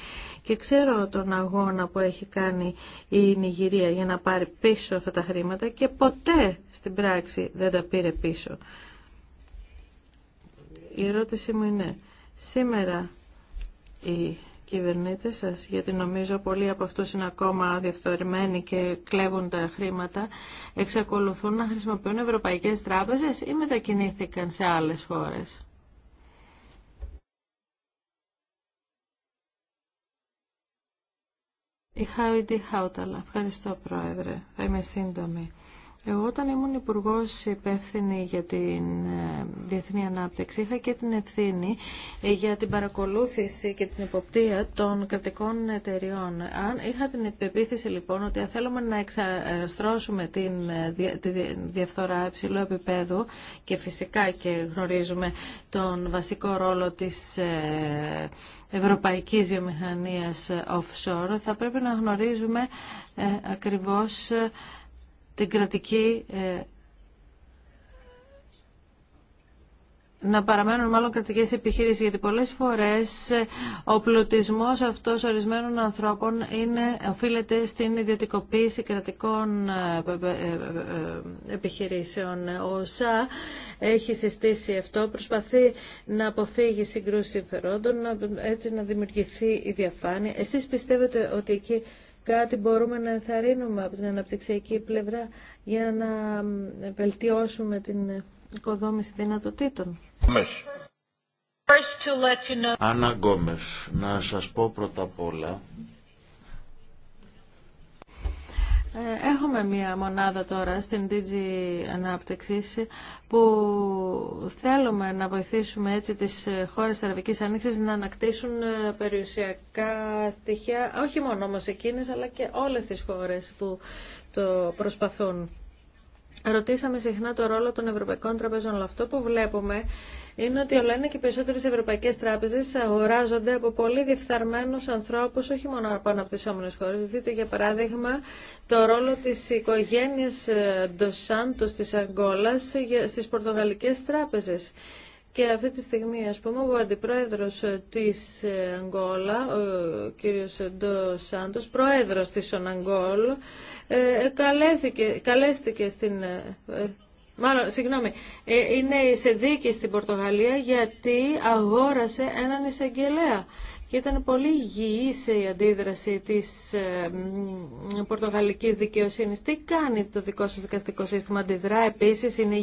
Και ξέρω τον αγώνα που έχει κάνει η Νιγηρία για να πάρει πίσω αυτά τα χρήματα και ποτέ στην πράξη δεν τα πήρε πίσω. Η ερώτησή μου είναι, σήμερα η κυβερνήτες σα, γιατί νομίζω πολλοί από αυτού είναι ακόμα διαφθορημένοι και κλέβουν τα χρήματα, εξακολουθούν να χρησιμοποιούν ευρωπαϊκές τράπεζες ή μετακινήθηκαν σε άλλες χώρες. Η Χάοιντι Χάουταλα. Χαουιντι χαουταλα Πρόεδρε. Θα είμαι σύντομη. Εγώ όταν ήμουν υπουργό υπεύθυνη για την ε, διεθνή ανάπτυξη είχα και την ευθύνη ε, για την παρακολούθηση και την υποπτία των κρατικών εταιριών. Αν είχα την επεποίθηση λοιπόν ότι αν θέλουμε να εξαρθρώσουμε την, ε, τη διαφθορά υψηλού επίπεδου και φυσικά και γνωρίζουμε τον βασικό ρόλο της ευρωπαϊκής βιομηχανίας offshore θα πρέπει να γνωρίζουμε ακριβώς την κρατική ε, να παραμένουν μάλλον κρατικές επιχείρησεις, γιατί πολλές φορές ε, ο πλουτισμός αυτός ορισμένων ανθρώπων είναι, οφείλεται στην ιδιωτικοποίηση κρατικών ε, επιχειρήσεων. Ο ΣΑ έχει συστήσει αυτό, προσπαθεί να αποφύγει συγκρούσεις συμφερόντων, έτσι να δημιουργηθεί η διαφάνεια. Εσείς πιστεύετε ότι εκεί κάτι μπορούμε να ενθαρρύνουμε από την αναπτυξιακή πλευρά για να βελτιώσουμε την οικοδόμηση δυνατοτήτων. Άννα να σας πω πρώτα απ' όλα ε, έχουμε μία μονάδα τώρα στην DG ανάπτυξη, που θέλουμε να βοηθήσουμε έτσι τις χώρες της Αραβικής Άνοιξης να ανακτήσουν ε, περιουσιακά στοιχεία, όχι μόνο όμως εκείνες αλλά και όλες τις χώρες που το προσπαθούν. Ρωτήσαμε συχνά το ρόλο των Ευρωπαϊκών Τραπεζών. Αυτό που βλέπουμε είναι ότι όλα ένα και περισσότερε ευρωπαϊκέ τράπεζε αγοράζονται από πολύ διεφθαρμένου ανθρώπου, όχι μόνο από αναπτυσσόμενε χώρε. Δείτε για παράδειγμα το ρόλο τη οικογένεια Ντοσάντο ε, τη Αγκόλα στι πορτογαλικέ τράπεζε. Και αυτή τη στιγμή, ας πούμε, ο αντιπρόεδρος της Αγγόλα, ο κύριος Ντο Σάντος, πρόεδρος της Οναγκόλ, ε, καλέθηκε, καλέστηκε στην... Ε, μάλλον, συγγνώμη, ε, είναι σε δίκη στην Πορτογαλία γιατί αγόρασε έναν εισαγγελέα. Και ήταν πολύ υγιής η αντίδραση της πορτογαλικής δικαιοσύνης. Τι κάνει το δικό σας δικαστικό σύστημα, αντιδρά επίσης, είναι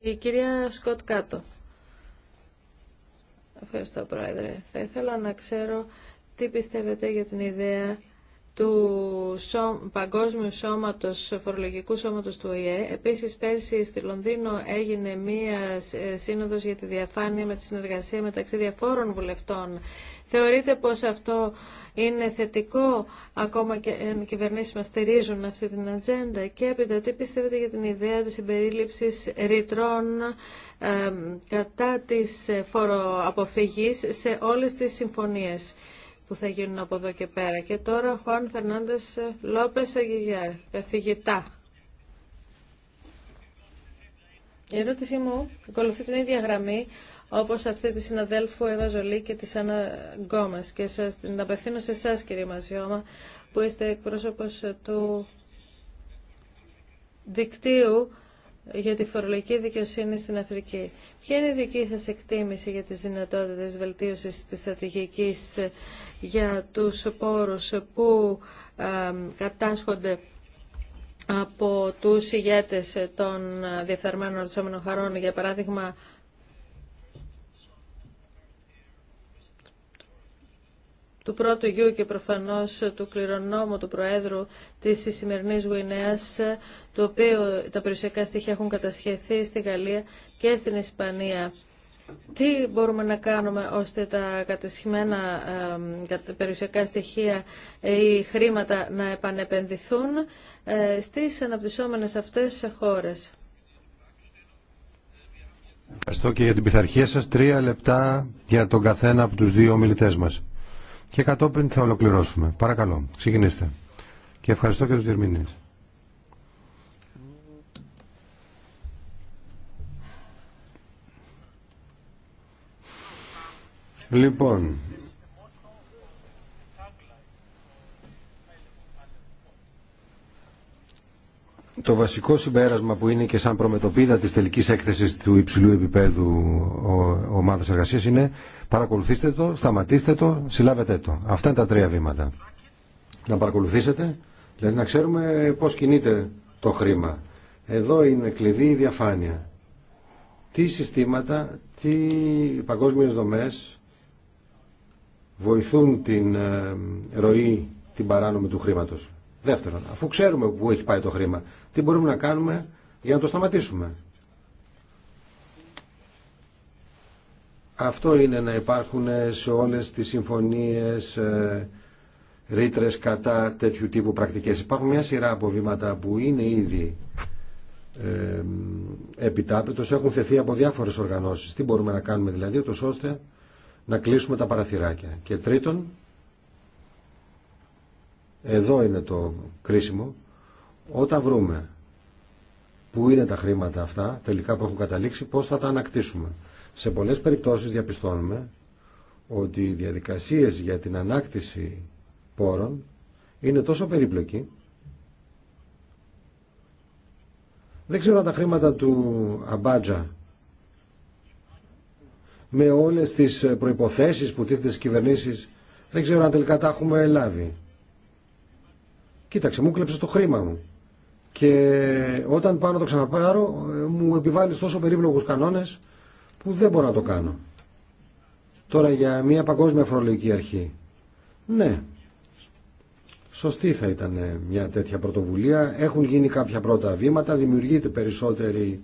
Η κυρία Σκοτ Κάτω. Ευχαριστώ, Πρόεδρε. Θα ήθελα να ξέρω τι πιστεύετε για την ιδέα του Παγκόσμιου Σώματος, Φορολογικού Σώματος του ΟΗΕ. Επίσης, πέρσι στη Λονδίνο έγινε μία ε, σύνοδος για τη διαφάνεια με τη συνεργασία μεταξύ διαφόρων βουλευτών Θεωρείτε πως αυτό είναι θετικό, ακόμα και οι κυβερνήσεις μας στηρίζουν αυτή την ατζέντα και έπειτα τι πιστεύετε για την ιδέα της συμπερίληψης ρητρών ε, κατά της ε, φοροαποφυγής σε όλες τις συμφωνίες που θα γίνουν από εδώ και πέρα. Και τώρα Χουάν Φερνάντες ε, Λόπες Αγγιγιάρ, καθηγητά. Η ερώτησή μου ακολουθεί την ίδια γραμμή όπως αυτή τη συναδέλφου Εύα Ζολή και της Άννα Γκόμας. Και σας την απευθύνω σε εσά κύριε Μαζιώμα, που είστε εκπρόσωπος του δικτύου για τη φορολογική δικαιοσύνη στην Αφρική. Ποια είναι η δική σας εκτίμηση για τις δυνατότητες βελτίωσης της στρατηγικής για τους πόρους που κατάσχονται από τους ηγέτες των ε, διεφθαρμένων ορτισόμενων χαρών, για παράδειγμα του πρώτου γιου και προφανώς του κληρονόμου του Προέδρου της σημερινής Γουινέας, το οποίο τα περιουσιακά στοιχεία έχουν κατασχεθεί στη Γαλλία και στην Ισπανία. Τι μπορούμε να κάνουμε ώστε τα κατεσχημένα περιουσιακά στοιχεία ε, ή χρήματα να επανεπενδυθούν ε, στις αναπτυσσόμενες αυτές χώρες. Ευχαριστώ και για την πειθαρχία σας. Τρία λεπτά για τον καθένα από τους δύο ομιλητές μας και κατόπιν θα ολοκληρώσουμε. Παρακαλώ, ξεκινήστε. Και ευχαριστώ και τους διερμηνείς. Λοιπόν, το βασικό συμπέρασμα που είναι και σαν προμετωπίδα της τελικής έκθεσης του υψηλού επίπεδου ομάδας εργασίας είναι παρακολουθήστε το, σταματήστε το, συλλάβετε το. Αυτά είναι τα τρία βήματα. Να παρακολουθήσετε, δηλαδή να ξέρουμε πώς κινείται το χρήμα. Εδώ είναι κλειδί η διαφάνεια. Τι συστήματα, τι παγκόσμιες δομές βοηθούν την ε, ροή, την παράνομη του χρήματος. Δεύτερον, αφού ξέρουμε πού έχει πάει το χρήμα, τι μπορούμε να κάνουμε για να το σταματήσουμε. Αυτό είναι να υπάρχουν σε όλες τις συμφωνίες ε, ρήτρες κατά τέτοιου τύπου πρακτικές. Υπάρχουν μια σειρά από βήματα που είναι ήδη ε, έχουν θεθεί από διάφορες οργανώσεις. Τι μπορούμε να κάνουμε δηλαδή, ώστε να κλείσουμε τα παραθυράκια. Και τρίτον, εδώ είναι το κρίσιμο. Όταν βρούμε που είναι τα χρήματα αυτά τελικά που έχουν καταλήξει, πώς θα τα ανακτήσουμε. Σε πολλές περιπτώσεις διαπιστώνουμε ότι οι διαδικασίες για την ανάκτηση πόρων είναι τόσο περίπλοκοι Δεν ξέρω αν τα χρήματα του Αμπάτζα με όλες τις προϋποθέσεις που τίθεται στις κυβερνήσεις δεν ξέρω αν τελικά τα έχουμε λάβει. Κοίταξε, μου κλέψε το χρήμα μου. Και όταν πάω να το ξαναπάρω, ε, μου επιβάλλει τόσο περίπλοκου κανόνε που δεν μπορώ να το κάνω. Τώρα για μια παγκόσμια φορολογική αρχή. Ναι, σωστή θα ήταν ε, μια τέτοια πρωτοβουλία. Έχουν γίνει κάποια πρώτα βήματα, δημιουργείται περισσότερη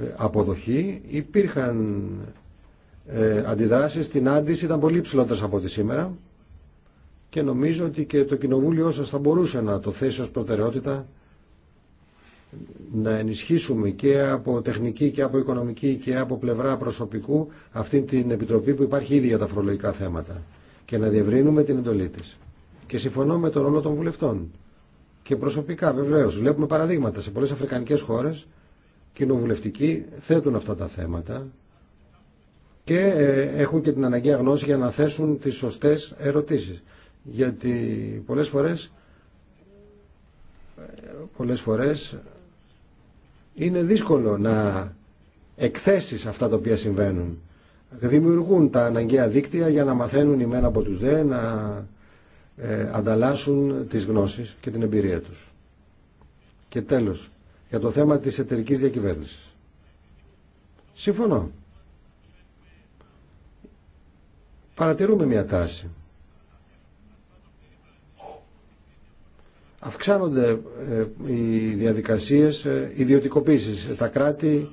ε, αποδοχή. Υπήρχαν ε, αντιδράσεις, την άντιση ήταν πολύ ψηλότερη από ό,τι σήμερα και νομίζω ότι και το Κοινοβούλιο σας θα μπορούσε να το θέσει ως προτεραιότητα να ενισχύσουμε και από τεχνική και από οικονομική και από πλευρά προσωπικού αυτή την επιτροπή που υπάρχει ήδη για τα φορολογικά θέματα και να διευρύνουμε την εντολή της. Και συμφωνώ με τον ρόλο των βουλευτών. Και προσωπικά βεβαίω. Βλέπουμε παραδείγματα σε πολλές αφρικανικές χώρες, Κοινοβουλευτικοί θέτουν αυτά τα θέματα και ε, έχουν και την αναγκαία γνώση για να θέσουν τις σωστές ερωτήσει γιατί πολλές φορές πολλές φορές είναι δύσκολο να εκθέσεις αυτά τα οποία συμβαίνουν. Δημιουργούν τα αναγκαία δίκτυα για να μαθαίνουν οι μένα από τους δε, να ε, ανταλλάσσουν τις γνώσεις και την εμπειρία τους. Και τέλος, για το θέμα της εταιρική διακυβέρνησης. Συμφωνώ. Παρατηρούμε μια τάση αυξάνονται ε, οι διαδικασίες ε, ιδιωτικοποίησης. Τα κράτη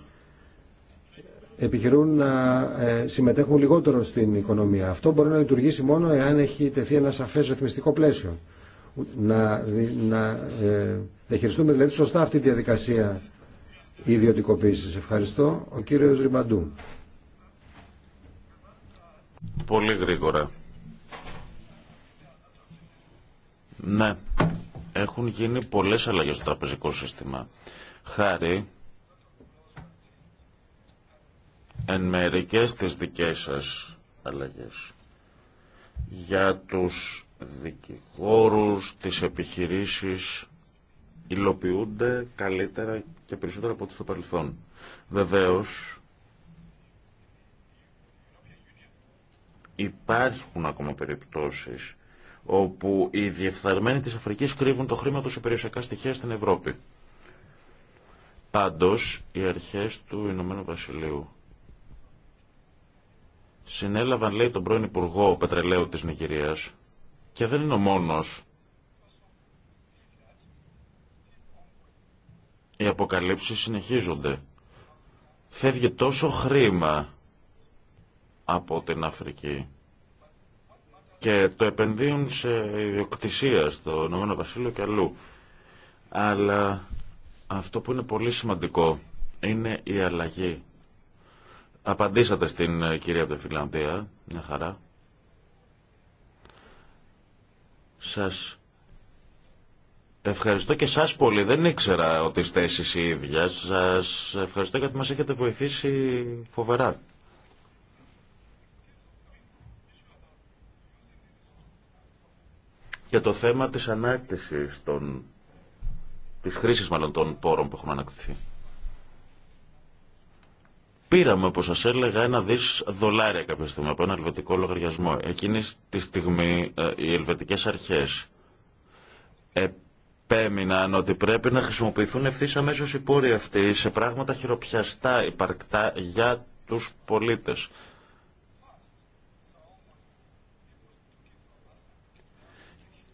επιχειρούν να ε, συμμετέχουν λιγότερο στην οικονομία. Αυτό μπορεί να λειτουργήσει μόνο εάν έχει τεθεί ένα σαφές ρυθμιστικό πλαίσιο. Να, να ε, διαχειριστούμε δηλαδή σωστά αυτή τη διαδικασία ιδιωτικοποίησης. Ευχαριστώ. Ο κύριος Ριμπαντού. Πολύ γρήγορα. Ναι, έχουν γίνει πολλές αλλαγές στο τραπεζικό σύστημα. Χάρη εν μερικές τις δικές σας αλλαγές για τους δικηγόρους, τις επιχειρήσεις υλοποιούνται καλύτερα και περισσότερο από ό,τι στο παρελθόν. Βεβαίως, υπάρχουν ακόμα περιπτώσεις όπου οι διεφθαρμένοι της Αφρικής κρύβουν το χρήμα τους σε περιουσιακά στοιχεία στην Ευρώπη. Πάντως, οι αρχές του Ηνωμένου Βασιλείου συνέλαβαν, λέει, τον πρώην Υπουργό Πετρελαίου της Νιγηρίας και δεν είναι ο μόνος. Οι αποκαλύψεις συνεχίζονται. Φεύγει τόσο χρήμα από την Αφρική και το επενδύουν σε ιδιοκτησία στο Ηνωμένο Βασίλειο και αλλού. Αλλά αυτό που είναι πολύ σημαντικό είναι η αλλαγή. Απαντήσατε στην ε, κυρία από τη Φιλανδία, μια χαρά. Σας Ευχαριστώ και σας πολύ. Δεν ήξερα ότι είστε εσείς οι ίδια. Σας ευχαριστώ γιατί μας έχετε βοηθήσει φοβερά. και το θέμα της ανάκτησης των της χρήσης μάλλον των πόρων που έχουν ανακτηθεί. Πήραμε, όπως σας έλεγα, ένα δις δολάρια κάποια στιγμή από ένα ελβετικό λογαριασμό. Εκείνη τη στιγμή ε, οι ελβετικές αρχές επέμειναν ότι πρέπει να χρησιμοποιηθούν ευθύ αμέσω οι πόροι αυτοί σε πράγματα χειροπιαστά, υπαρκτά για τους πολίτες.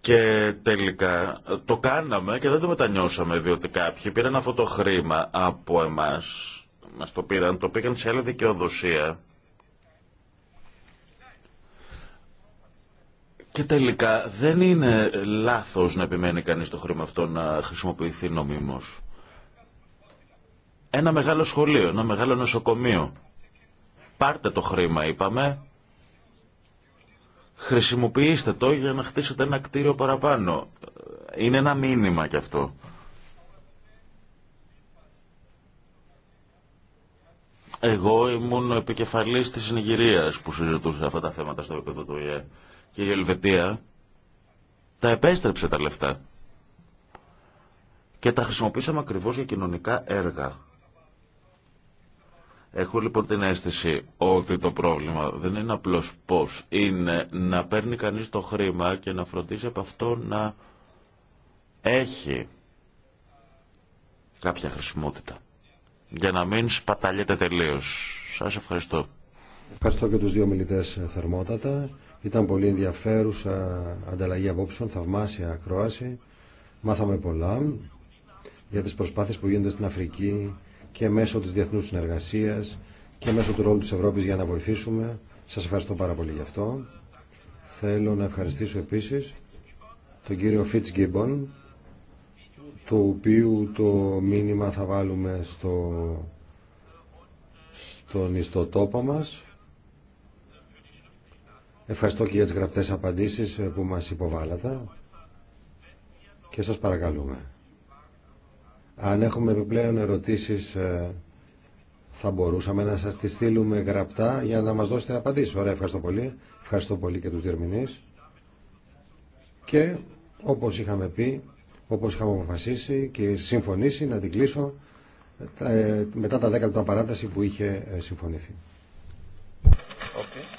Και τελικά το κάναμε και δεν το μετανιώσαμε, διότι κάποιοι πήραν αυτό το χρήμα από εμάς, μας το πήραν, το πήγαν σε άλλη δικαιοδοσία. Και τελικά δεν είναι λάθος να επιμένει κανείς το χρήμα αυτό να χρησιμοποιηθεί νομίμως. Ένα μεγάλο σχολείο, ένα μεγάλο νοσοκομείο. Πάρτε το χρήμα, είπαμε, Χρησιμοποιήστε το για να χτίσετε ένα κτίριο παραπάνω. Είναι ένα μήνυμα κι αυτό. Εγώ ήμουν επικεφαλής της Νιγηρίας που συζητούσε αυτά τα θέματα στο επίπεδο του ΙΕ και η Ελβετία τα επέστρεψε τα λεφτά και τα χρησιμοποίησαμε ακριβώς για κοινωνικά έργα. Έχω λοιπόν την αίσθηση ότι το πρόβλημα δεν είναι απλώς πώς. Είναι να παίρνει κανείς το χρήμα και να φροντίζει από αυτό να έχει κάποια χρησιμότητα. Για να μην σπαταλιέται τελείω. Σας ευχαριστώ. Ευχαριστώ και τους δύο μιλητές θερμότατα. Ήταν πολύ ενδιαφέρουσα ανταλλαγή απόψεων, θαυμάσια ακρόαση. Μάθαμε πολλά για τις προσπάθειες που γίνονται στην Αφρική και μέσω της διεθνούς συνεργασίας και μέσω του ρόλου της Ευρώπης για να βοηθήσουμε. Σας ευχαριστώ πάρα πολύ γι' αυτό. Θέλω να ευχαριστήσω επίσης τον κύριο Φιτς Γκίμπον, το οποίο το μήνυμα θα βάλουμε στο, στον ιστοτόπο μας. Ευχαριστώ και για τις γραπτές απαντήσεις που μας υποβάλατε και σας παρακαλούμε. Αν έχουμε επιπλέον ερωτήσεις ε, θα μπορούσαμε να σας τις στείλουμε γραπτά για να μας δώσετε απαντήσεις. Ωραία, ευχαριστώ πολύ. Ευχαριστώ πολύ και τους διερμηνείς. Και όπως είχαμε πει, όπως είχαμε αποφασίσει και συμφωνήσει να την κλείσω ε, μετά τα 10 του παράταση που είχε ε, συμφωνηθεί. Okay.